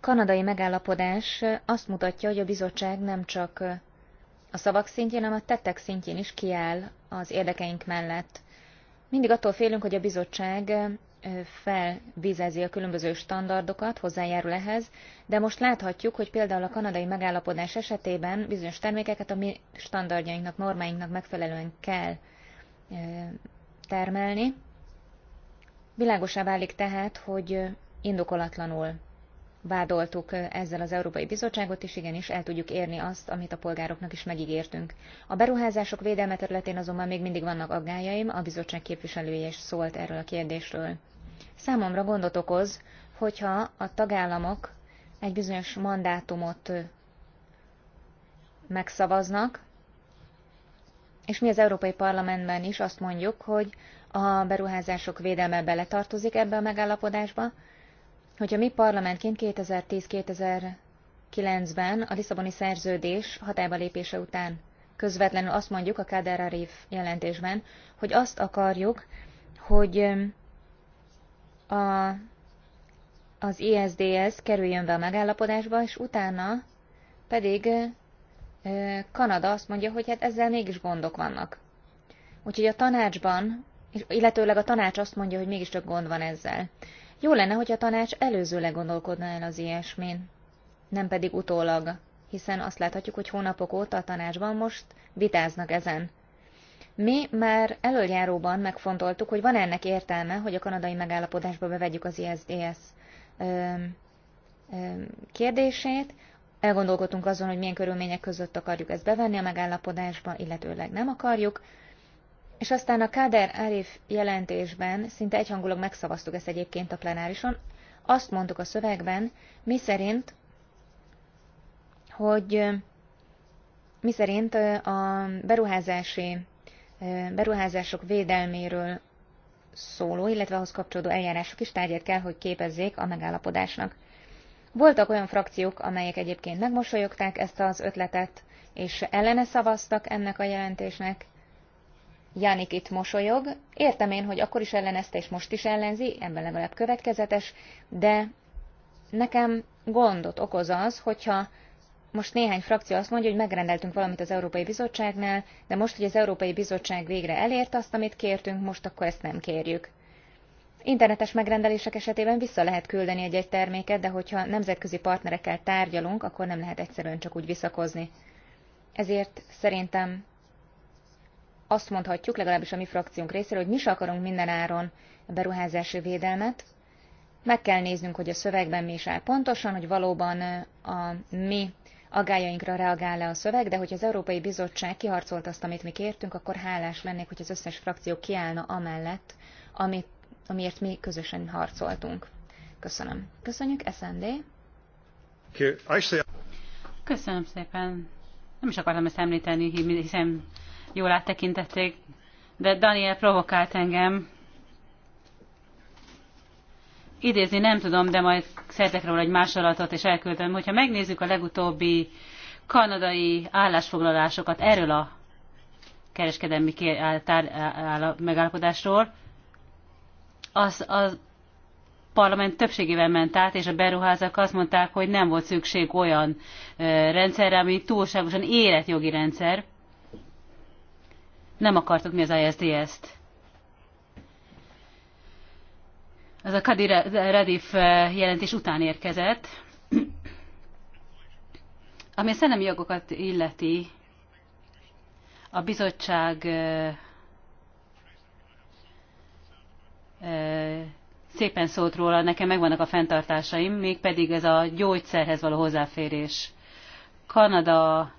A: kanadai megállapodás azt mutatja, hogy a bizottság nem csak a szavak szintjén, hanem a tettek szintjén is kiáll az érdekeink mellett. Mindig attól félünk, hogy a bizottság felvizezi a különböző standardokat, hozzájárul ehhez, de most láthatjuk, hogy például a kanadai megállapodás esetében bizonyos termékeket a mi standardjainknak, normáinknak megfelelően kell termelni. Világosá válik tehát, hogy indokolatlanul vádoltuk ezzel az Európai Bizottságot, és igenis el tudjuk érni azt, amit a polgároknak is megígértünk. A beruházások védelme területén azonban még mindig vannak aggájaim, a bizottság képviselője is szólt erről a kérdésről. Számomra gondot okoz, hogyha a tagállamok egy bizonyos mandátumot megszavaznak, és mi az Európai Parlamentben is azt mondjuk, hogy a beruházások védelme beletartozik ebbe a megállapodásba, hogyha mi parlamentként 2010-2009-ben a Lisszaboni szerződés hatályba lépése után közvetlenül azt mondjuk a Kader Arif jelentésben, hogy azt akarjuk, hogy a, az ISDS kerüljön be a megállapodásba, és utána pedig Kanada azt mondja, hogy hát ezzel mégis gondok vannak. Úgyhogy a tanácsban, illetőleg a tanács azt mondja, hogy mégis csak gond van ezzel. Jó lenne, hogy a tanács előzőleg gondolkodna el az ilyesmén, nem pedig utólag, hiszen azt láthatjuk, hogy hónapok óta a tanácsban most vitáznak ezen. Mi már elöljáróban megfontoltuk, hogy van -e ennek értelme, hogy a kanadai megállapodásba bevegyük az ISDS kérdését. Elgondolkodtunk azon, hogy milyen körülmények között akarjuk ezt bevenni a megállapodásba, illetőleg nem akarjuk. És aztán a Káder Arif jelentésben szinte egyhangulag megszavaztuk ezt egyébként a plenárison. Azt mondtuk a szövegben, mi szerint, hogy mi szerint a beruházási beruházások védelméről szóló, illetve ahhoz kapcsolódó eljárások is tárgyát kell, hogy képezzék a megállapodásnak. Voltak olyan frakciók, amelyek egyébként megmosolyogták ezt az ötletet, és ellene szavaztak ennek a jelentésnek. Jánik itt mosolyog. Értem én, hogy akkor is ellenezte, és most is ellenzi, ebben legalább következetes, de nekem gondot okoz az, hogyha most néhány frakció azt mondja, hogy megrendeltünk valamit az Európai Bizottságnál, de most, hogy az Európai Bizottság végre elért azt, amit kértünk, most akkor ezt nem kérjük. Internetes megrendelések esetében vissza lehet küldeni egy-egy terméket, de hogyha nemzetközi partnerekkel tárgyalunk, akkor nem lehet egyszerűen csak úgy visszakozni. Ezért szerintem azt mondhatjuk, legalábbis a mi frakciónk részéről, hogy mi is akarunk mindenáron beruházási védelmet. Meg kell néznünk, hogy a szövegben mi is áll pontosan, hogy valóban a mi Agályainkra reagál le a szöveg, de hogy az Európai Bizottság kiharcolt azt, amit mi kértünk, akkor hálás lennék, hogy az összes frakció kiállna amellett, amit, amiért mi közösen harcoltunk. Köszönöm. Köszönjük,
C: SND. Köszönöm szépen. Nem is akartam ezt említeni, hiszen jól áttekintették, de Daniel provokált engem idézni nem tudom, de majd szeretek róla egy másolatot, és elküldöm. Hogyha megnézzük a legutóbbi kanadai állásfoglalásokat erről a kereskedelmi megállapodásról, az, az parlament többségével ment át, és a beruházak azt mondták, hogy nem volt szükség olyan rendszerre, ami túlságosan életjogi jogi rendszer. Nem akartuk mi az ISDS-t. az a Kadir Redif eh, jelentés után érkezett, ami a szellemi jogokat illeti, a bizottság eh, eh, szépen szólt róla, nekem megvannak a fenntartásaim, mégpedig ez a gyógyszerhez való hozzáférés. Kanada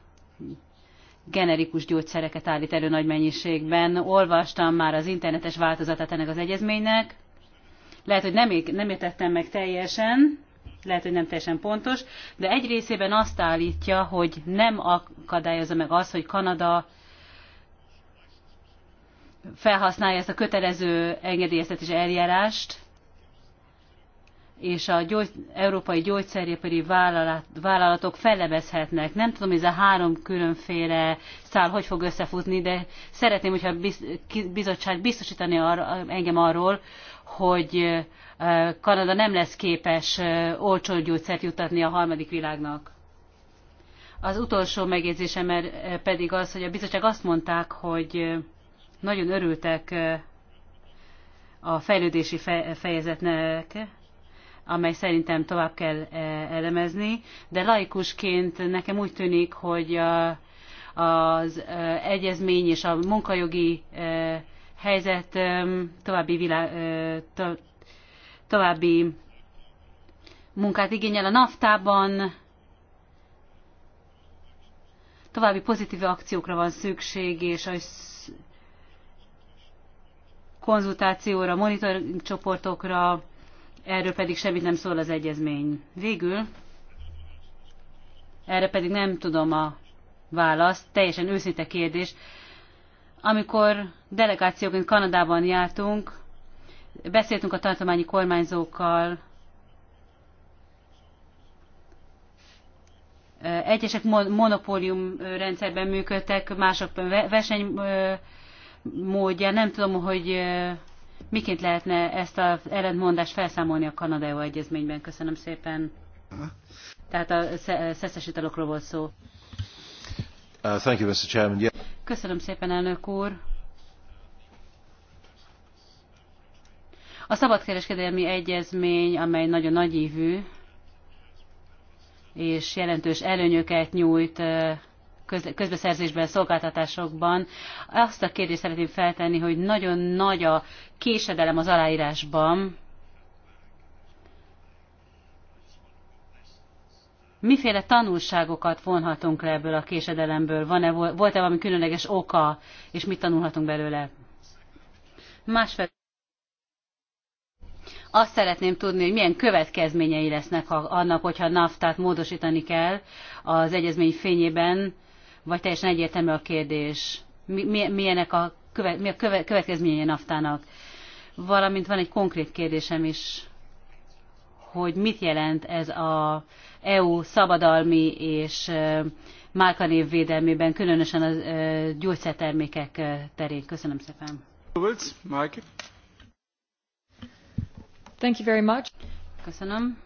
C: generikus gyógyszereket állít elő nagy mennyiségben. Olvastam már az internetes változatát ennek az egyezménynek, lehet, hogy nem, nem értettem meg teljesen, lehet, hogy nem teljesen pontos, de egy részében azt állítja, hogy nem akadályozza meg az, hogy Kanada felhasználja ezt a kötelező engedélyeztetés eljárást, és a gyógy, európai gyógyszeripari vállalat, vállalatok fellebezhetnek. Nem tudom, hogy ez a három különféle szál hogy fog összefutni, de szeretném, hogyha a bizottság biztosítani arra, engem arról, hogy Kanada nem lesz képes olcsó gyógyszert juttatni a harmadik világnak. Az utolsó megjegyzésem er, pedig az, hogy a bizottság azt mondták, hogy nagyon örültek a fejlődési fejezetnek, amely szerintem tovább kell elemezni, de laikusként nekem úgy tűnik, hogy az egyezmény és a munkajogi helyzet további, vilá, további munkát igényel a naftában, további pozitív akciókra van szükség, és a konzultációra, monitoring csoportokra, erről pedig semmit nem szól az egyezmény. Végül, erre pedig nem tudom a választ, teljesen őszinte kérdés, amikor delegációként Kanadában jártunk, beszéltünk a tartományi kormányzókkal, egyesek monopólium rendszerben működtek, mások verseny módja. Nem tudom, hogy miként lehetne ezt az ellentmondást felszámolni a Kanadai Egyezményben. Köszönöm szépen. Tehát a szeszes italokról volt szó. Uh, Köszönöm szépen, elnök úr. A szabadkereskedelmi egyezmény, amely nagyon nagyívű és jelentős előnyöket nyújt uh, közbeszerzésben, szolgáltatásokban. Azt a kérdést szeretném feltenni, hogy nagyon nagy a késedelem az aláírásban, Miféle tanulságokat vonhatunk le ebből a késedelemből? Van-e, volt-e valami különleges oka, és mit tanulhatunk belőle? Másfél. Azt szeretném tudni, hogy milyen következményei lesznek ha, annak, hogyha naftát módosítani kell az egyezmény fényében, vagy teljesen egyértelmű a kérdés. Mi, milyenek a, követ, mi a követ, következményei a naftának? Valamint van egy konkrét kérdésem is hogy mit jelent ez a EU szabadalmi és márkanév védelmében, különösen a gyógyszertermékek terén. Köszönöm szépen. Thank you very much. Köszönöm.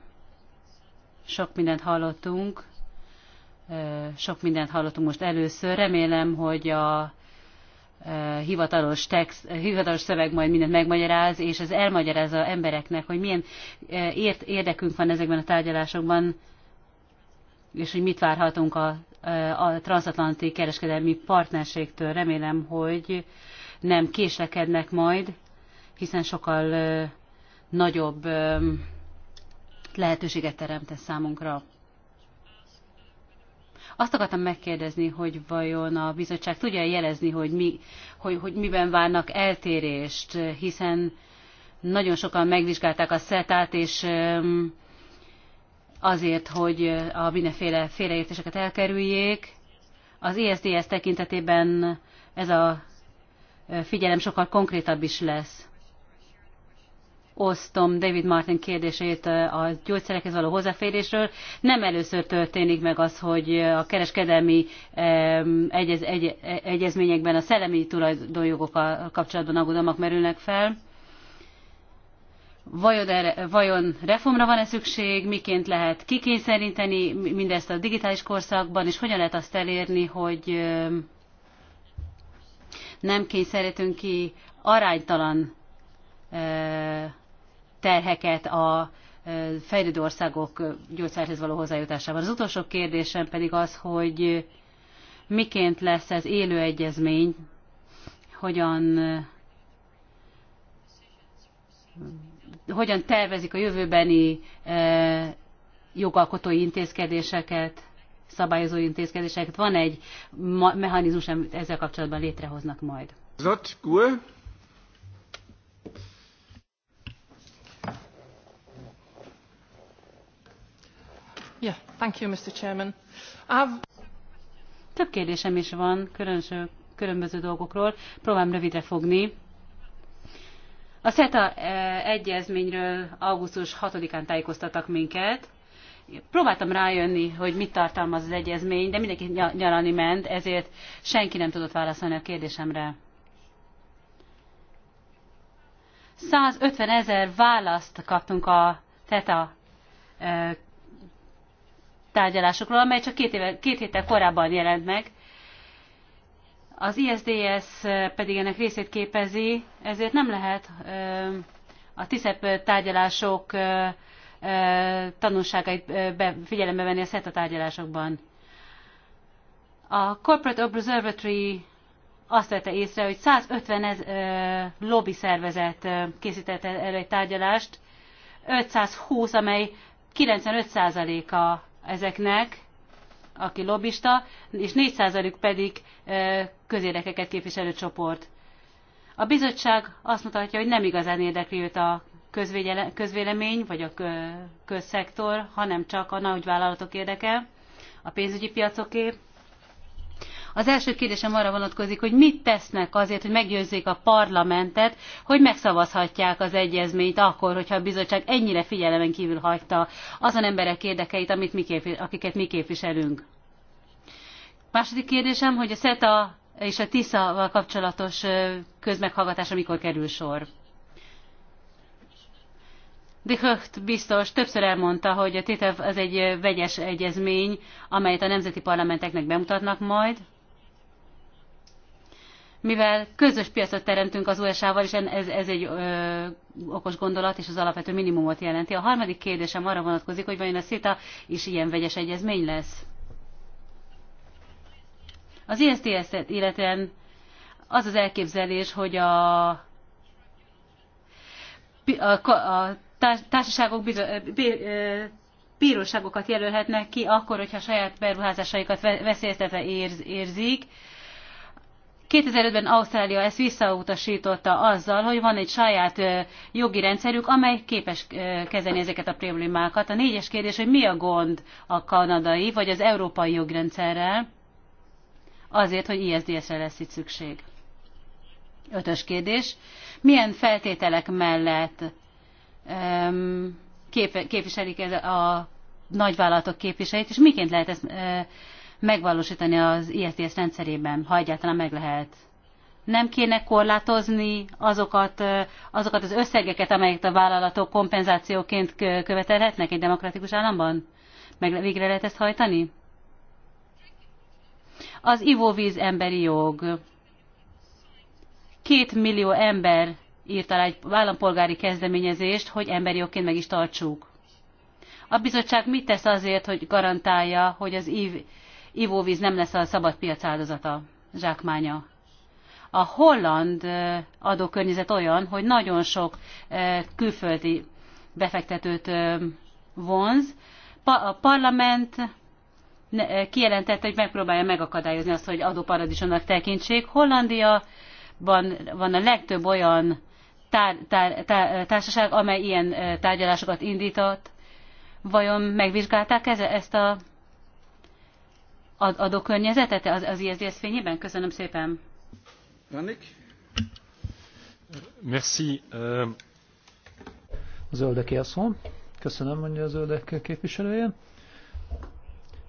C: Sok mindent hallottunk. Sok mindent hallottunk most először. Remélem, hogy a hivatalos, text, hivatalos szöveg majd mindent megmagyaráz, és ez elmagyarázza embereknek, hogy milyen ért, érdekünk van ezekben a tárgyalásokban, és hogy mit várhatunk a, a transatlanti kereskedelmi partnerségtől. Remélem, hogy nem késlekednek majd, hiszen sokkal nagyobb lehetőséget teremtesz számunkra. Azt akartam megkérdezni, hogy vajon a bizottság tudja jelezni, hogy, mi, hogy, hogy miben várnak eltérést, hiszen nagyon sokan megvizsgálták a szetát, és azért, hogy a mindenféle félreértéseket elkerüljék. Az ESDS tekintetében ez a figyelem sokkal konkrétabb is lesz osztom David Martin kérdését a gyógyszerekhez való hozzáférésről. Nem először történik meg az, hogy a kereskedelmi egyez, egy, egyezményekben a szellemi tulajdonjogokkal kapcsolatban aggodalmak merülnek fel. Vajon, erre, vajon reformra van-e szükség, miként lehet kikényszeríteni mindezt a digitális korszakban, és hogyan lehet azt elérni, hogy nem kényszerítünk ki aránytalan terheket a fejlődő országok gyógyszerhez való hozzájutásában. Az utolsó kérdésem pedig az, hogy miként lesz ez élő egyezmény, hogyan hogyan tervezik a jövőbeni jogalkotói intézkedéseket, szabályozó intézkedéseket. Van egy mechanizmus, amit ezzel kapcsolatban létrehoznak majd. Zott, Több kérdésem is van különböző, különböző dolgokról. Próbálom rövidre fogni. A SETA eh, egyezményről augusztus 6-án tájékoztattak minket. Próbáltam rájönni, hogy mit tartalmaz az egyezmény, de mindenki nyaralni ment, ezért senki nem tudott válaszolni a kérdésemre. 150 ezer választ kaptunk a TETA eh, tárgyalásokról, amely csak két, éve, két héttel korábban jelent meg. Az ISDS pedig ennek részét képezi, ezért nem lehet a TISZEP tárgyalások tanulságait figyelembe venni a SZETA tárgyalásokban. A Corporate Observatory azt vette észre, hogy 150 ez, ö, lobby szervezet készített erre egy tárgyalást, 520, amely 95%-a ezeknek, aki lobbista, és 4%-ük pedig közérdekeket képviselő csoport. A bizottság azt mutatja, hogy nem igazán érdekli őt a közvélemény vagy a közszektor, hanem csak a nagyvállalatok érdeke, a pénzügyi piacoké, az első kérdésem arra vonatkozik, hogy mit tesznek azért, hogy meggyőzzék a parlamentet, hogy megszavazhatják az egyezményt akkor, hogyha a bizottság ennyire figyelemen kívül hagyta azon emberek érdekeit, amit mi képvis, akiket mi képviselünk. Második kérdésem, hogy a SETA és a TISZA-val kapcsolatos közmeghallgatásra mikor kerül sor? De Höcht biztos többször elmondta, hogy a TTIP az egy vegyes egyezmény, amelyet a nemzeti parlamenteknek bemutatnak majd, mivel közös piacot teremtünk az USA-val, és ez, ez egy ö, okos gondolat, és az alapvető minimumot jelenti. A harmadik kérdésem arra vonatkozik, hogy vajon a CETA is ilyen vegyes egyezmény lesz. Az ISDS-et illetően az az elképzelés, hogy a, a, a társaságok bíróságokat jelölhetnek ki akkor, hogyha saját beruházásaikat veszélyeztetve érzik, 2005-ben Ausztrália ezt visszautasította azzal, hogy van egy saját jogi rendszerük, amely képes kezelni ezeket a problémákat. A négyes kérdés, hogy mi a gond a kanadai vagy az európai jogrendszerrel azért, hogy ISDS-re lesz itt szükség. Ötös kérdés, milyen feltételek mellett um, kép, képviselik ez a nagyvállalatok képviselőit, és miként lehet ezt megvalósítani az ISDS rendszerében, ha egyáltalán meg lehet. Nem kéne korlátozni azokat, azokat az összegeket, amelyeket a vállalatok kompenzációként követelhetnek egy demokratikus államban? Meg végre lehet ezt hajtani? Az ivóvíz emberi jog. Két millió ember írt alá egy állampolgári kezdeményezést, hogy emberi jogként meg is tartsuk. A bizottság mit tesz azért, hogy garantálja, hogy az ivóvíz ivóvíz nem lesz a szabad piac áldozata, zsákmánya. A holland adókörnyezet olyan, hogy nagyon sok külföldi befektetőt vonz. A parlament kijelentette, hogy megpróbálja megakadályozni azt, hogy adóparadicsomnak tekintsék. Hollandiaban van a legtöbb olyan tár, tár, tár, társaság, amely ilyen tárgyalásokat indított. Vajon megvizsgálták ezt a adókörnyezetet az, az ISDS fényében? Köszönöm szépen. Janik?
B: Merci. Uh... Zöldeké a szó. Köszönöm, mondja a zöldek képviselője.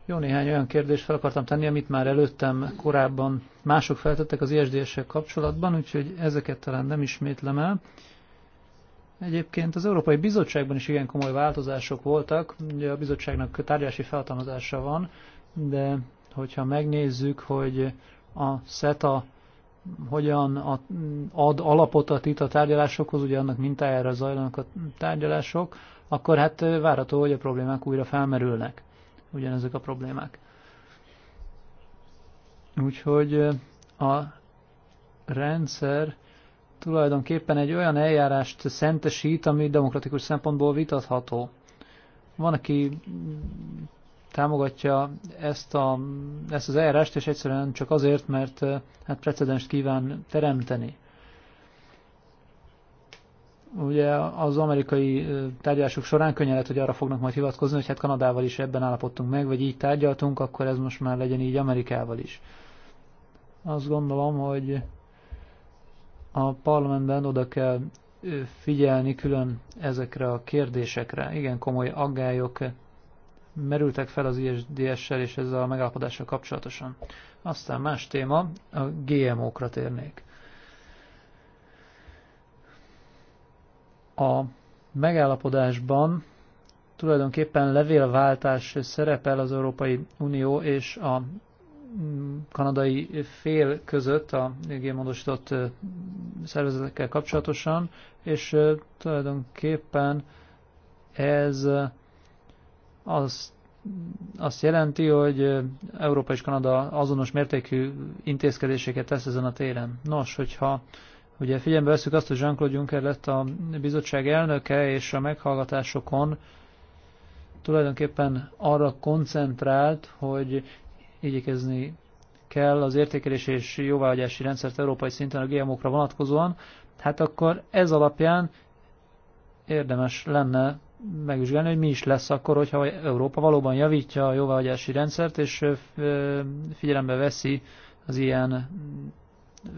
B: Jó néhány olyan kérdést fel akartam tenni, amit már előttem korábban mások feltettek az ISDS-sel kapcsolatban, úgyhogy ezeket talán nem ismétlem el. Egyébként az Európai Bizottságban is igen komoly változások voltak, ugye a bizottságnak tárgyási feltalmazása van, de hogyha megnézzük, hogy a SETA hogyan ad alapot a TITA tárgyalásokhoz, ugye annak mintájára zajlanak a tárgyalások, akkor hát várható, hogy a problémák újra felmerülnek. Ugyanezek a problémák. Úgyhogy a rendszer tulajdonképpen egy olyan eljárást szentesít, ami demokratikus szempontból vitatható. Van, aki támogatja ezt, a, ezt az eljárást, és egyszerűen csak azért, mert eh, hát precedenst kíván teremteni. Ugye az amerikai eh, tárgyalások során könnyen lehet, hogy arra fognak majd hivatkozni, hogy hát Kanadával is ebben állapodtunk meg, vagy így tárgyaltunk, akkor ez most már legyen így Amerikával is. Azt gondolom, hogy a parlamentben oda kell eh, figyelni külön ezekre a kérdésekre. Igen komoly aggályok merültek fel az ISDS-sel és ezzel a megállapodással kapcsolatosan. Aztán más téma, a GMO-kra térnék. A megállapodásban tulajdonképpen levélváltás szerepel az Európai Unió és a kanadai fél között a gémódosított szervezetekkel kapcsolatosan, és tulajdonképpen ez az azt jelenti, hogy Európa és Kanada azonos mértékű intézkedéseket tesz ezen a téren. Nos, hogyha ugye figyelembe veszük azt, hogy Jean-Claude Juncker lett a bizottság elnöke, és a meghallgatásokon tulajdonképpen arra koncentrált, hogy igyekezni kell az értékelés és jóváhagyási rendszert európai szinten a GMO-kra vonatkozóan, hát akkor ez alapján érdemes lenne megvizsgálni, hogy mi is lesz akkor, hogyha Európa valóban javítja a jóváhagyási rendszert, és figyelembe veszi az ilyen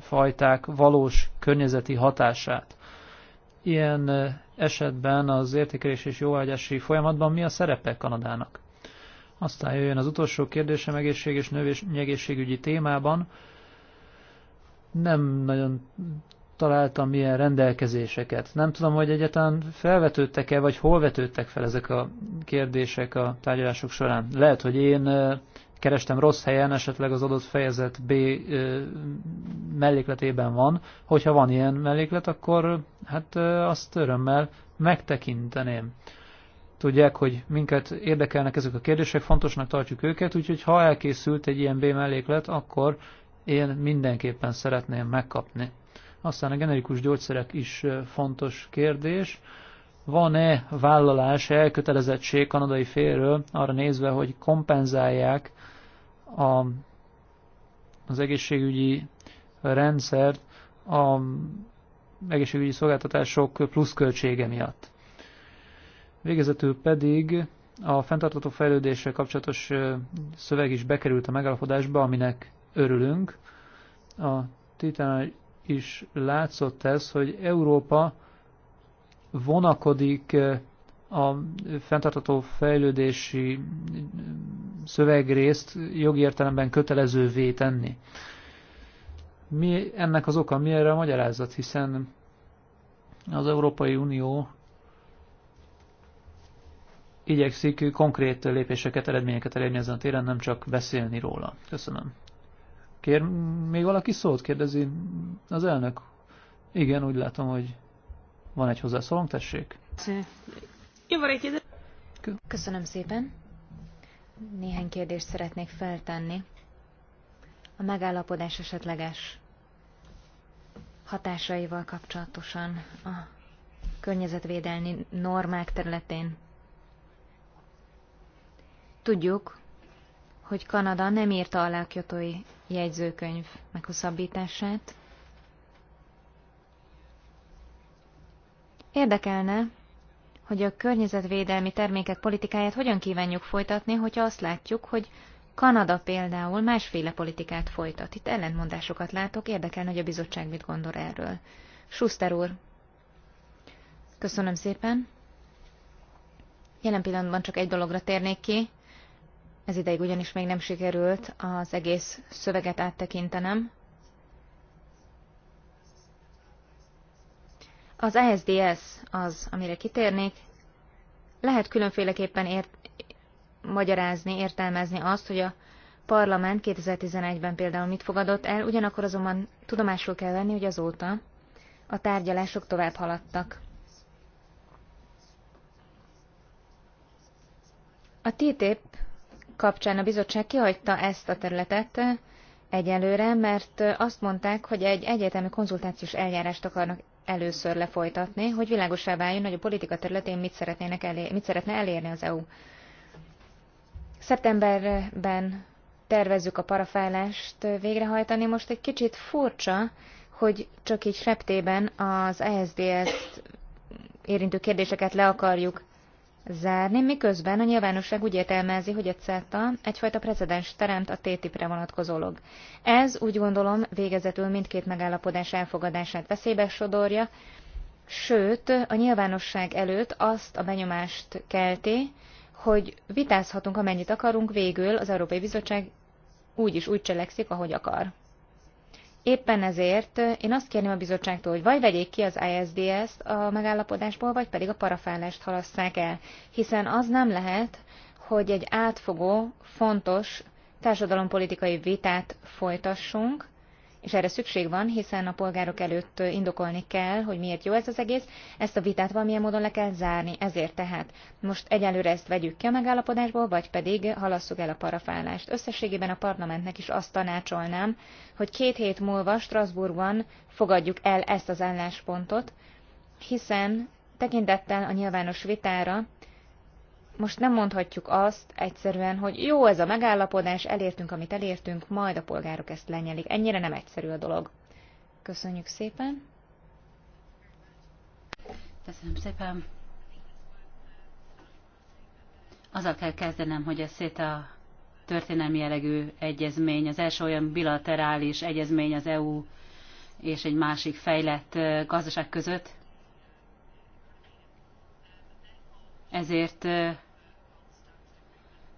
B: fajták valós környezeti hatását. Ilyen esetben az értékelés és jóváhagyási folyamatban mi a szerepe Kanadának? Aztán jöjjön az utolsó kérdésem egészség és növés, egészségügyi témában. Nem nagyon találtam milyen rendelkezéseket. Nem tudom, hogy egyáltalán felvetődtek-e, vagy hol vetődtek fel ezek a kérdések a tárgyalások során. Lehet, hogy én kerestem rossz helyen, esetleg az adott fejezet B mellékletében van. Hogyha van ilyen melléklet, akkor hát azt örömmel megtekinteném. Tudják, hogy minket érdekelnek ezek a kérdések, fontosnak tartjuk őket, úgyhogy ha elkészült egy ilyen B melléklet, akkor én mindenképpen szeretném megkapni. Aztán a generikus gyógyszerek is fontos kérdés. Van-e vállalás, elkötelezettség kanadai félről arra nézve, hogy kompenzálják a, az egészségügyi rendszert az egészségügyi szolgáltatások pluszköltsége miatt. Végezetül pedig a fenntartató fejlődéssel kapcsolatos szöveg is bekerült a megállapodásba, aminek örülünk. A is látszott ez, hogy Európa vonakodik eh, a fenntartató fejlődési mm, szövegrészt jogi értelemben kötelezővé tenni. Mi ennek az oka, mi erre a magyarázat, hiszen az Európai Unió igyekszik konkrét lépéseket, eredményeket elérni ezen a téren, nem csak beszélni róla. Köszönöm. Kér még valaki szót? Kérdezi az elnök. Igen, úgy látom, hogy van egy hozzászólom, tessék.
A: Köszönöm szépen. Néhány kérdést szeretnék feltenni. A megállapodás esetleges hatásaival kapcsolatosan a környezetvédelmi normák területén. Tudjuk, hogy Kanada nem írta alá kyotói jegyzőkönyv meghosszabbítását. Érdekelne, hogy a környezetvédelmi termékek politikáját hogyan kívánjuk folytatni, hogyha azt látjuk, hogy Kanada például másféle politikát folytat. Itt ellentmondásokat látok, érdekel hogy a bizottság mit gondol erről. Schuster úr, köszönöm szépen. Jelen pillanatban csak egy dologra térnék ki, ez ideig ugyanis még nem sikerült az egész szöveget áttekintenem. Az ESDS az, amire kitérnék, lehet különféleképpen ért, magyarázni, értelmezni azt, hogy a parlament 2011-ben például mit fogadott el, ugyanakkor azonban tudomásul kell venni, hogy azóta a tárgyalások tovább haladtak. A TTIP kapcsán a bizottság kihagyta ezt a területet egyelőre, mert azt mondták, hogy egy egyetemi konzultációs eljárást akarnak először lefolytatni, hogy világosá váljon, hogy a politika területén mit, szeretnének elé- mit szeretne elérni az EU. Szeptemberben tervezzük a parafálást végrehajtani. Most egy kicsit furcsa, hogy csak így septében az ESDS-t érintő kérdéseket le akarjuk zárni, miközben a nyilvánosság úgy értelmezi, hogy a CETA egyfajta precedens teremt a TTIP-re vonatkozólag. Ez úgy gondolom végezetül mindkét megállapodás elfogadását veszélybe sodorja, sőt a nyilvánosság előtt azt a benyomást kelti, hogy vitázhatunk amennyit akarunk, végül az Európai Bizottság úgy is úgy cselekszik, ahogy akar. Éppen ezért én azt kérném a bizottságtól, hogy vagy vegyék ki az ISDS-t a megállapodásból, vagy pedig a parafállást halasszák el, hiszen az nem lehet, hogy egy átfogó, fontos társadalompolitikai vitát folytassunk, és erre szükség van, hiszen a polgárok előtt indokolni kell, hogy miért jó ez az egész, ezt a vitát valamilyen módon le kell zárni, ezért tehát most egyelőre ezt vegyük ki a megállapodásból, vagy pedig halasszuk el a parafálást. Összességében a parlamentnek is azt tanácsolnám, hogy két hét múlva Strasbourgban fogadjuk el ezt az álláspontot, hiszen tekintettel a nyilvános vitára most nem mondhatjuk azt egyszerűen, hogy jó, ez a megállapodás, elértünk, amit elértünk, majd a polgárok ezt lenyelik. Ennyire nem egyszerű a dolog. Köszönjük szépen.
C: Köszönöm szépen. Azzal kell kezdenem, hogy ez szét a történelmi jellegű egyezmény, az első olyan bilaterális egyezmény az EU és egy másik fejlett gazdaság között, ezért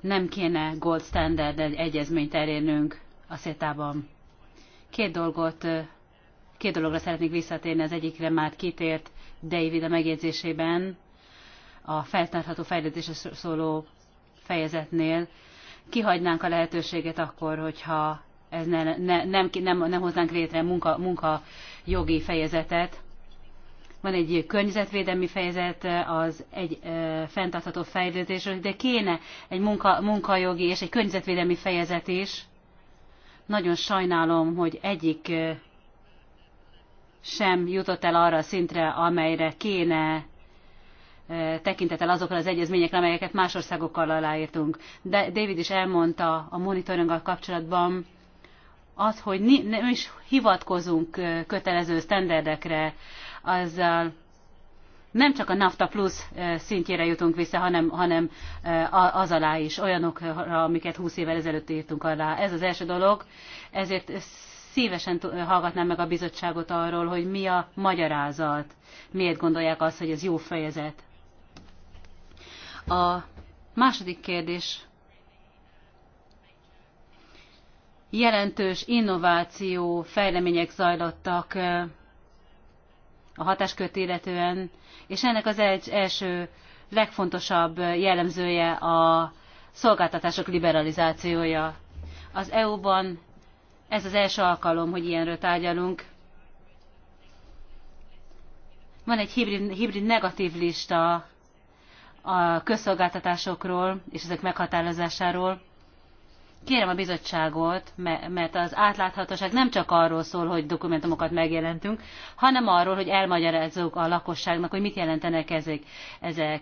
C: nem kéne gold standard egyezményt elérnünk a szétában. Két dolgot, két dologra szeretnék visszatérni, az egyikre már kitért David a megjegyzésében, a feltartható fejlődésre szóló fejezetnél. Kihagynánk a lehetőséget akkor, hogyha ez ne, ne, nem, nem, nem hoznánk létre munka, munka jogi fejezetet, van egy környezetvédelmi fejezet az egy e, fenntartható fejlődésről, de kéne egy munka, munkajogi és egy környezetvédelmi fejezet is. Nagyon sajnálom, hogy egyik sem jutott el arra a szintre, amelyre kéne tekintettel azokra az egyezményekre, amelyeket más országokkal aláírtunk. De David is elmondta a monitoringgal kapcsolatban, az, hogy nem is hivatkozunk kötelező sztenderdekre az nem csak a NAFTA plusz szintjére jutunk vissza, hanem, hanem az alá is, olyanokra, amiket 20 évvel ezelőtt írtunk alá. Ez az első dolog, ezért szívesen hallgatnám meg a bizottságot arról, hogy mi a magyarázat, miért gondolják azt, hogy ez jó fejezet. A második kérdés jelentős innováció fejlemények zajlottak a hatáskört illetően, és ennek az egy, első legfontosabb jellemzője a szolgáltatások liberalizációja. Az EU-ban ez az első alkalom, hogy ilyenről tárgyalunk. Van egy hibrid, hibrid negatív lista a közszolgáltatásokról és ezek meghatározásáról. Kérem a bizottságot, mert az átláthatóság nem csak arról szól, hogy dokumentumokat megjelentünk, hanem arról, hogy elmagyarázzuk a lakosságnak, hogy mit jelentenek ezek.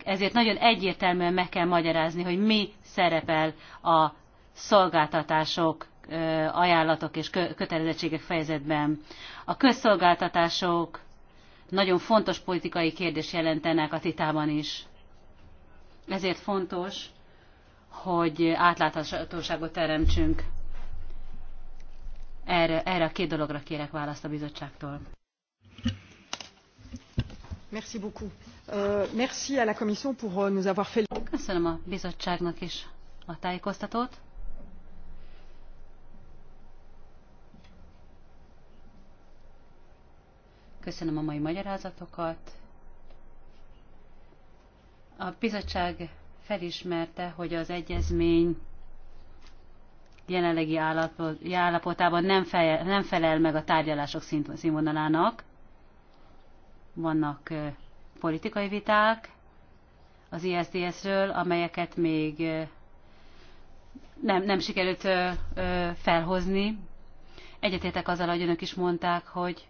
C: Ezért nagyon egyértelműen meg kell magyarázni, hogy mi szerepel a szolgáltatások, ajánlatok és kötelezettségek fejezetben. A közszolgáltatások nagyon fontos politikai kérdés jelentenek a titában is. Ezért fontos, hogy átláthatóságot teremtsünk. Erre, erre a két dologra kérek választ a bizottságtól. Merci beaucoup. Uh, merci à la Commission pour euh, nous avoir fait... Köszönöm a bizottságnak is a tájékoztatót. Köszönöm a mai magyarázatokat. A bizottság felismerte, hogy az egyezmény jelenlegi állapotában nem, feje, nem felel meg a tárgyalások színvonalának. Vannak politikai viták az ISDS-ről, amelyeket még nem, nem sikerült felhozni. Egyetértek azzal, hogy önök is mondták, hogy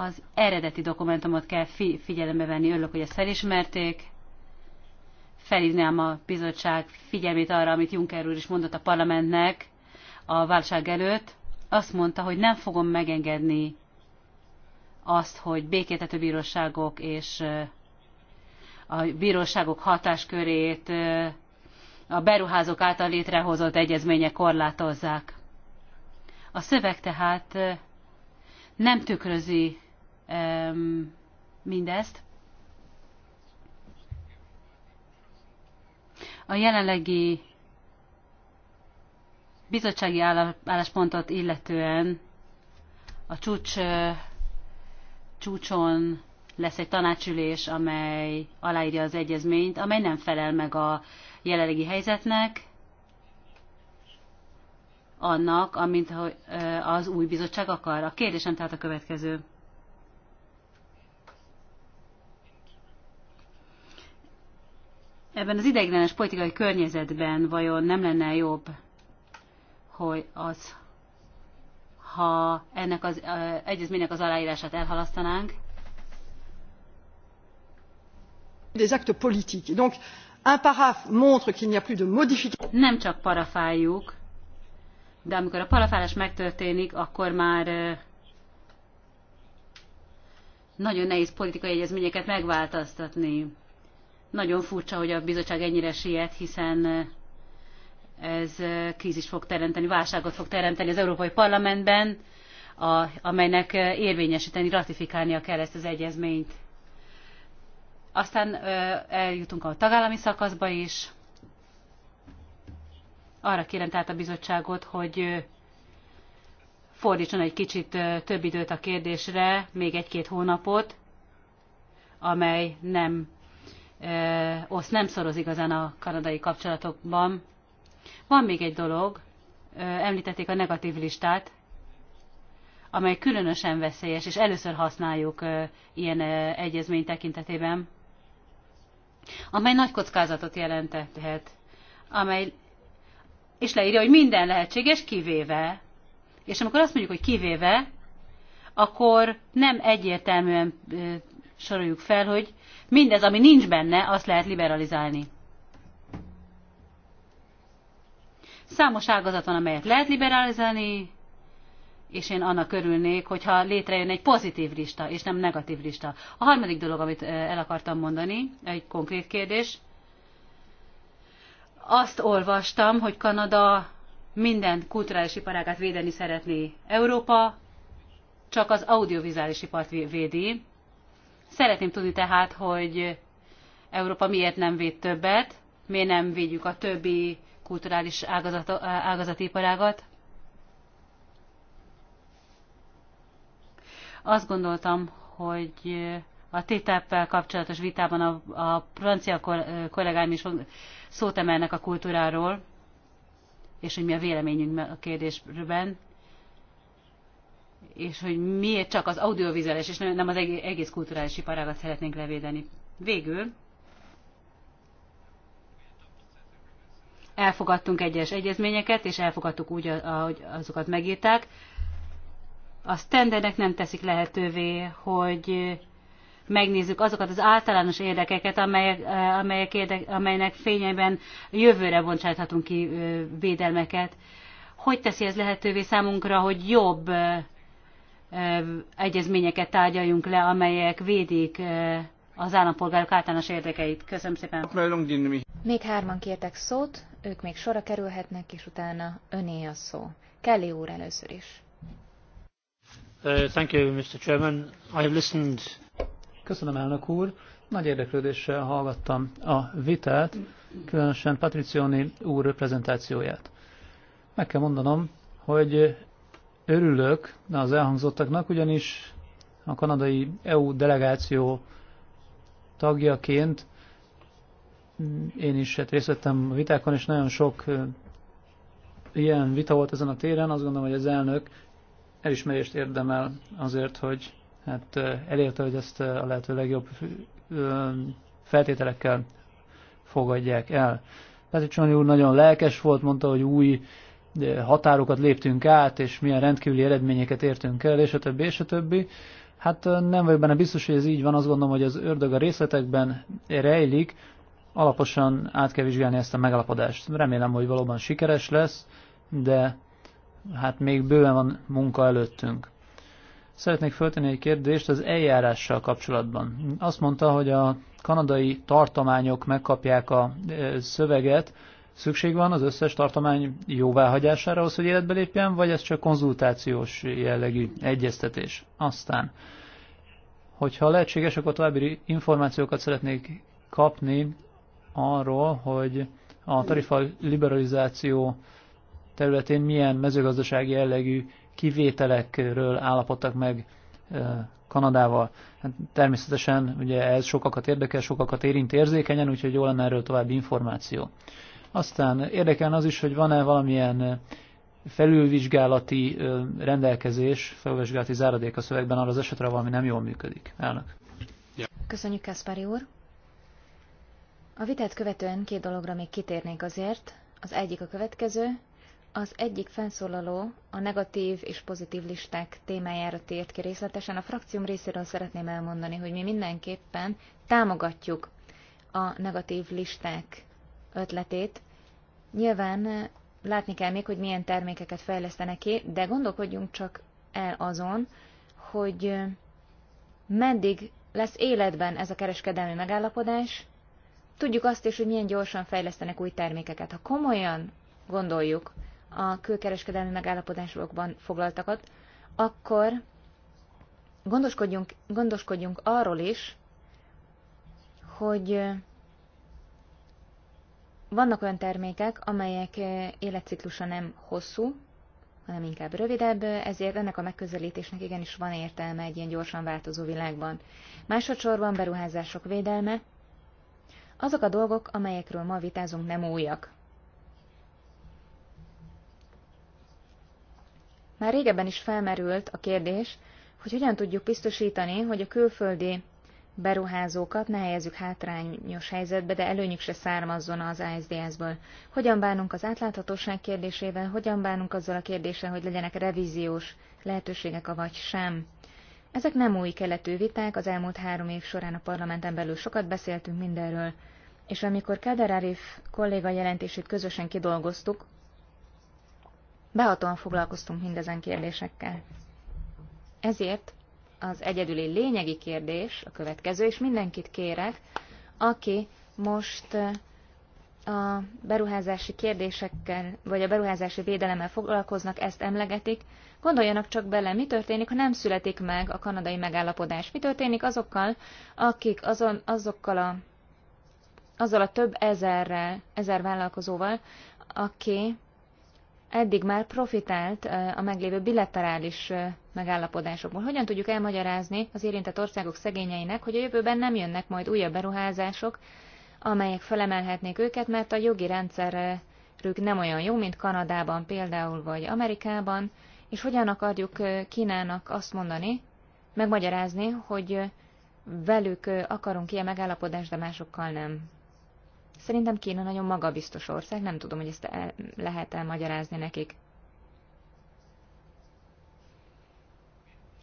C: az eredeti dokumentumot kell fi figyelembe venni. Örülök, hogy ezt felismerték. Felhívnám a bizottság figyelmét arra, amit Juncker úr is mondott a parlamentnek a válság előtt. Azt mondta, hogy nem fogom megengedni azt, hogy békétető bíróságok és a bíróságok hatáskörét a beruházók által létrehozott egyezmények korlátozzák. A szöveg tehát nem tükrözi mindezt. A jelenlegi bizottsági álláspontot illetően a csúcs, csúcson lesz egy tanácsülés, amely aláírja az egyezményt, amely nem felel meg a jelenlegi helyzetnek, annak, amint az új bizottság akar. A kérdésem tehát a következő. Ebben az ideiglenes politikai környezetben vajon nem lenne jobb, hogy az, ha ennek az uh, egyezménynek az aláírását elhalasztanánk? Des actes politiques. Donc, un Paraf montre qu'il n'y a plus de modification. Nem csak parafáljuk, de amikor a parafálás megtörténik, akkor már uh, nagyon nehéz politikai egyezményeket megváltoztatni. Nagyon furcsa, hogy a bizottság ennyire siet, hiszen eh, ez eh, krízis fog teremteni, válságot fog teremteni az Európai Parlamentben, a, amelynek eh, érvényesíteni, ratifikálnia kell ezt az egyezményt. Aztán eljutunk a tagállami szakaszba is. Arra kérem tehát a bizottságot, hogy fordítson egy kicsit több időt a kérdésre, még egy-két hónapot, amely nem oszt nem szoroz igazán a kanadai kapcsolatokban. Van még egy dolog, említették a negatív listát, amely különösen veszélyes, és először használjuk ilyen egyezmény tekintetében, amely nagy kockázatot jelentethet, amely, és leírja, hogy minden lehetséges, kivéve. És amikor azt mondjuk, hogy kivéve, akkor nem egyértelműen soroljuk fel, hogy mindez, ami nincs benne, azt lehet liberalizálni. Számos ágazat van, amelyet lehet liberalizálni, és én annak örülnék, hogyha létrejön egy pozitív lista, és nem negatív lista. A harmadik dolog, amit el akartam mondani, egy konkrét kérdés. Azt olvastam, hogy Kanada minden kulturális iparágát védeni szeretné. Európa csak az audiovizuális ipart védi, Szeretném tudni tehát, hogy Európa miért nem véd többet, miért nem védjük a többi kulturális ágazat, iparágat. Azt gondoltam, hogy a TTIP-vel kapcsolatos vitában a, a francia kollégáim is szót emelnek a kultúráról, és hogy mi a véleményünk a kérdésben és hogy miért csak az audiovizuális, és nem az egész kulturális iparágat szeretnénk levédeni. Végül elfogadtunk egyes egyezményeket, és elfogadtuk úgy, ahogy azokat megírták. A standardek nem teszik lehetővé, hogy megnézzük azokat az általános érdekeket, amelyek, amelyek érdek, amelynek fényében jövőre bontsájthatunk ki védelmeket. Hogy teszi ez lehetővé számunkra, hogy jobb egyezményeket tárgyaljunk le, amelyek védik az állampolgárok általános érdekeit. Köszönöm szépen.
A: Még hárman kértek szót, ők még sorra kerülhetnek, és utána öné a szó. Kelly úr először is.
B: Uh, thank you, Mr. Chairman. I have listened. Köszönöm, elnök úr. Nagy érdeklődéssel hallgattam a vitát, különösen Patricioni úr prezentációját. Meg kell mondanom, hogy Örülök az elhangzottaknak, ugyanis a kanadai EU delegáció tagjaként én is hát részt vettem a vitákon, és nagyon sok ilyen vita volt ezen a téren. Azt gondolom, hogy az elnök elismerést érdemel azért, hogy hát elérte, hogy ezt a lehető legjobb feltételekkel fogadják el. Petricsoni úr nagyon lelkes volt, mondta, hogy új határokat léptünk át, és milyen rendkívüli eredményeket értünk el, és a többi, és a többi. Hát nem vagyok benne biztos, hogy ez így van, azt gondolom, hogy az ördög a részletekben rejlik, alaposan át kell vizsgálni ezt a megalapodást. Remélem, hogy valóban sikeres lesz, de hát még bőven van munka előttünk. Szeretnék föltenni egy kérdést az eljárással kapcsolatban. Azt mondta, hogy a kanadai tartományok megkapják a szöveget, szükség van az összes tartomány jóváhagyására ahhoz, hogy életbe lépjen, vagy ez csak konzultációs jellegű egyeztetés. Aztán, hogyha lehetséges, akkor további információkat szeretnék kapni arról, hogy a tarifa liberalizáció területén milyen mezőgazdasági jellegű kivételekről állapodtak meg Kanadával. Hát természetesen ugye ez sokakat érdekel, sokakat érint érzékenyen, úgyhogy jó lenne erről további információ. Aztán érdekel az is, hogy van-e valamilyen felülvizsgálati rendelkezés, felülvizsgálati záradék a szövegben arra az esetre, valami nem jól működik. Elnök.
A: Köszönjük, Kaspari úr. A vitát követően két dologra még kitérnék azért. Az egyik a következő. Az egyik felszólaló a negatív és pozitív listák témájára tért ki részletesen. A frakcióm részéről szeretném elmondani, hogy mi mindenképpen támogatjuk a negatív listák ötletét. Nyilván látni kell még, hogy milyen termékeket fejlesztenek ki, de gondolkodjunk csak el azon, hogy meddig lesz életben ez a kereskedelmi megállapodás. Tudjuk azt is, hogy milyen gyorsan fejlesztenek új termékeket. Ha komolyan gondoljuk a külkereskedelmi megállapodásokban foglaltakat, akkor gondoskodjunk, gondoskodjunk arról is, hogy vannak olyan termékek, amelyek eh, életciklusa nem hosszú, hanem inkább rövidebb, ezért ennek a megközelítésnek igenis van értelme egy ilyen gyorsan változó világban. Másodszorban beruházások védelme. Azok a dolgok, amelyekről ma vitázunk, nem újak. Már régebben is felmerült a kérdés, hogy hogyan tudjuk biztosítani, hogy a külföldi beruházókat ne helyezzük hátrányos helyzetbe, de előnyük se származzon az asds ből Hogyan bánunk az átláthatóság kérdésével, hogyan bánunk azzal a kérdéssel, hogy legyenek revíziós lehetőségek, vagy sem. Ezek nem új keletű viták, az elmúlt három év során a parlamenten belül sokat beszéltünk mindenről, és amikor Kader Arif kolléga jelentését közösen kidolgoztuk, behatóan foglalkoztunk mindezen kérdésekkel. Ezért az egyedüli lényegi kérdés a következő, és mindenkit kérek, aki most eh, a beruházási kérdésekkel, vagy a beruházási védelemmel foglalkoznak, ezt emlegetik, gondoljanak csak bele, mi történik, ha nem születik meg a kanadai megállapodás. Mi történik azokkal, akik azon, azokkal a, azzal a több ezerrel, ezer vállalkozóval, aki eddig már profitált eh, a meglévő bilaterális eh, megállapodásokból. Hogyan tudjuk elmagyarázni az érintett országok szegényeinek, hogy a jövőben nem jönnek majd újabb beruházások, amelyek felemelhetnék őket, mert a jogi rendszerük nem olyan jó, mint Kanadában például, vagy Amerikában, és hogyan akarjuk Kínának azt mondani, megmagyarázni, hogy velük akarunk ilyen megállapodást, de másokkal nem. Szerintem Kína nagyon magabiztos ország, nem tudom, hogy ezt el, lehet elmagyarázni nekik.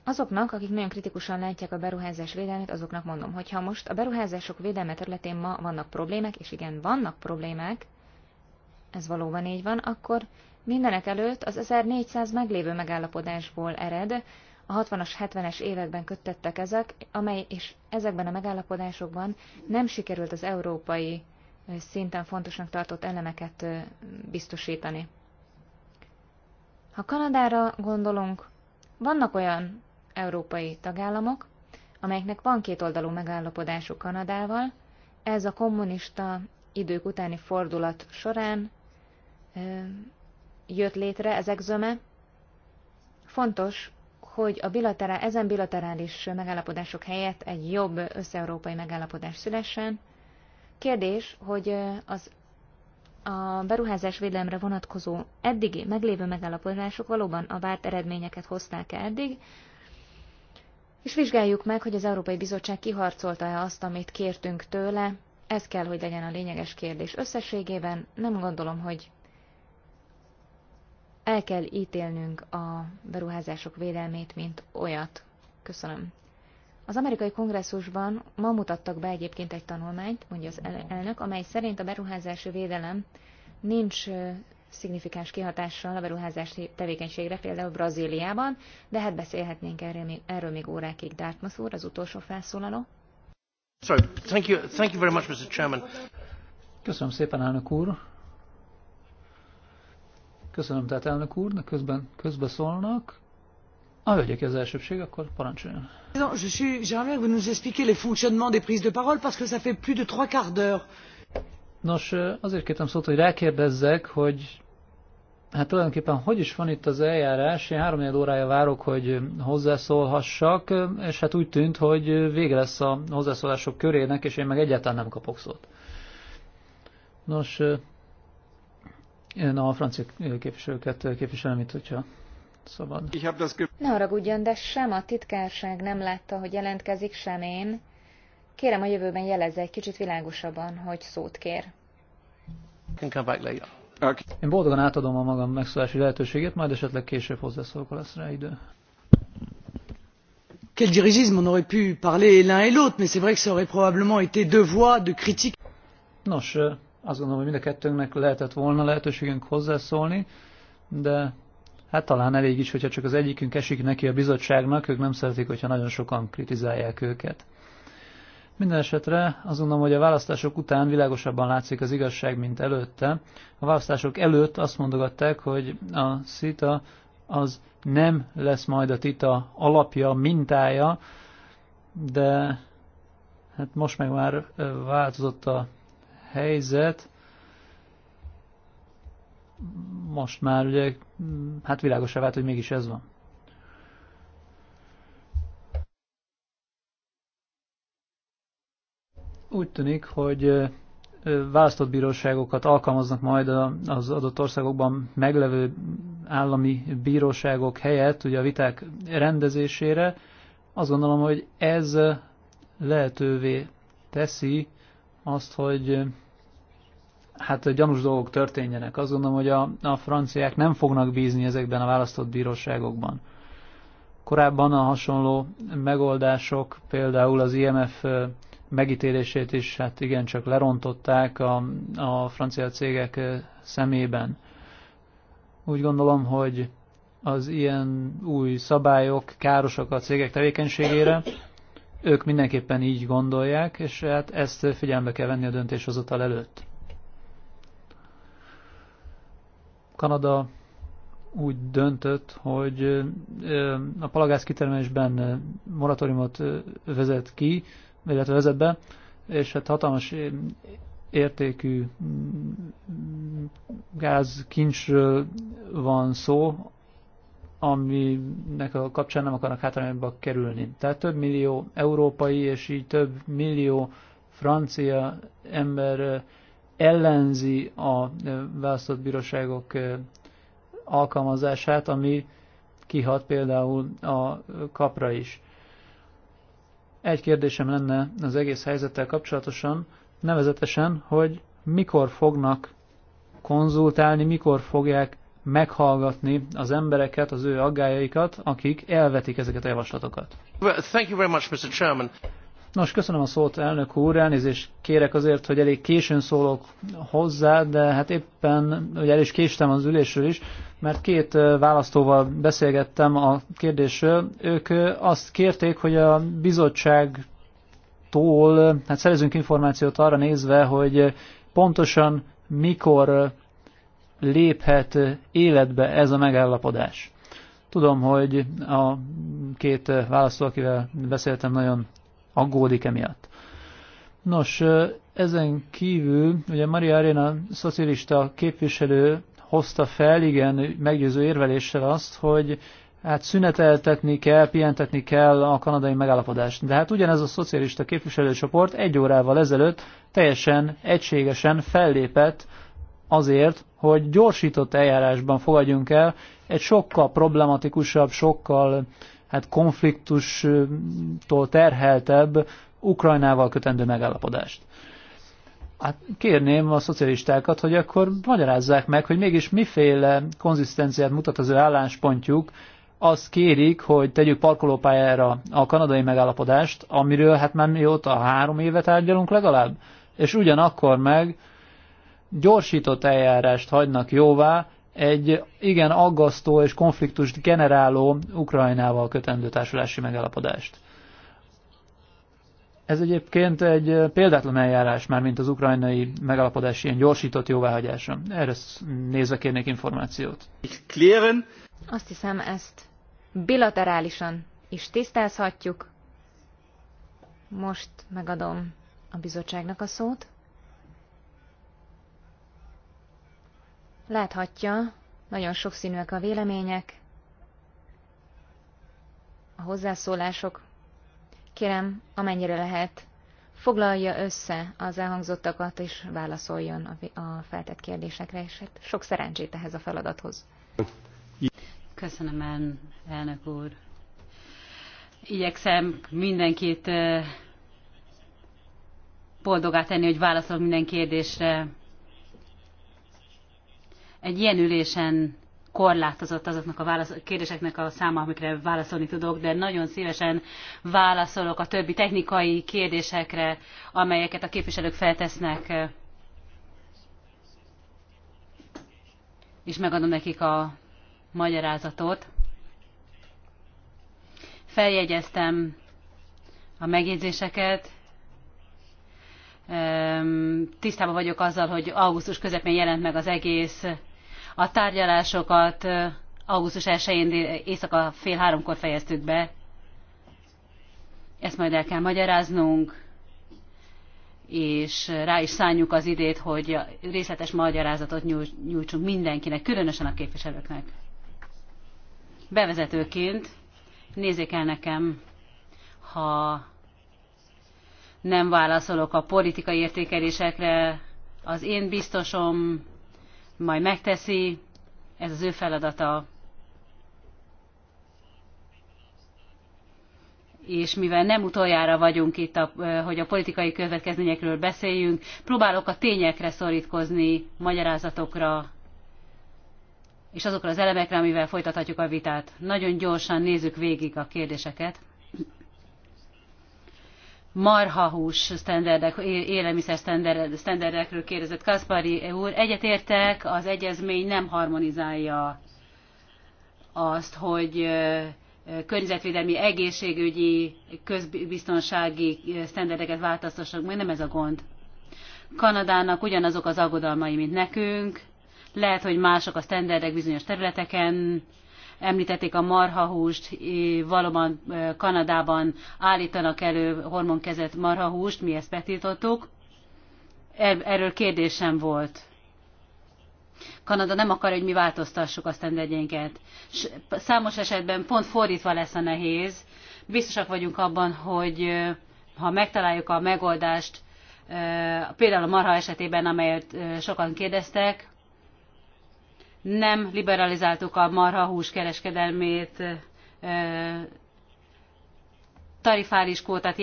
A: Azoknak, akik nagyon kritikusan látják a beruházás védelmét, azoknak mondom, hogy ha most a beruházások védelme területén ma vannak problémák, és igen, vannak problémák, ez valóban így van, akkor mindenek előtt az 1400 meglévő megállapodásból ered, a 60-as, 70-es években köttettek ezek, amely és ezekben a megállapodásokban nem sikerült az európai szinten fontosnak tartott elemeket biztosítani. Ha Kanadára gondolunk, vannak olyan európai tagállamok, amelyeknek van kétoldalú megállapodású Kanadával. Ez a kommunista idők utáni fordulat során ö, jött létre ezek zöme. Fontos, hogy a bilaterál, ezen bilaterális megállapodások helyett egy jobb összeurópai megállapodás szülessen. Kérdés, hogy az a beruházás védelemre vonatkozó eddigi meglévő megállapodások valóban a várt eredményeket hozták -e eddig, és vizsgáljuk meg, hogy az Európai Bizottság kiharcolta-e azt, amit kértünk tőle. Ez kell, hogy legyen a lényeges kérdés. Összességében nem gondolom, hogy el kell ítélnünk a beruházások védelmét, mint olyat. Köszönöm. Az amerikai kongresszusban ma mutattak be egyébként egy tanulmányt, mondja az elnök, amely szerint a beruházási védelem nincs szignifikáns kihatással a beruházási tevékenységre, például Brazíliában, de hát beszélhetnénk erről még, erről még órákig. Dartmouth úr, az utolsó felszólaló.
B: Sorry, thank you, thank you very much, Mr. Chairman. Köszönöm szépen, elnök úr. Köszönöm tehát elnök úr, de közben közbeszólnak. A hölgyek az elsőbség, akkor parancsoljon.
C: Non, je suis, j'aimerais que vous
B: nous expliquiez les fonctionnements des prises de parole, parce que ça fait plus de trois quarts d'heure. Nos, euh, azért kértem szót, hogy rákérdezzek, hogy Hát tulajdonképpen hogy is van itt az eljárás? Én három órája várok, hogy hozzászólhassak, és hát úgy tűnt, hogy vége lesz a hozzászólások körének, és én meg egyáltalán nem kapok szót. Nos, én a francia képviselőket képviselem itt, hogyha szabad.
A: Ne haragudjon, de sem a titkárság nem látta, hogy jelentkezik, sem én. Kérem a jövőben jelezze egy kicsit világosabban, hogy szót kér.
B: Can come back later. Én boldogan átadom a magam megszólási lehetőségét, majd esetleg később hozzászólok, ha lesz rá idő. Quel dirigisme, on aurait pu parler l'un et l'autre, mais c'est vrai que ça aurait probablement été deux voix de critique. Nos, azt gondolom, hogy mind a kettőnknek lehetett volna lehetőségünk hozzászólni, de hát talán elég is, hogyha csak az egyikünk esik neki a bizottságnak, ők nem szeretik, hogyha nagyon sokan kritizálják őket. Minden esetre azt gondolom, hogy a választások után világosabban látszik az igazság, mint előtte. A választások előtt azt mondogatták, hogy a szita az nem lesz majd a tita alapja, mintája, de hát most meg már változott a helyzet. Most már ugye, hát világosá vált, hogy mégis ez van. Úgy tűnik, hogy választott bíróságokat alkalmaznak majd az adott országokban meglevő állami bíróságok helyett ugye a viták rendezésére. Azt gondolom, hogy ez lehetővé teszi azt, hogy hát gyanús dolgok történjenek. Azt gondolom, hogy a, a franciák nem fognak bízni ezekben a választott bíróságokban. Korábban a hasonló megoldások, például az IMF megítélését is hát igencsak lerontották a, a francia cégek szemében. Úgy gondolom, hogy az ilyen új szabályok károsak a cégek tevékenységére, ők mindenképpen így gondolják, és hát ezt figyelembe kell venni a döntéshozatal előtt. Kanada úgy döntött, hogy a palagász kitermelésben moratóriumot vezet ki, illetve vezet be, és hát hatalmas értékű gázkincsről van szó, aminek a kapcsán nem akarnak hátrányba kerülni. Tehát több millió európai és így több millió francia ember ellenzi a választott bíróságok alkalmazását, ami kihat például a kapra is. Egy kérdésem lenne az egész helyzettel kapcsolatosan, nevezetesen, hogy mikor fognak konzultálni, mikor fogják meghallgatni az embereket, az ő aggájaikat, akik elvetik ezeket a javaslatokat. Thank you very much, Mr. Chairman. Nos, köszönöm a szót, elnök úr, elnézést kérek azért, hogy elég későn szólok hozzá, de hát éppen, ugye el is késtem az ülésről is, mert két választóval beszélgettem a kérdésről. Ők azt kérték, hogy a bizottságtól, hát szerezünk információt arra nézve, hogy pontosan mikor léphet életbe ez a megállapodás. Tudom, hogy a két választó, akivel beszéltem, nagyon aggódik emiatt. Nos, ezen kívül, ugye Maria Arena szocialista képviselő hozta fel, igen, meggyőző érveléssel azt, hogy hát szüneteltetni kell, pihentetni kell a kanadai megállapodást. De hát ugyanez a szocialista képviselőcsoport egy órával ezelőtt teljesen egységesen fellépett azért, hogy gyorsított eljárásban fogadjunk el egy sokkal problematikusabb, sokkal hát konfliktustól terheltebb Ukrajnával kötendő megállapodást. Hát kérném a szocialistákat, hogy akkor magyarázzák meg, hogy mégis miféle konzisztenciát mutat az ő álláspontjuk, azt kérik, hogy tegyük parkolópályára a kanadai megállapodást, amiről hát már mióta három éve tárgyalunk legalább, és ugyanakkor meg gyorsított eljárást hagynak jóvá, egy igen aggasztó és konfliktust generáló Ukrajnával kötendő társulási megállapodást. Ez egyébként egy példátlan eljárás már, mint az ukrajnai megállapodás ilyen gyorsított jóváhagyása. Erre nézve kérnék információt.
A: Azt hiszem, ezt bilaterálisan is tisztázhatjuk. Most megadom a bizottságnak a szót. Láthatja, nagyon sokszínűek a vélemények, a hozzászólások. Kérem, amennyire lehet, foglalja össze az elhangzottakat, és válaszoljon a feltett kérdésekre, és hát sok szerencsét ehhez a feladathoz.
C: Köszönöm, el, elnök úr. Igyekszem mindenkit eh, boldogát tenni, hogy válaszol minden kérdésre egy ilyen ülésen korlátozott azoknak a válasz, kérdéseknek a száma, amikre válaszolni tudok, de nagyon szívesen válaszolok a többi technikai kérdésekre, amelyeket a képviselők feltesznek. És megadom nekik a magyarázatot. Feljegyeztem a megjegyzéseket. Tisztában vagyok azzal, hogy augusztus közepén jelent meg az egész a tárgyalásokat augusztus 1-én éjszaka fél háromkor fejeztük be. Ezt majd el kell magyaráznunk, és rá is szálljuk az idét, hogy részletes magyarázatot nyújtsunk mindenkinek, különösen a képviselőknek. Bevezetőként nézzék el nekem, ha nem válaszolok a politikai értékelésekre. Az én biztosom majd megteszi, ez az ő feladata. És mivel nem utoljára vagyunk itt, a, hogy a politikai következményekről beszéljünk, próbálok a tényekre szorítkozni, magyarázatokra, és azokra az elemekre, amivel folytathatjuk a vitát. Nagyon gyorsan nézzük végig a kérdéseket marhahús sztenderdek, élelmiszer sztenderdekről kérdezett Kaspari úr. Egyetértek, az egyezmény nem harmonizálja azt, hogy környezetvédelmi, egészségügyi, közbiztonsági sztenderdeket változtassak meg, nem ez a gond. Kanadának ugyanazok az aggodalmai, mint nekünk, lehet, hogy mások a sztenderdek bizonyos területeken, említették a marhahúst, valóban Kanadában állítanak elő hormonkezett marhahúst, mi ezt betiltottuk. Er-, erről kérdésem volt. Kanada nem akar, hogy mi változtassuk a sztenderdjeinket. Számos esetben pont fordítva lesz a nehéz. Biztosak vagyunk abban, hogy ha megtaláljuk a megoldást, például a marha esetében, amelyet sokan kérdeztek, nem liberalizáltuk a marhahús kereskedelmét, tarifális kvótát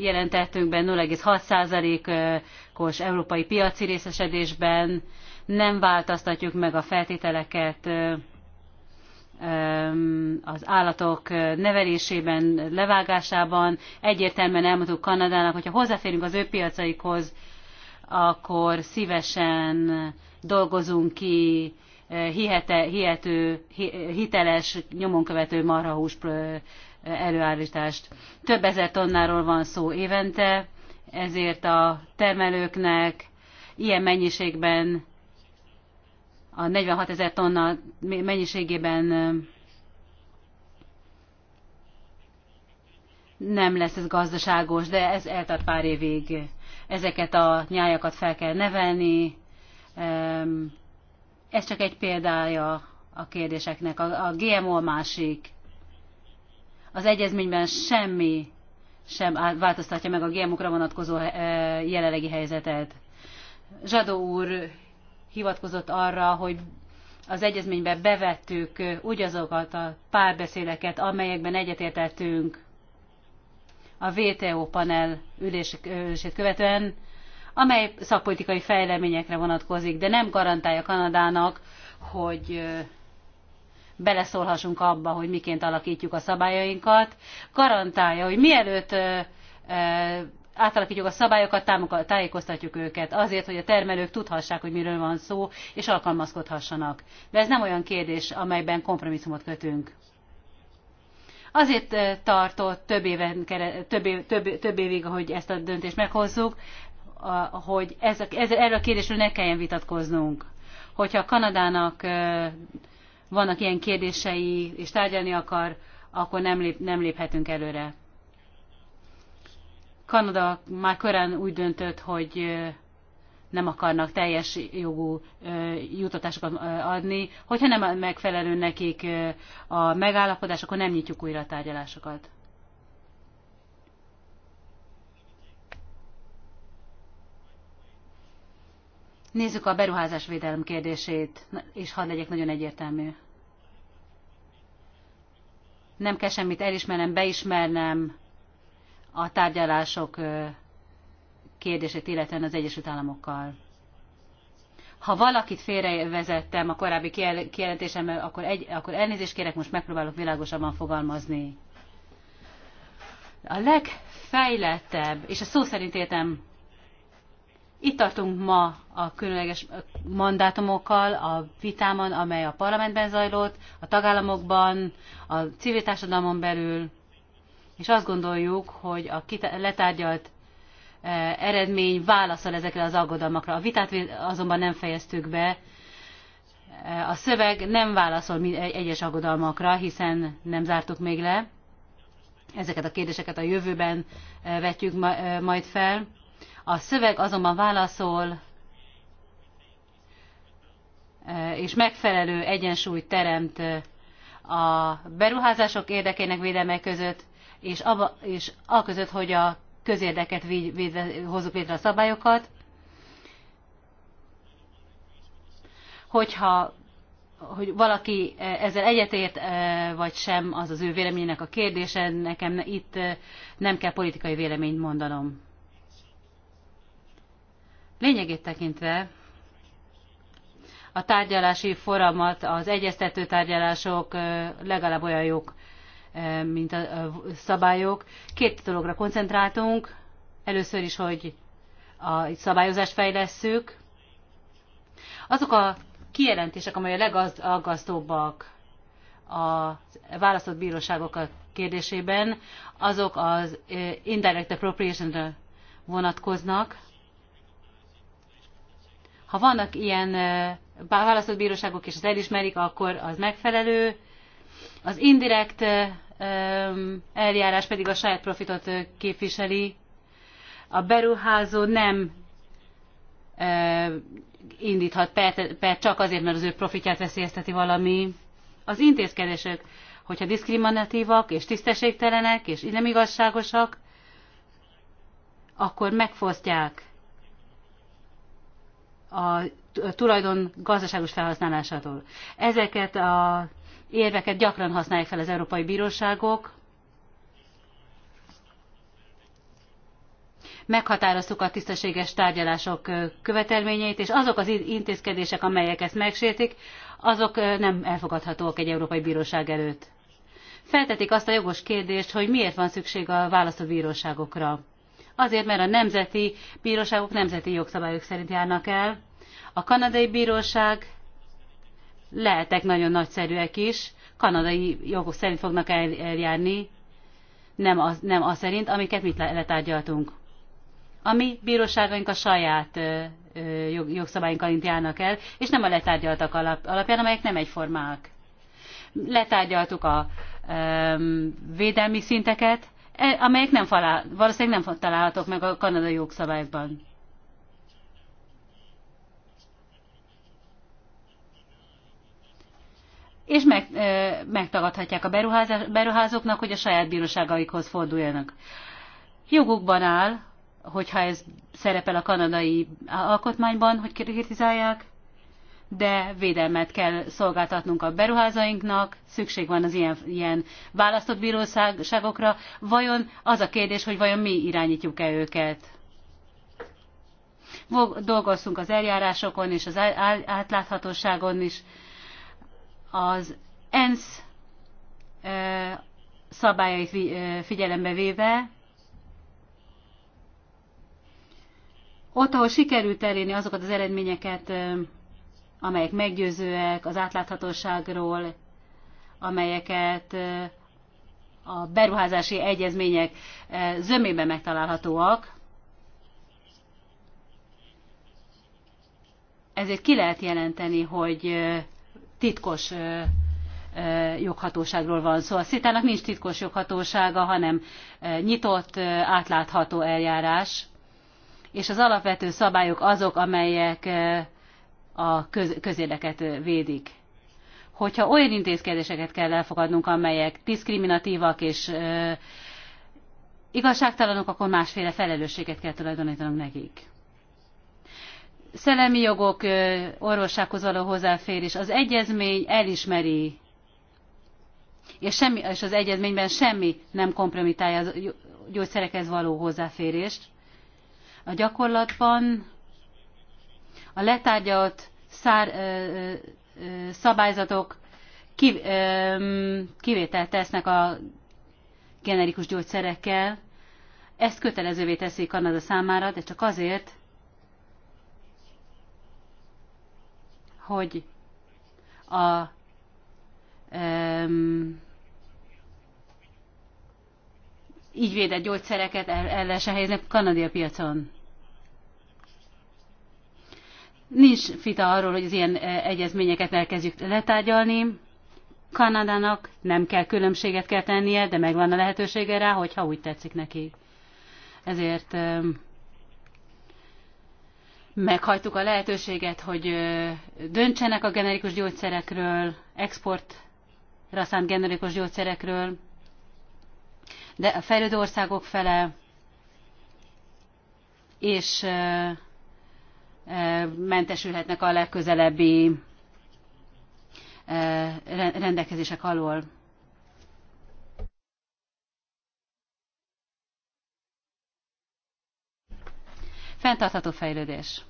C: jelentettünk be 0,6%-os európai piaci részesedésben, nem változtatjuk meg a feltételeket az állatok nevelésében, levágásában. Egyértelműen elmondtuk Kanadának, hogyha hozzáférünk az ő piacaikhoz, akkor szívesen dolgozunk ki hihete, hihető, hiteles, követő marhahús előállítást. Több ezer tonnáról van szó évente, ezért a termelőknek ilyen mennyiségben, a 46 ezer tonna mennyiségében nem lesz ez gazdaságos, de ez eltart pár évig. Ezeket a nyájakat fel kell nevelni, ez csak egy példája a kérdéseknek. A, a GMO a másik. Az egyezményben semmi sem változtatja meg a GMO-kra vonatkozó eh, jelenlegi helyzetet. Zsadó úr hivatkozott arra, hogy az egyezménybe bevettük eh, ugyazokat a párbeszédeket, amelyekben egyetértettünk a WTO panel eh, ülését követően, amely szakpolitikai fejleményekre vonatkozik, de nem garantálja Kanadának, hogy beleszólhassunk abba, hogy miként alaktjuk a szabályainkat, garantálja, hogy mielőtt átalakítjuk a szabályokat, tájékoztatjuk őket azért, hogy a termelők tudhassák, hogy miről van szó, és alkalmazkodhassanak. De ez nem olyan kérdés, amelyben kompromisszumot kötünk. Azért tartott több, éven, több, év, több, több évig, hogy ezt a döntést meghozzuk, hogy ez, ez, erről a kérdésről ne kelljen vitatkoznunk. Hogyha Kanadának vannak ilyen kérdései, és tárgyalni akar, akkor nem, lép, nem léphetünk előre. Kanada már korán úgy döntött, hogy nem akarnak teljes jogú jutatásokat adni. Hogyha nem megfelelő nekik a megállapodás, akkor nem nyitjuk újra a tárgyalásokat. Nézzük a beruházás védelem kérdését, és hadd legyek nagyon egyértelmű. Nem kell semmit elismernem, beismernem a tárgyalások kérdését, illetően az Egyesült Államokkal. Ha valakit félrevezettem a korábbi kijelentésemmel, akkor, egy, akkor elnézést kérek, most megpróbálok világosabban fogalmazni. A legfejlettebb, és a szó szerint értem itt tartunk ma a különleges mandátumokkal, a vitámon, amely a parlamentben zajlott, a tagállamokban, a civil társadalmon belül, és azt gondoljuk, hogy a letárgyalt e, eredmény válaszol ezekre az aggodalmakra. A vitát azonban nem fejeztük be, e, a szöveg nem válaszol egyes aggodalmakra, hiszen nem zártuk még le. Ezeket a kérdéseket a jövőben e, vetjük majd fel a szöveg azonban válaszol, és megfelelő egyensúlyt teremt a beruházások érdekének védelme között, és, abba, és a között, hogy a közérdeket véd, véd, hozzuk létre a szabályokat. Hogyha hogy valaki ezzel egyetért, vagy sem, az az ő véleményének a kérdése, nekem itt nem kell politikai véleményt mondanom. Lényegét tekintve a tárgyalási folyamat, az egyeztető tárgyalások legalább olyan jók, mint a szabályok. Két dologra koncentráltunk. Először is, hogy a szabályozást fejlesszük. Azok a kijelentések, amelyek a legaggasztóbbak a választott a kérdésében, azok az indirect appropriation vonatkoznak. Ha vannak ilyen választott bíróságok, és az elismerik, akkor az megfelelő. Az indirekt eljárás pedig a saját profitot képviseli. A beruházó nem indíthat per, per csak azért, mert az ő profitját veszélyezteti valami. Az intézkedések, hogyha diszkriminatívak és tisztességtelenek és nem igazságosak, akkor megfosztják a tulajdon gazdaságos felhasználásától. Ezeket a érveket gyakran használják fel az európai bíróságok. Meghatároztuk a tisztességes tárgyalások követelményeit, és azok az intézkedések, amelyek ezt megsértik, azok nem elfogadhatóak egy európai bíróság előtt. Feltetik azt a jogos kérdést, hogy miért van szükség a választóbíróságokra. bíróságokra azért, mert a nemzeti bíróságok nemzeti jogszabályok szerint járnak el. A kanadai bíróság lehetek nagyon nagyszerűek is, kanadai jogok szerint fognak el, eljárni, nem az, nem az szerint, amiket mit letárgyaltunk. A mi bíróságaink a saját ö, ö, jog, jogszabályunk alint járnak el, és nem a letárgyaltak alap, alapján, amelyek nem egyformák. Letárgyaltuk a ö, védelmi szinteket, E, amelyek nem falál, valószínűleg nem találhatók meg a kanadai jogszabályokban. és meg, ö, e, megtagadhatják a beruházóknak, hogy a saját bíróságaikhoz forduljanak. Jogukban áll, hogyha ez szerepel a kanadai alkotmányban, hogy kritizálják, de védelmet kell szolgáltatnunk a beruházainknak, szükség van az ilyen, ilyen választott bíróságokra. Vajon az a kérdés, hogy vajon mi irányítjuk-e őket? Dolgozzunk az eljárásokon és az átláthatóságon is. Az ENSZ szabályait figyelembe véve, ott, ahol sikerült elérni azokat az eredményeket, amelyek meggyőzőek az átláthatóságról, amelyeket a beruházási egyezmények zömében megtalálhatóak. Ezért ki lehet jelenteni, hogy titkos joghatóságról van szó. a szitának nincs titkos joghatósága, hanem nyitott, átlátható eljárás, és az alapvető szabályok azok, amelyek a köz, közérdeket védik. Hogyha olyan intézkedéseket kell elfogadnunk, amelyek diszkriminatívak és ö, igazságtalanok, akkor másféle felelősséget kell tulajdonítanunk nekik. Szellemi jogok, ö, orvossághoz való hozzáférés. Az egyezmény elismeri, és, semmi, és az egyezményben semmi nem kompromitálja a gyógyszerekhez való hozzáférést. A gyakorlatban a letárgyalt szár, ö, ö, szabályzatok kiv, ö, kivételt tesznek a generikus gyógyszerekkel. Ezt kötelezővé teszi Kanada számára, de csak azért, hogy a um, így védett gyógyszereket el, el lehessen helyezni a kanadai piacon. Nincs vita arról, hogy az ilyen e, egyezményeket elkezdjük letárgyalni. Kanadának nem kell különbséget kell tennie, de megvan a lehetősége rá, hogyha úgy tetszik neki. Ezért e, meghajtuk a lehetőséget, hogy e, döntsenek a generikus gyógyszerekről, exportra szánt generikus gyógyszerekről, de a fejlődő országok fele, és mentesülhetnek a legközelebbi rendelkezések alól. Fentartható fejlődés.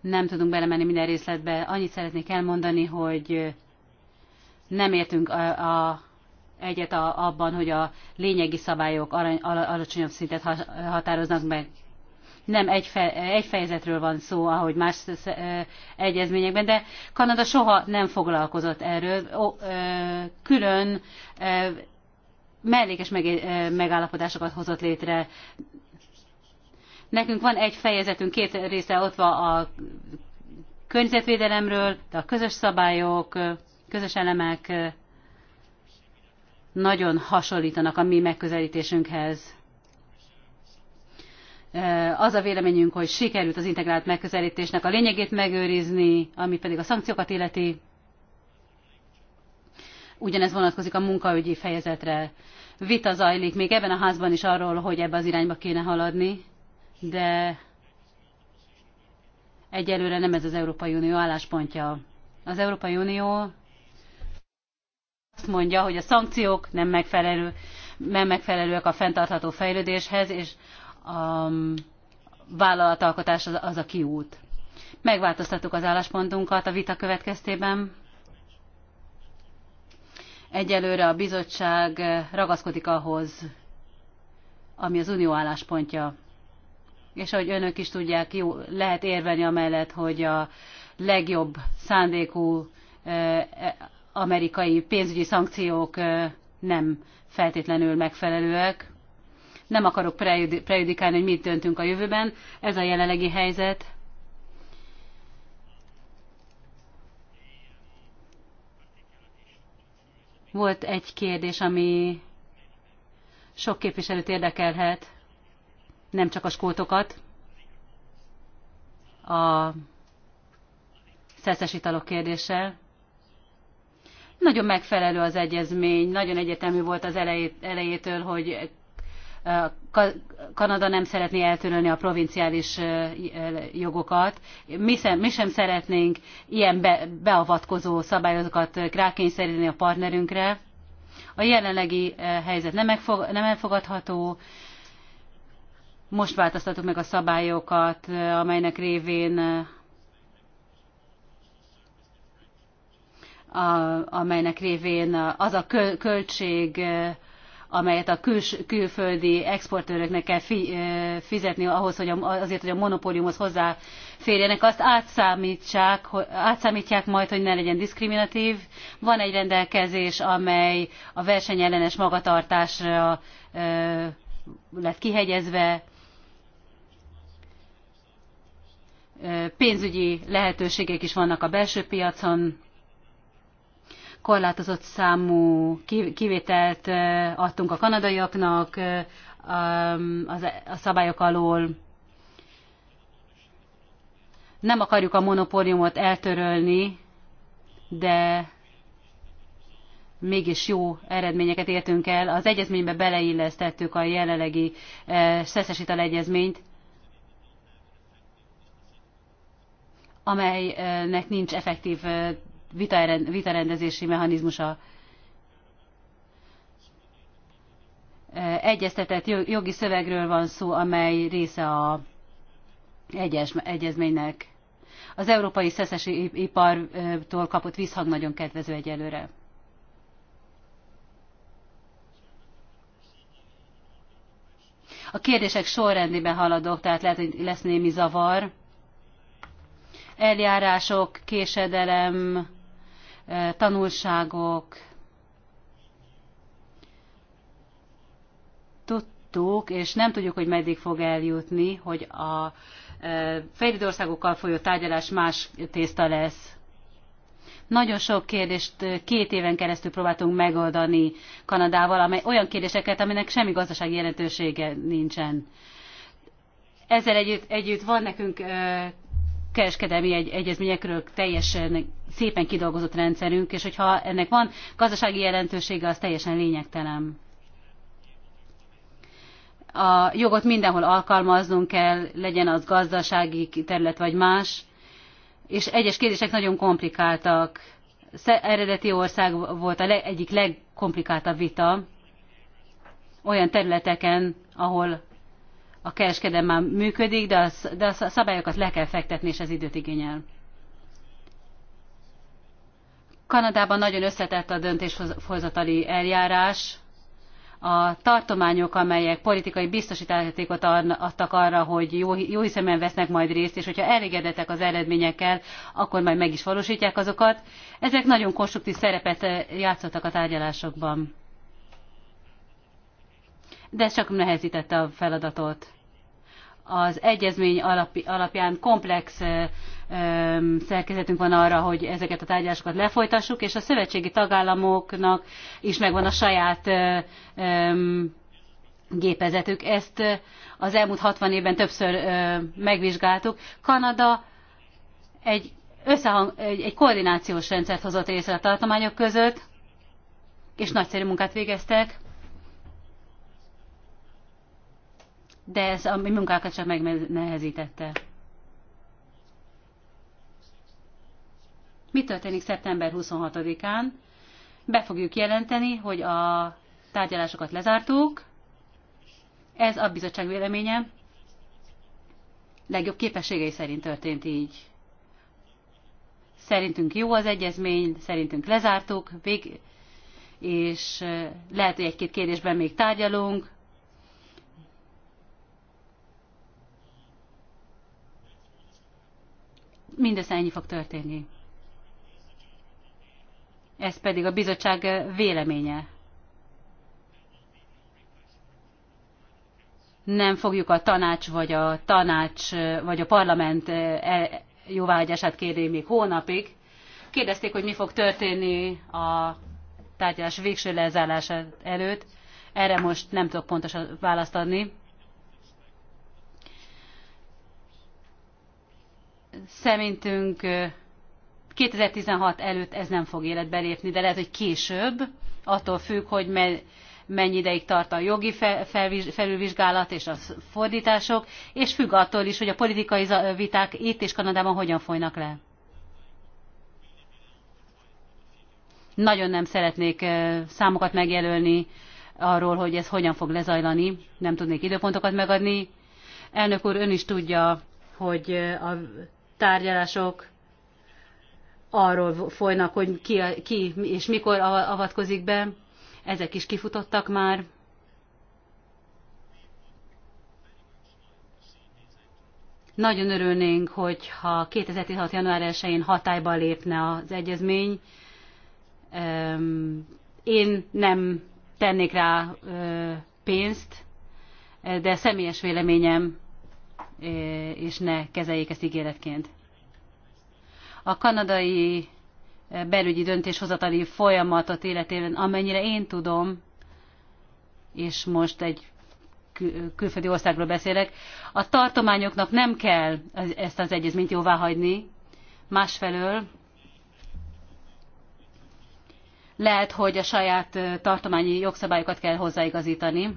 C: Nem tudunk belemenni minden részletbe. Annyit szeretnék elmondani, hogy nem értünk a, a, egyet a, abban, hogy a lényegi szabályok arany, al, alacsonyabb szintet határoznak meg nem egy, fe, egy fejezetről van szó, ahogy más egyezményekben, de Kanada soha nem foglalkozott erről. Külön mellékes megállapodásokat hozott létre. Nekünk van egy fejezetünk, két része ott van a környezetvédelemről, de a közös szabályok, közös elemek nagyon hasonlítanak a mi megközelítésünkhez. Eh, az a véleményünk, hogy sikerült az integrált megközelítésnek a lényegét megőrizni, ami pedig a szankciókat illeti. Ugyanez vonatkozik a munkaügyi fejezetre. Vita zajlik még ebben a házban is arról, hogy ebbe az irányba kéne haladni, de egyelőre nem ez az Európai Unió álláspontja. Az Európai Unió azt mondja, hogy a szankciók nem megfelelő, nem megfelelőek a fenntartható fejlődéshez, és a um, vállalatalkotás az, az a kiút. Megváltoztattuk az álláspontunkat a vita következtében. Egyelőre a bizottság ragaszkodik ahhoz, ami az unió álláspontja. És ahogy önök is tudják, jó, lehet érvelni amellett, hogy a legjobb szándékú e, amerikai pénzügyi szankciók nem feltétlenül megfelelőek. Nem akarok prejudikálni, hogy mit döntünk a jövőben. Ez a jelenlegi helyzet. Volt egy kérdés, ami sok képviselőt érdekelhet, nem csak a skótokat, a szeszes italok kérdése. Nagyon megfelelő az egyezmény, nagyon egyetemű volt az elejét, elejétől, hogy Kanada nem szeretné eltörölni a provinciális jogokat. Mi sem, mi sem szeretnénk ilyen be, beavatkozó szabályozókat rákényszeríteni a partnerünkre. A jelenlegi helyzet nem, megfog, nem elfogadható. Most változtatok meg a szabályokat, amelynek révén a, amelynek révén az a költség amelyet a küls, külföldi exportőröknek kell fi, fizetni ahhoz, hogy a, azért, hogy a monopóliumhoz hozzáférjenek, azt átszámítsák, átszámítják majd, hogy ne legyen diszkriminatív. Van egy rendelkezés, amely a versenyellenes magatartásra ö, lett kihegyezve, pénzügyi lehetőségek is vannak a belső piacon, korlátozott számú kivételt adtunk a kanadaiaknak e, a szabályok alól. Nem akarjuk a monopóliumot eltörölni, de mégis jó eredményeket értünk el. Az egyezménybe beleillesztettük a jelenlegi szeszesital egyezményt, amelynek nincs effektív vitarendezési mechanizmusa egyeztetett jogi szövegről van szó, amely része a egyes, egyezménynek. Az európai szeszes ipartól kapott visszhang nagyon kedvező egyelőre. A kérdések sorrendében haladok, tehát lehet, hogy lesz némi zavar. Eljárások, késedelem, tanulságok. Tudtuk, és nem tudjuk, hogy meddig fog eljutni, hogy a fejlődő országokkal folyó tárgyalás más tészta lesz. Nagyon sok kérdést két éven keresztül próbáltunk megoldani Kanadával, amely olyan kérdéseket, aminek semmi gazdasági jelentősége nincsen. Ezzel együtt, együtt van nekünk kereskedelmi egy, egyezményekről teljesen szépen kidolgozott rendszerünk, és hogyha ennek van gazdasági jelentősége, az teljesen lényegtelen. A jogot mindenhol alkalmaznunk kell, legyen az gazdasági terület vagy más, és egyes kérdések nagyon komplikáltak. Eredeti ország volt a leg, egyik legkomplikáltabb vita olyan területeken, ahol a kereskedelem már működik, de a, de a szabályokat le kell fektetni, és ez időt igényel. Kanadában nagyon összetett a döntéshozatali eljárás. A tartományok, amelyek politikai biztosítékot adtak arra, hogy jó, jó hiszeműen vesznek majd részt, és hogyha elégedetek az eredményekkel, akkor majd meg is valósítják azokat. Ezek nagyon konstruktív szerepet játszottak a tárgyalásokban. De ez csak nehezítette a feladatot az egyezmény alapján komplex szerkezetünk van arra, hogy ezeket a tárgyalásokat lefolytassuk, és a szövetségi tagállamoknak is megvan a saját gépezetük. Ezt az elmúlt 60 évben többször megvizsgáltuk. Kanada egy, összehang, egy, egy koordinációs rendszert hozott észre a tartományok között, és nagyszerű munkát végeztek. de ez a mi munkákat csak megnehezítette. Mi történik szeptember 26-án? Be fogjuk jelenteni, hogy a tárgyalásokat lezártuk. Ez a bizottság véleménye. Legjobb képességei szerint történt így. Szerintünk jó az egyezmény, szerintünk lezártuk, vég, és eh, lehet, hogy egy-két kérdésben még tárgyalunk, mindössze ennyi fog történni. Ez pedig a bizottság véleménye. Nem fogjuk a tanács vagy a tanács vagy a parlament e, e, jóváhagyását kérni még hónapig. Kérdezték, hogy mi fog történni a tárgyalás végső lezárása előtt. Erre most nem tudok pontosan választ adni. szerintünk 2016 előtt ez nem fog életbe lépni, de lehet, hogy később, attól függ, hogy mennyi ideig tart a jogi felülvizsgálat és a fordítások, és függ attól is, hogy a politikai viták itt és Kanadában hogyan folynak le. Nagyon nem szeretnék számokat megjelölni arról, hogy ez hogyan fog lezajlani, nem tudnék időpontokat megadni. Elnök úr, ön is tudja, hogy a tárgyalások arról folynak, hogy ki, ki és mikor avatkozik be. Ezek is kifutottak már. Nagyon örülnénk, hogyha 2016. január 1-én hatályba lépne az egyezmény. Én nem tennék rá pénzt, de személyes véleményem és ne kezeljék ezt ígéretként. A kanadai belügyi döntéshozatali folyamatot életében, amennyire én tudom, és most egy kül külföldi országról beszélek, a tartományoknak nem kell ezt az egyezményt jóvá hagyni, másfelől lehet, hogy a saját tartományi jogszabályokat kell hozzáigazítani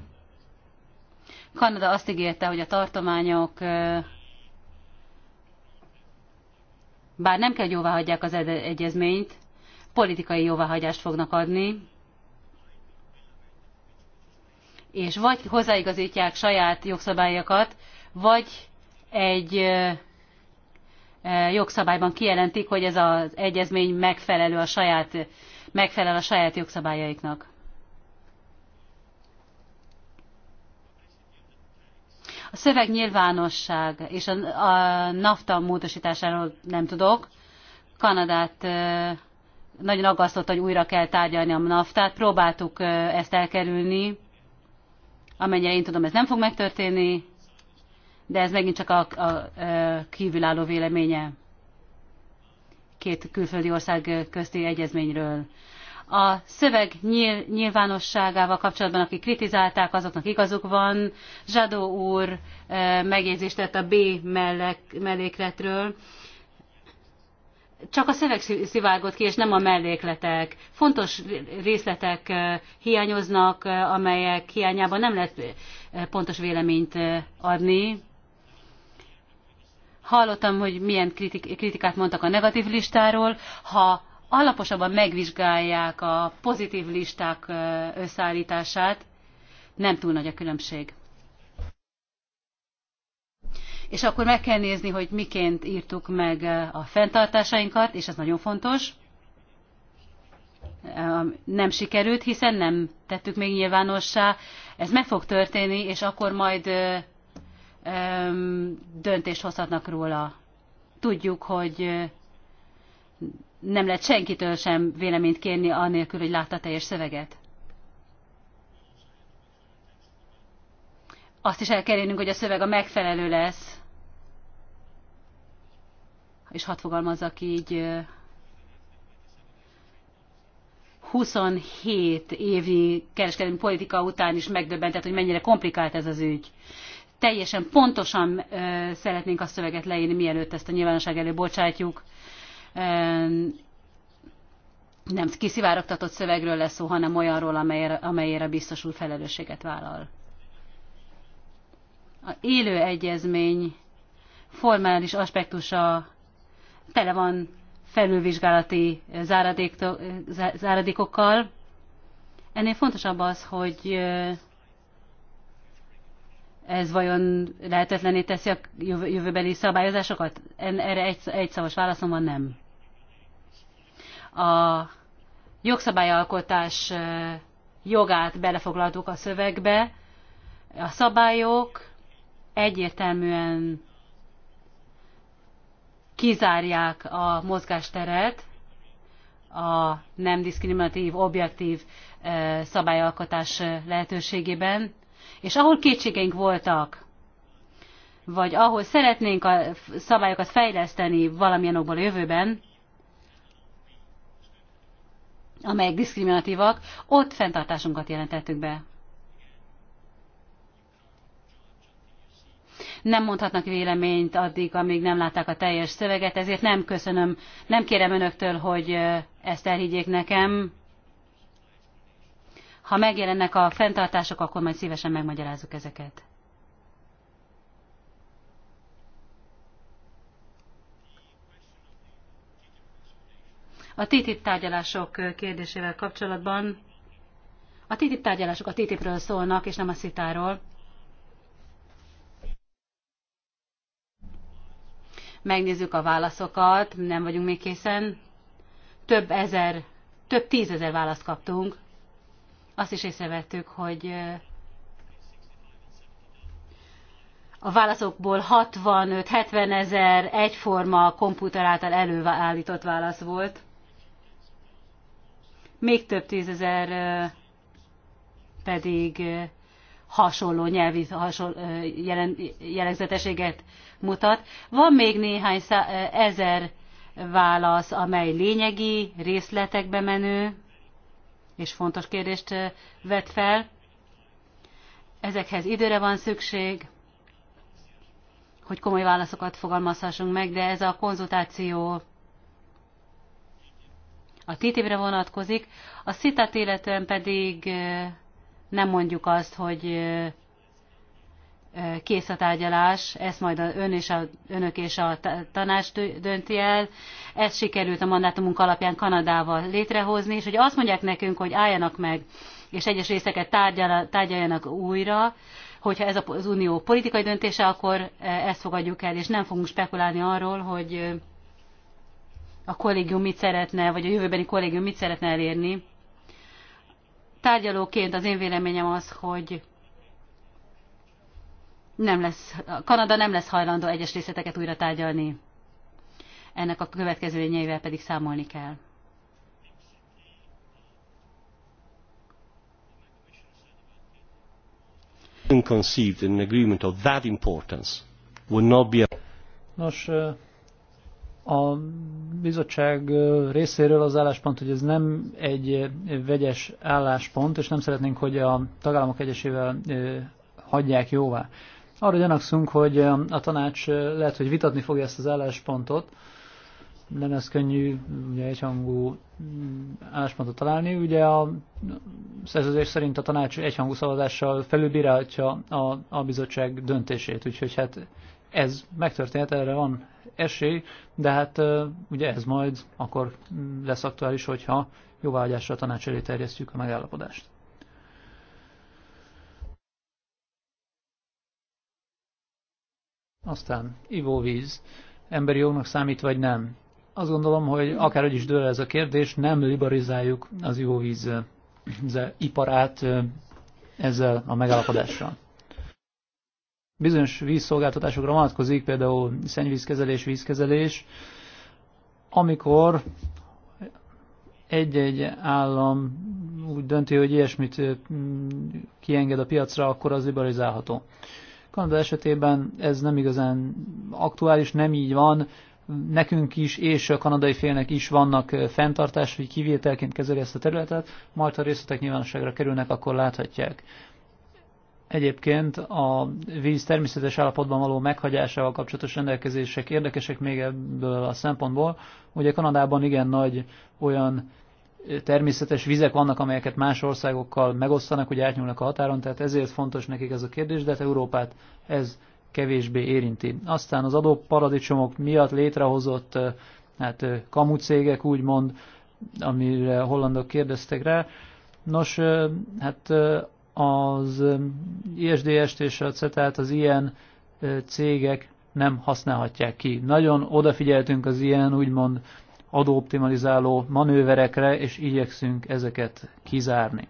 C: Kanada azt ígérte, hogy a tartományok bár nem kell hagyják az egyezményt, politikai jóváhagyást fognak adni, és vagy hozzáigazítják saját jogszabályokat, vagy egy jogszabályban kijelentik, hogy ez az egyezmény megfelelő a saját, megfelel a saját jogszabályaiknak. szövegnyilvánosság nyilvánosság és a, a NAFTA módosításáról nem tudok. Kanadát nagyon aggasztott, hogy újra kell tárgyalni a NAFTA-t. Próbáltuk ezt elkerülni. Amennyire én tudom, ez nem fog megtörténni, de ez megint csak a, a, a kívülálló véleménye két külföldi ország közti egyezményről. A szöveg nyilvánosságával kapcsolatban, akik kritizálták, azoknak igazuk van. Zsadó úr eh, megjegyzést tett a B mellékletről csak a szöveg szivárgott ki, és nem a mellékletek. Fontos részletek eh, hiányoznak, eh, amelyek hiányában nem lehet pontos véleményt adni. Hallottam, hogy milyen kritikát mondtak a negatív listáról. Ha alaposabban megvizsgálják a pozitív listák összeállítását, nem túl nagy a különbség. És akkor meg kell nézni, hogy miként írtuk meg a fenntartásainkat, és ez nagyon fontos. Nem sikerült, hiszen nem tettük még nyilvánossá. Ez meg fog történni, és akkor majd döntést hozhatnak róla. Tudjuk, hogy nem lehet senkitől sem véleményt kérni, anélkül, hogy látta teljes szöveget. Azt is el kell érnünk, hogy a szöveg a megfelelő lesz. És hat fogalmazzak így, 27 évi kereskedelmi politika után is megdöbbentett, hogy mennyire komplikált ez az ügy. Teljesen pontosan ö, szeretnénk a szöveget leírni, mielőtt ezt a nyilvánosság elé bocsátjuk nem kiszivárogtatott szövegről lesz szó, hanem olyanról, amelyre, amelyre biztos úr felelősséget vállal. A élő egyezmény formális aspektusa tele van felülvizsgálati záradékokkal. Ennél fontosabb az, hogy ez vajon lehetetlené teszi a jövőbeli szabályozásokat? Erre egy, egy szavas válaszom van nem a jogszabályalkotás jogát belefoglaltuk a szövegbe. A szabályok egyértelműen kizárják a mozgásteret a nem diszkriminatív, objektív szabályalkotás lehetőségében, és ahol kétségeink voltak, vagy ahol szeretnénk a szabályokat fejleszteni valamilyen okból a jövőben, amelyek diszkriminatívak, ott fenntartásunkat jelentettük be. Nem mondhatnak véleményt addig, amíg nem látták a teljes szöveget, ezért nem köszönöm, nem kérem önöktől, hogy ezt elhiggyék nekem. Ha megjelennek a fenntartások, akkor majd szívesen megmagyarázzuk ezeket. A TTIP tárgyalások kérdésével kapcsolatban a TTIP tárgyalások a TTIP-ről szólnak, és nem a szitáról. Megnézzük a válaszokat, nem vagyunk még készen. Több ezer, több tízezer választ kaptunk. Azt is észrevettük, hogy a válaszokból 65-70 ezer egyforma komputer által előállított válasz volt még több tízezer pedig hasonló nyelvi hasonló, jelen, mutat. Van még néhány szá, ezer válasz, amely lényegi, részletekbe menő és fontos kérdést vet fel. Ezekhez időre van szükség, hogy komoly válaszokat fogalmazhassunk meg, de ez a konzultáció a TTIP-re vonatkozik, a szitát illetően pedig nem mondjuk azt, hogy kész a tárgyalás, ezt majd ön és a, önök és a tanács dönti el. Ezt sikerült a mandátumunk alapján Kanadával létrehozni, és hogy azt mondják nekünk, hogy álljanak meg, és egyes részeket tárgyal, tárgyaljanak újra, hogyha ez az unió politikai döntése, akkor ezt fogadjuk el, és nem fogunk spekulálni arról, hogy a kollégium mit szeretne, vagy a jövőbeni kollégium mit szeretne elérni. Tárgyalóként az én véleményem az, hogy nem lesz, Kanada nem lesz hajlandó egyes részleteket újra tárgyalni. Ennek a következő lényeivel pedig számolni kell.
B: Nos, a bizottság részéről az álláspont, hogy ez nem egy vegyes álláspont, és nem szeretnénk, hogy a tagállamok egyesével hagyják jóvá. Arra gyanakszunk, hogy a tanács lehet, hogy vitatni fogja ezt az álláspontot, nem ez könnyű ugye, egyhangú mm, álláspontot találni. Ugye a szerződés szerint a tanács egyhangú szavazással felülbírálhatja a, a bizottság döntését, úgyhogy hát ez megtörténhet, erre van esély, de hát ugye ez majd akkor lesz aktuális, hogyha jóvágyásra a tanács elé terjesztjük a megállapodást. Aztán ivóvíz, emberi jognak számít vagy nem. Azt gondolom, hogy akárhogy is dől ez a kérdés, nem liberalizáljuk az ivóvíz iparát ezzel a megállapodással bizonyos vízszolgáltatásokra vonatkozik, például szennyvízkezelés, vízkezelés, amikor egy-egy állam úgy dönti, hogy ilyesmit kienged a piacra, akkor az liberalizálható. Kanada esetében ez nem igazán aktuális, nem így van. Nekünk is és a kanadai félnek is vannak fenntartás, hogy kivételként kezeli ezt a területet, majd ha részletek nyilvánosságra kerülnek, akkor láthatják. Egyébként a víz természetes állapotban való meghagyásával kapcsolatos rendelkezések érdekesek még ebből a szempontból. Ugye Kanadában igen nagy olyan természetes vizek vannak, amelyeket más országokkal megosztanak, hogy átnyúlnak a határon, tehát ezért fontos nekik ez a kérdés, de hát Európát ez kevésbé érinti. Aztán az adóparadicsomok miatt létrehozott hát, kamucégek, úgymond, amire hollandok kérdeztek rá. Nos, hát az um, ISDS-t és a CETA-t az ilyen cégek nem használhatják ki. Nagyon odafigyeltünk az ilyen úgymond adóoptimalizáló manőverekre, és igyekszünk ezeket kizárni.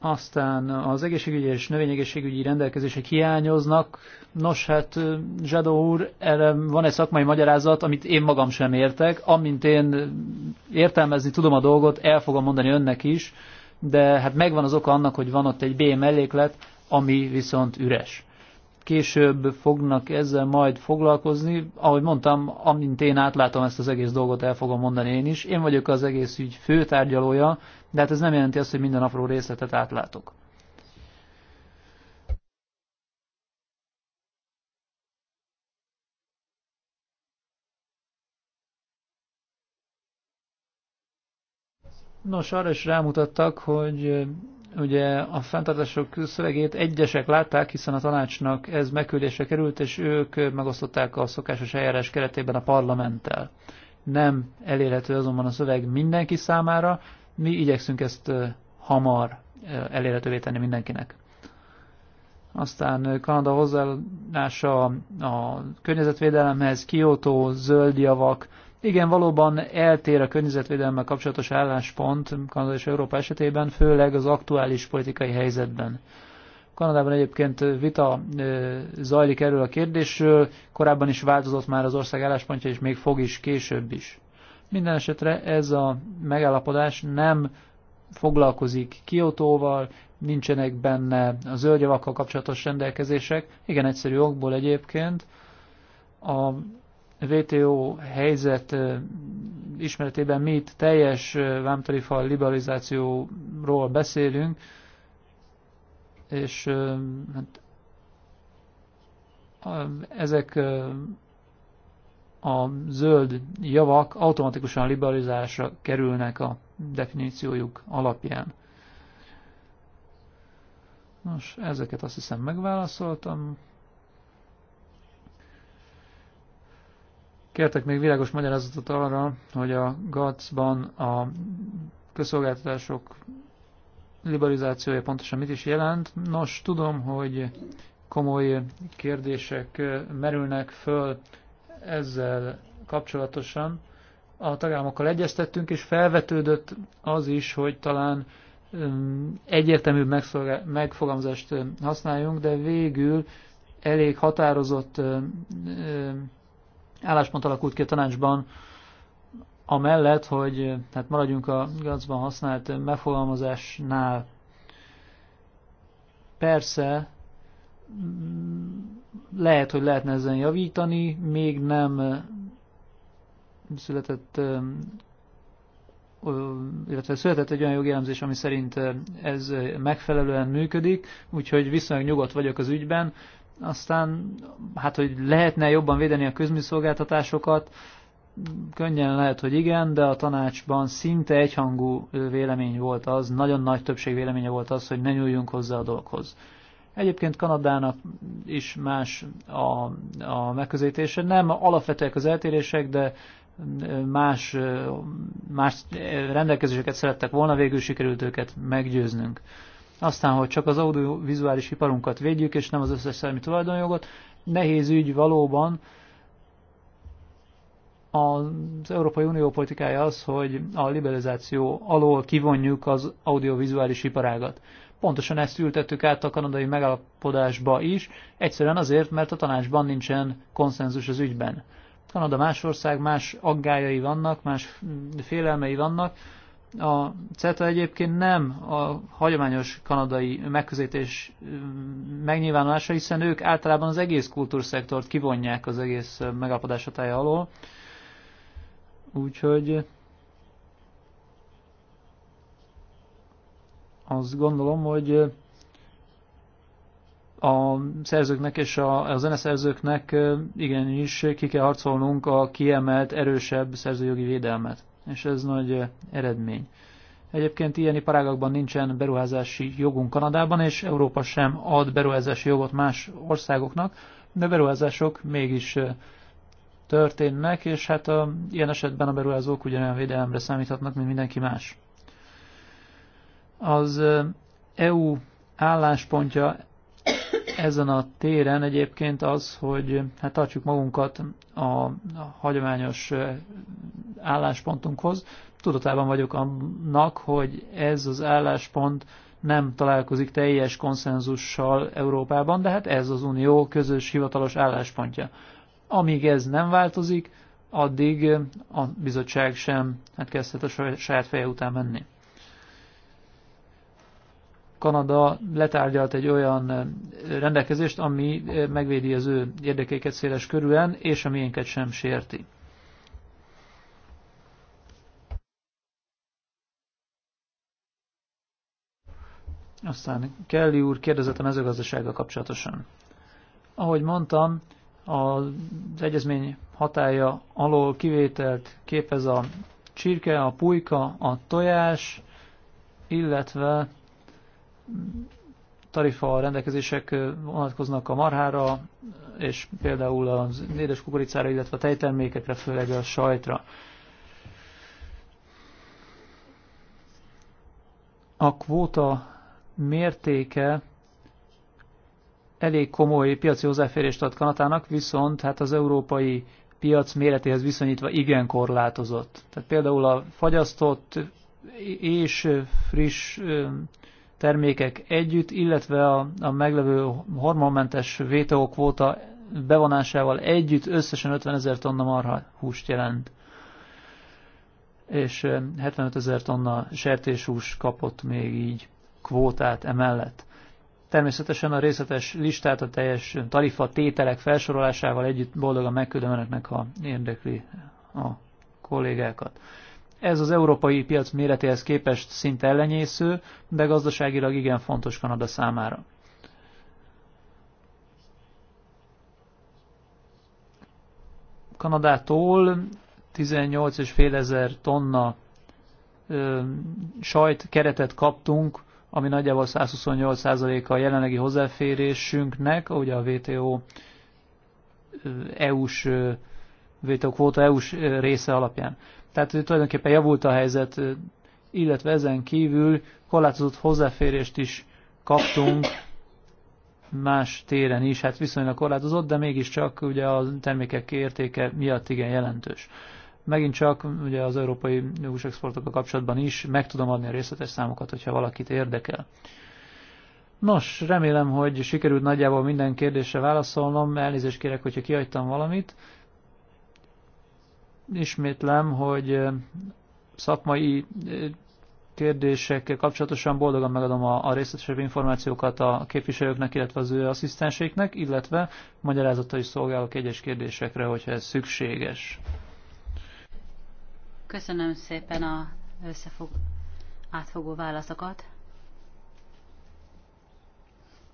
B: Aztán az egészségügyi és növényegészségügyi rendelkezések hiányoznak. Nos, hát Zsadó úr, erre van egy szakmai magyarázat, amit én magam sem értek. Amint én értelmezni tudom a dolgot, el fogom mondani önnek is, de hát megvan az oka annak, hogy van ott egy B melléklet, ami viszont üres. Később fognak ezzel majd foglalkozni. Ahogy mondtam, amint én átlátom ezt az egész dolgot, el fogom mondani én is. Én vagyok az egész ügy főtárgyalója, de hát ez nem jelenti azt, hogy minden apró részletet átlátok. Nos, arra is rámutattak, hogy ugye a fenntartások szövegét egyesek látták, hiszen a tanácsnak ez megküldése került, és ők megosztották a szokásos eljárás keretében a parlamenttel. Nem elérhető azonban a szöveg mindenki számára, mi igyekszünk ezt hamar elérhetővé tenni mindenkinek. Aztán Kanada hozzáállása a környezetvédelemhez, Kyoto, zöld javak. Igen, valóban eltér a környezetvédelemmel kapcsolatos álláspont Kanada és Európa esetében, főleg az aktuális politikai helyzetben. Kanadában egyébként vita zajlik erről a kérdésről, korábban is változott már az ország álláspontja, és még fog is később is. Minden esetre ez a megállapodás nem foglalkozik Kiotóval, nincsenek benne a zöldjavakkal kapcsolatos rendelkezések, igen egyszerű okból egyébként. A WTO helyzet ismeretében mi itt teljes vámtarifa liberalizációról beszélünk, és hát, ezek a zöld javak automatikusan liberalizálásra kerülnek a definíciójuk alapján. Nos, ezeket azt hiszem megválaszoltam. Kértek még világos magyarázatot arra, hogy a GATS-ban a közszolgáltatások liberalizációja pontosan mit is jelent. Nos, tudom, hogy komoly kérdések merülnek föl ezzel kapcsolatosan a tagállamokkal egyeztettünk, és felvetődött az is, hogy talán egyértelműbb megfogalmazást használjunk, de végül elég határozott álláspont alakult ki a tanácsban, amellett, hogy hát maradjunk a gazban használt megfogalmazásnál. Persze lehet, hogy lehetne ezen javítani, még nem született illetve született egy olyan jogjelzés, ami szerint ez megfelelően működik, úgyhogy viszonylag nyugodt vagyok az ügyben. Aztán, hát hogy lehetne jobban védeni a közműszolgáltatásokat, könnyen lehet, hogy igen, de a tanácsban szinte egyhangú vélemény volt az, nagyon nagy többség véleménye volt az, hogy ne nyúljunk hozzá a dologhoz. Egyébként Kanadának is más a, a megközelítése. Nem alapvetőek az eltérések, de más, más rendelkezéseket szerettek volna, végül sikerült őket meggyőznünk. Aztán, hogy csak az audiovizuális iparunkat védjük, és nem az összes szellemi tulajdonjogot, nehéz ügy valóban. Az Európai Unió politikája az, hogy a liberalizáció alól kivonjuk az audiovizuális iparágat. Pontosan ezt ültettük át a kanadai megállapodásba is, egyszerűen azért, mert a tanácsban nincsen konszenzus az ügyben. Kanada más ország, más aggájai vannak, más félelmei vannak. A CETA egyébként nem a hagyományos kanadai megközelítés mm, megnyilvánulása, hiszen ők általában az egész kultúrszektort kivonják az egész megállapodás hatája alól. Úgyhogy azt gondolom, hogy a szerzőknek és a, a zeneszerzőknek igenis ki kell harcolnunk a kiemelt, erősebb szerzőjogi védelmet. És ez nagy eredmény. Egyébként ilyen iparágakban nincsen beruházási jogunk Kanadában, és Európa sem ad beruházási jogot más országoknak, de beruházások mégis történnek, és hát a, ilyen esetben a beruházók ugyanolyan védelemre számíthatnak, mint mindenki más. Az EU álláspontja ezen a téren egyébként az, hogy hát tartsuk magunkat a hagyományos álláspontunkhoz. Tudatában vagyok annak, hogy ez az álláspont nem találkozik teljes konszenzussal Európában, de hát ez az unió közös hivatalos álláspontja. Amíg ez nem változik, addig a bizottság sem hát kezdhet a saját feje után menni. Kanada letárgyalt egy olyan rendelkezést, ami megvédi az ő érdekeiket széles körülön, és a miénket sem sérti. Aztán Kelly úr kérdezett a mezőgazdasággal kapcsolatosan. Ahogy mondtam, az egyezmény hatája alól kivételt képez a csirke, a pulyka, a tojás, illetve tarifa rendelkezések vonatkoznak a marhára, és például az édes kukoricára, illetve a tejtermékekre, főleg a sajtra. A kvóta mértéke elég komoly piaci hozzáférést ad Kanatának, viszont hát az európai piac méretéhez viszonyítva igen korlátozott. Tehát például a fagyasztott és friss termékek együtt, illetve a, a meglevő hormonmentes VTO kvóta bevonásával együtt összesen 50 ezer tonna marha húst jelent és 75 eh, ezer tonna sertéshús kapott még így kvótát emellett. Természetesen a részletes listát a teljes tarifa tételek felsorolásával együtt boldogan megküldöm önöknek, ha érdekli a kollégákat. Ez az európai piac méretéhez képest szinte ellenyésző, de gazdaságilag igen fontos Kanada számára. Kanadától 18,5 ezer tonna ö, sajt keretet kaptunk, ami nagyjából 128%-a a jelenlegi hozzáférésünknek, ugye a WTO EU-s WTO kvóta EU-s része alapján. Tehát tulajdonképpen javult a helyzet, illetve ezen kívül korlátozott hozzáférést is kaptunk más téren is, hát viszonylag korlátozott, de mégiscsak ugye a termékek értéke miatt igen jelentős. Megint csak ugye az európai hús exportokkal kapcsolatban is meg tudom adni a részletes számokat, hogyha valakit érdekel. Nos, remélem, hogy sikerült nagyjából minden kérdésre válaszolnom, elnézést kérek, hogyha kihagytam valamit, ismétlem, hogy szakmai kérdésekkel kapcsolatosan boldogan megadom a, a részletesebb információkat a képviselőknek, illetve az ő asszisztenséknek, illetve magyarázattal is szolgálok egyes kérdésekre, hogyha ez szükséges.
C: Köszönöm szépen a összefog, átfogó válaszokat.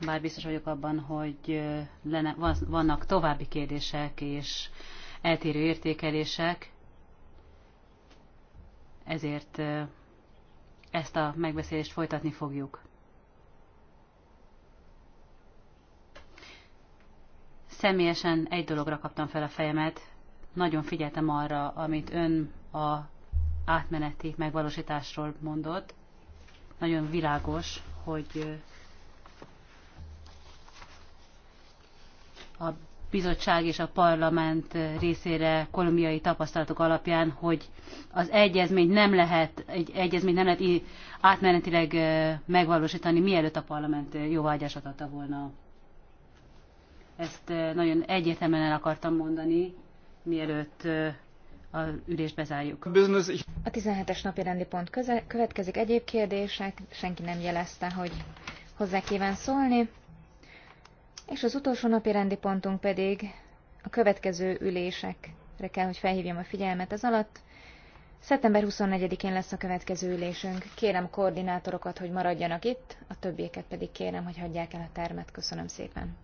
C: Bár biztos vagyok abban, hogy lenne, vannak további kérdések, és eltérő értékelések, ezért ezt a megbeszélést folytatni fogjuk. Személyesen egy dologra kaptam fel a fejemet, nagyon figyeltem arra, amit ön a átmeneti megvalósításról mondott. Nagyon világos, hogy a bizottság és a parlament részére kolumbiai tapasztalatok alapján, hogy az egyezményt nem lehet, egy egyezményt nem lehet átmenetileg megvalósítani, mielőtt a parlament jóvágyását adta volna. Ezt nagyon egyértelműen el akartam mondani, mielőtt a ülést bezárjuk. A
A: 17-es napi rendi pont köze- következik. Egyéb kérdések, senki nem jelezte, hogy hozzá kíván szólni. És az utolsó napi rendi pontunk pedig a következő ülésekre kell, hogy felhívjam a figyelmet ez alatt. Szeptember 24-én lesz a következő ülésünk. Kérem koordinátorokat, hogy maradjanak itt, a többieket pedig kérem, hogy hagyják el a termet. Köszönöm szépen.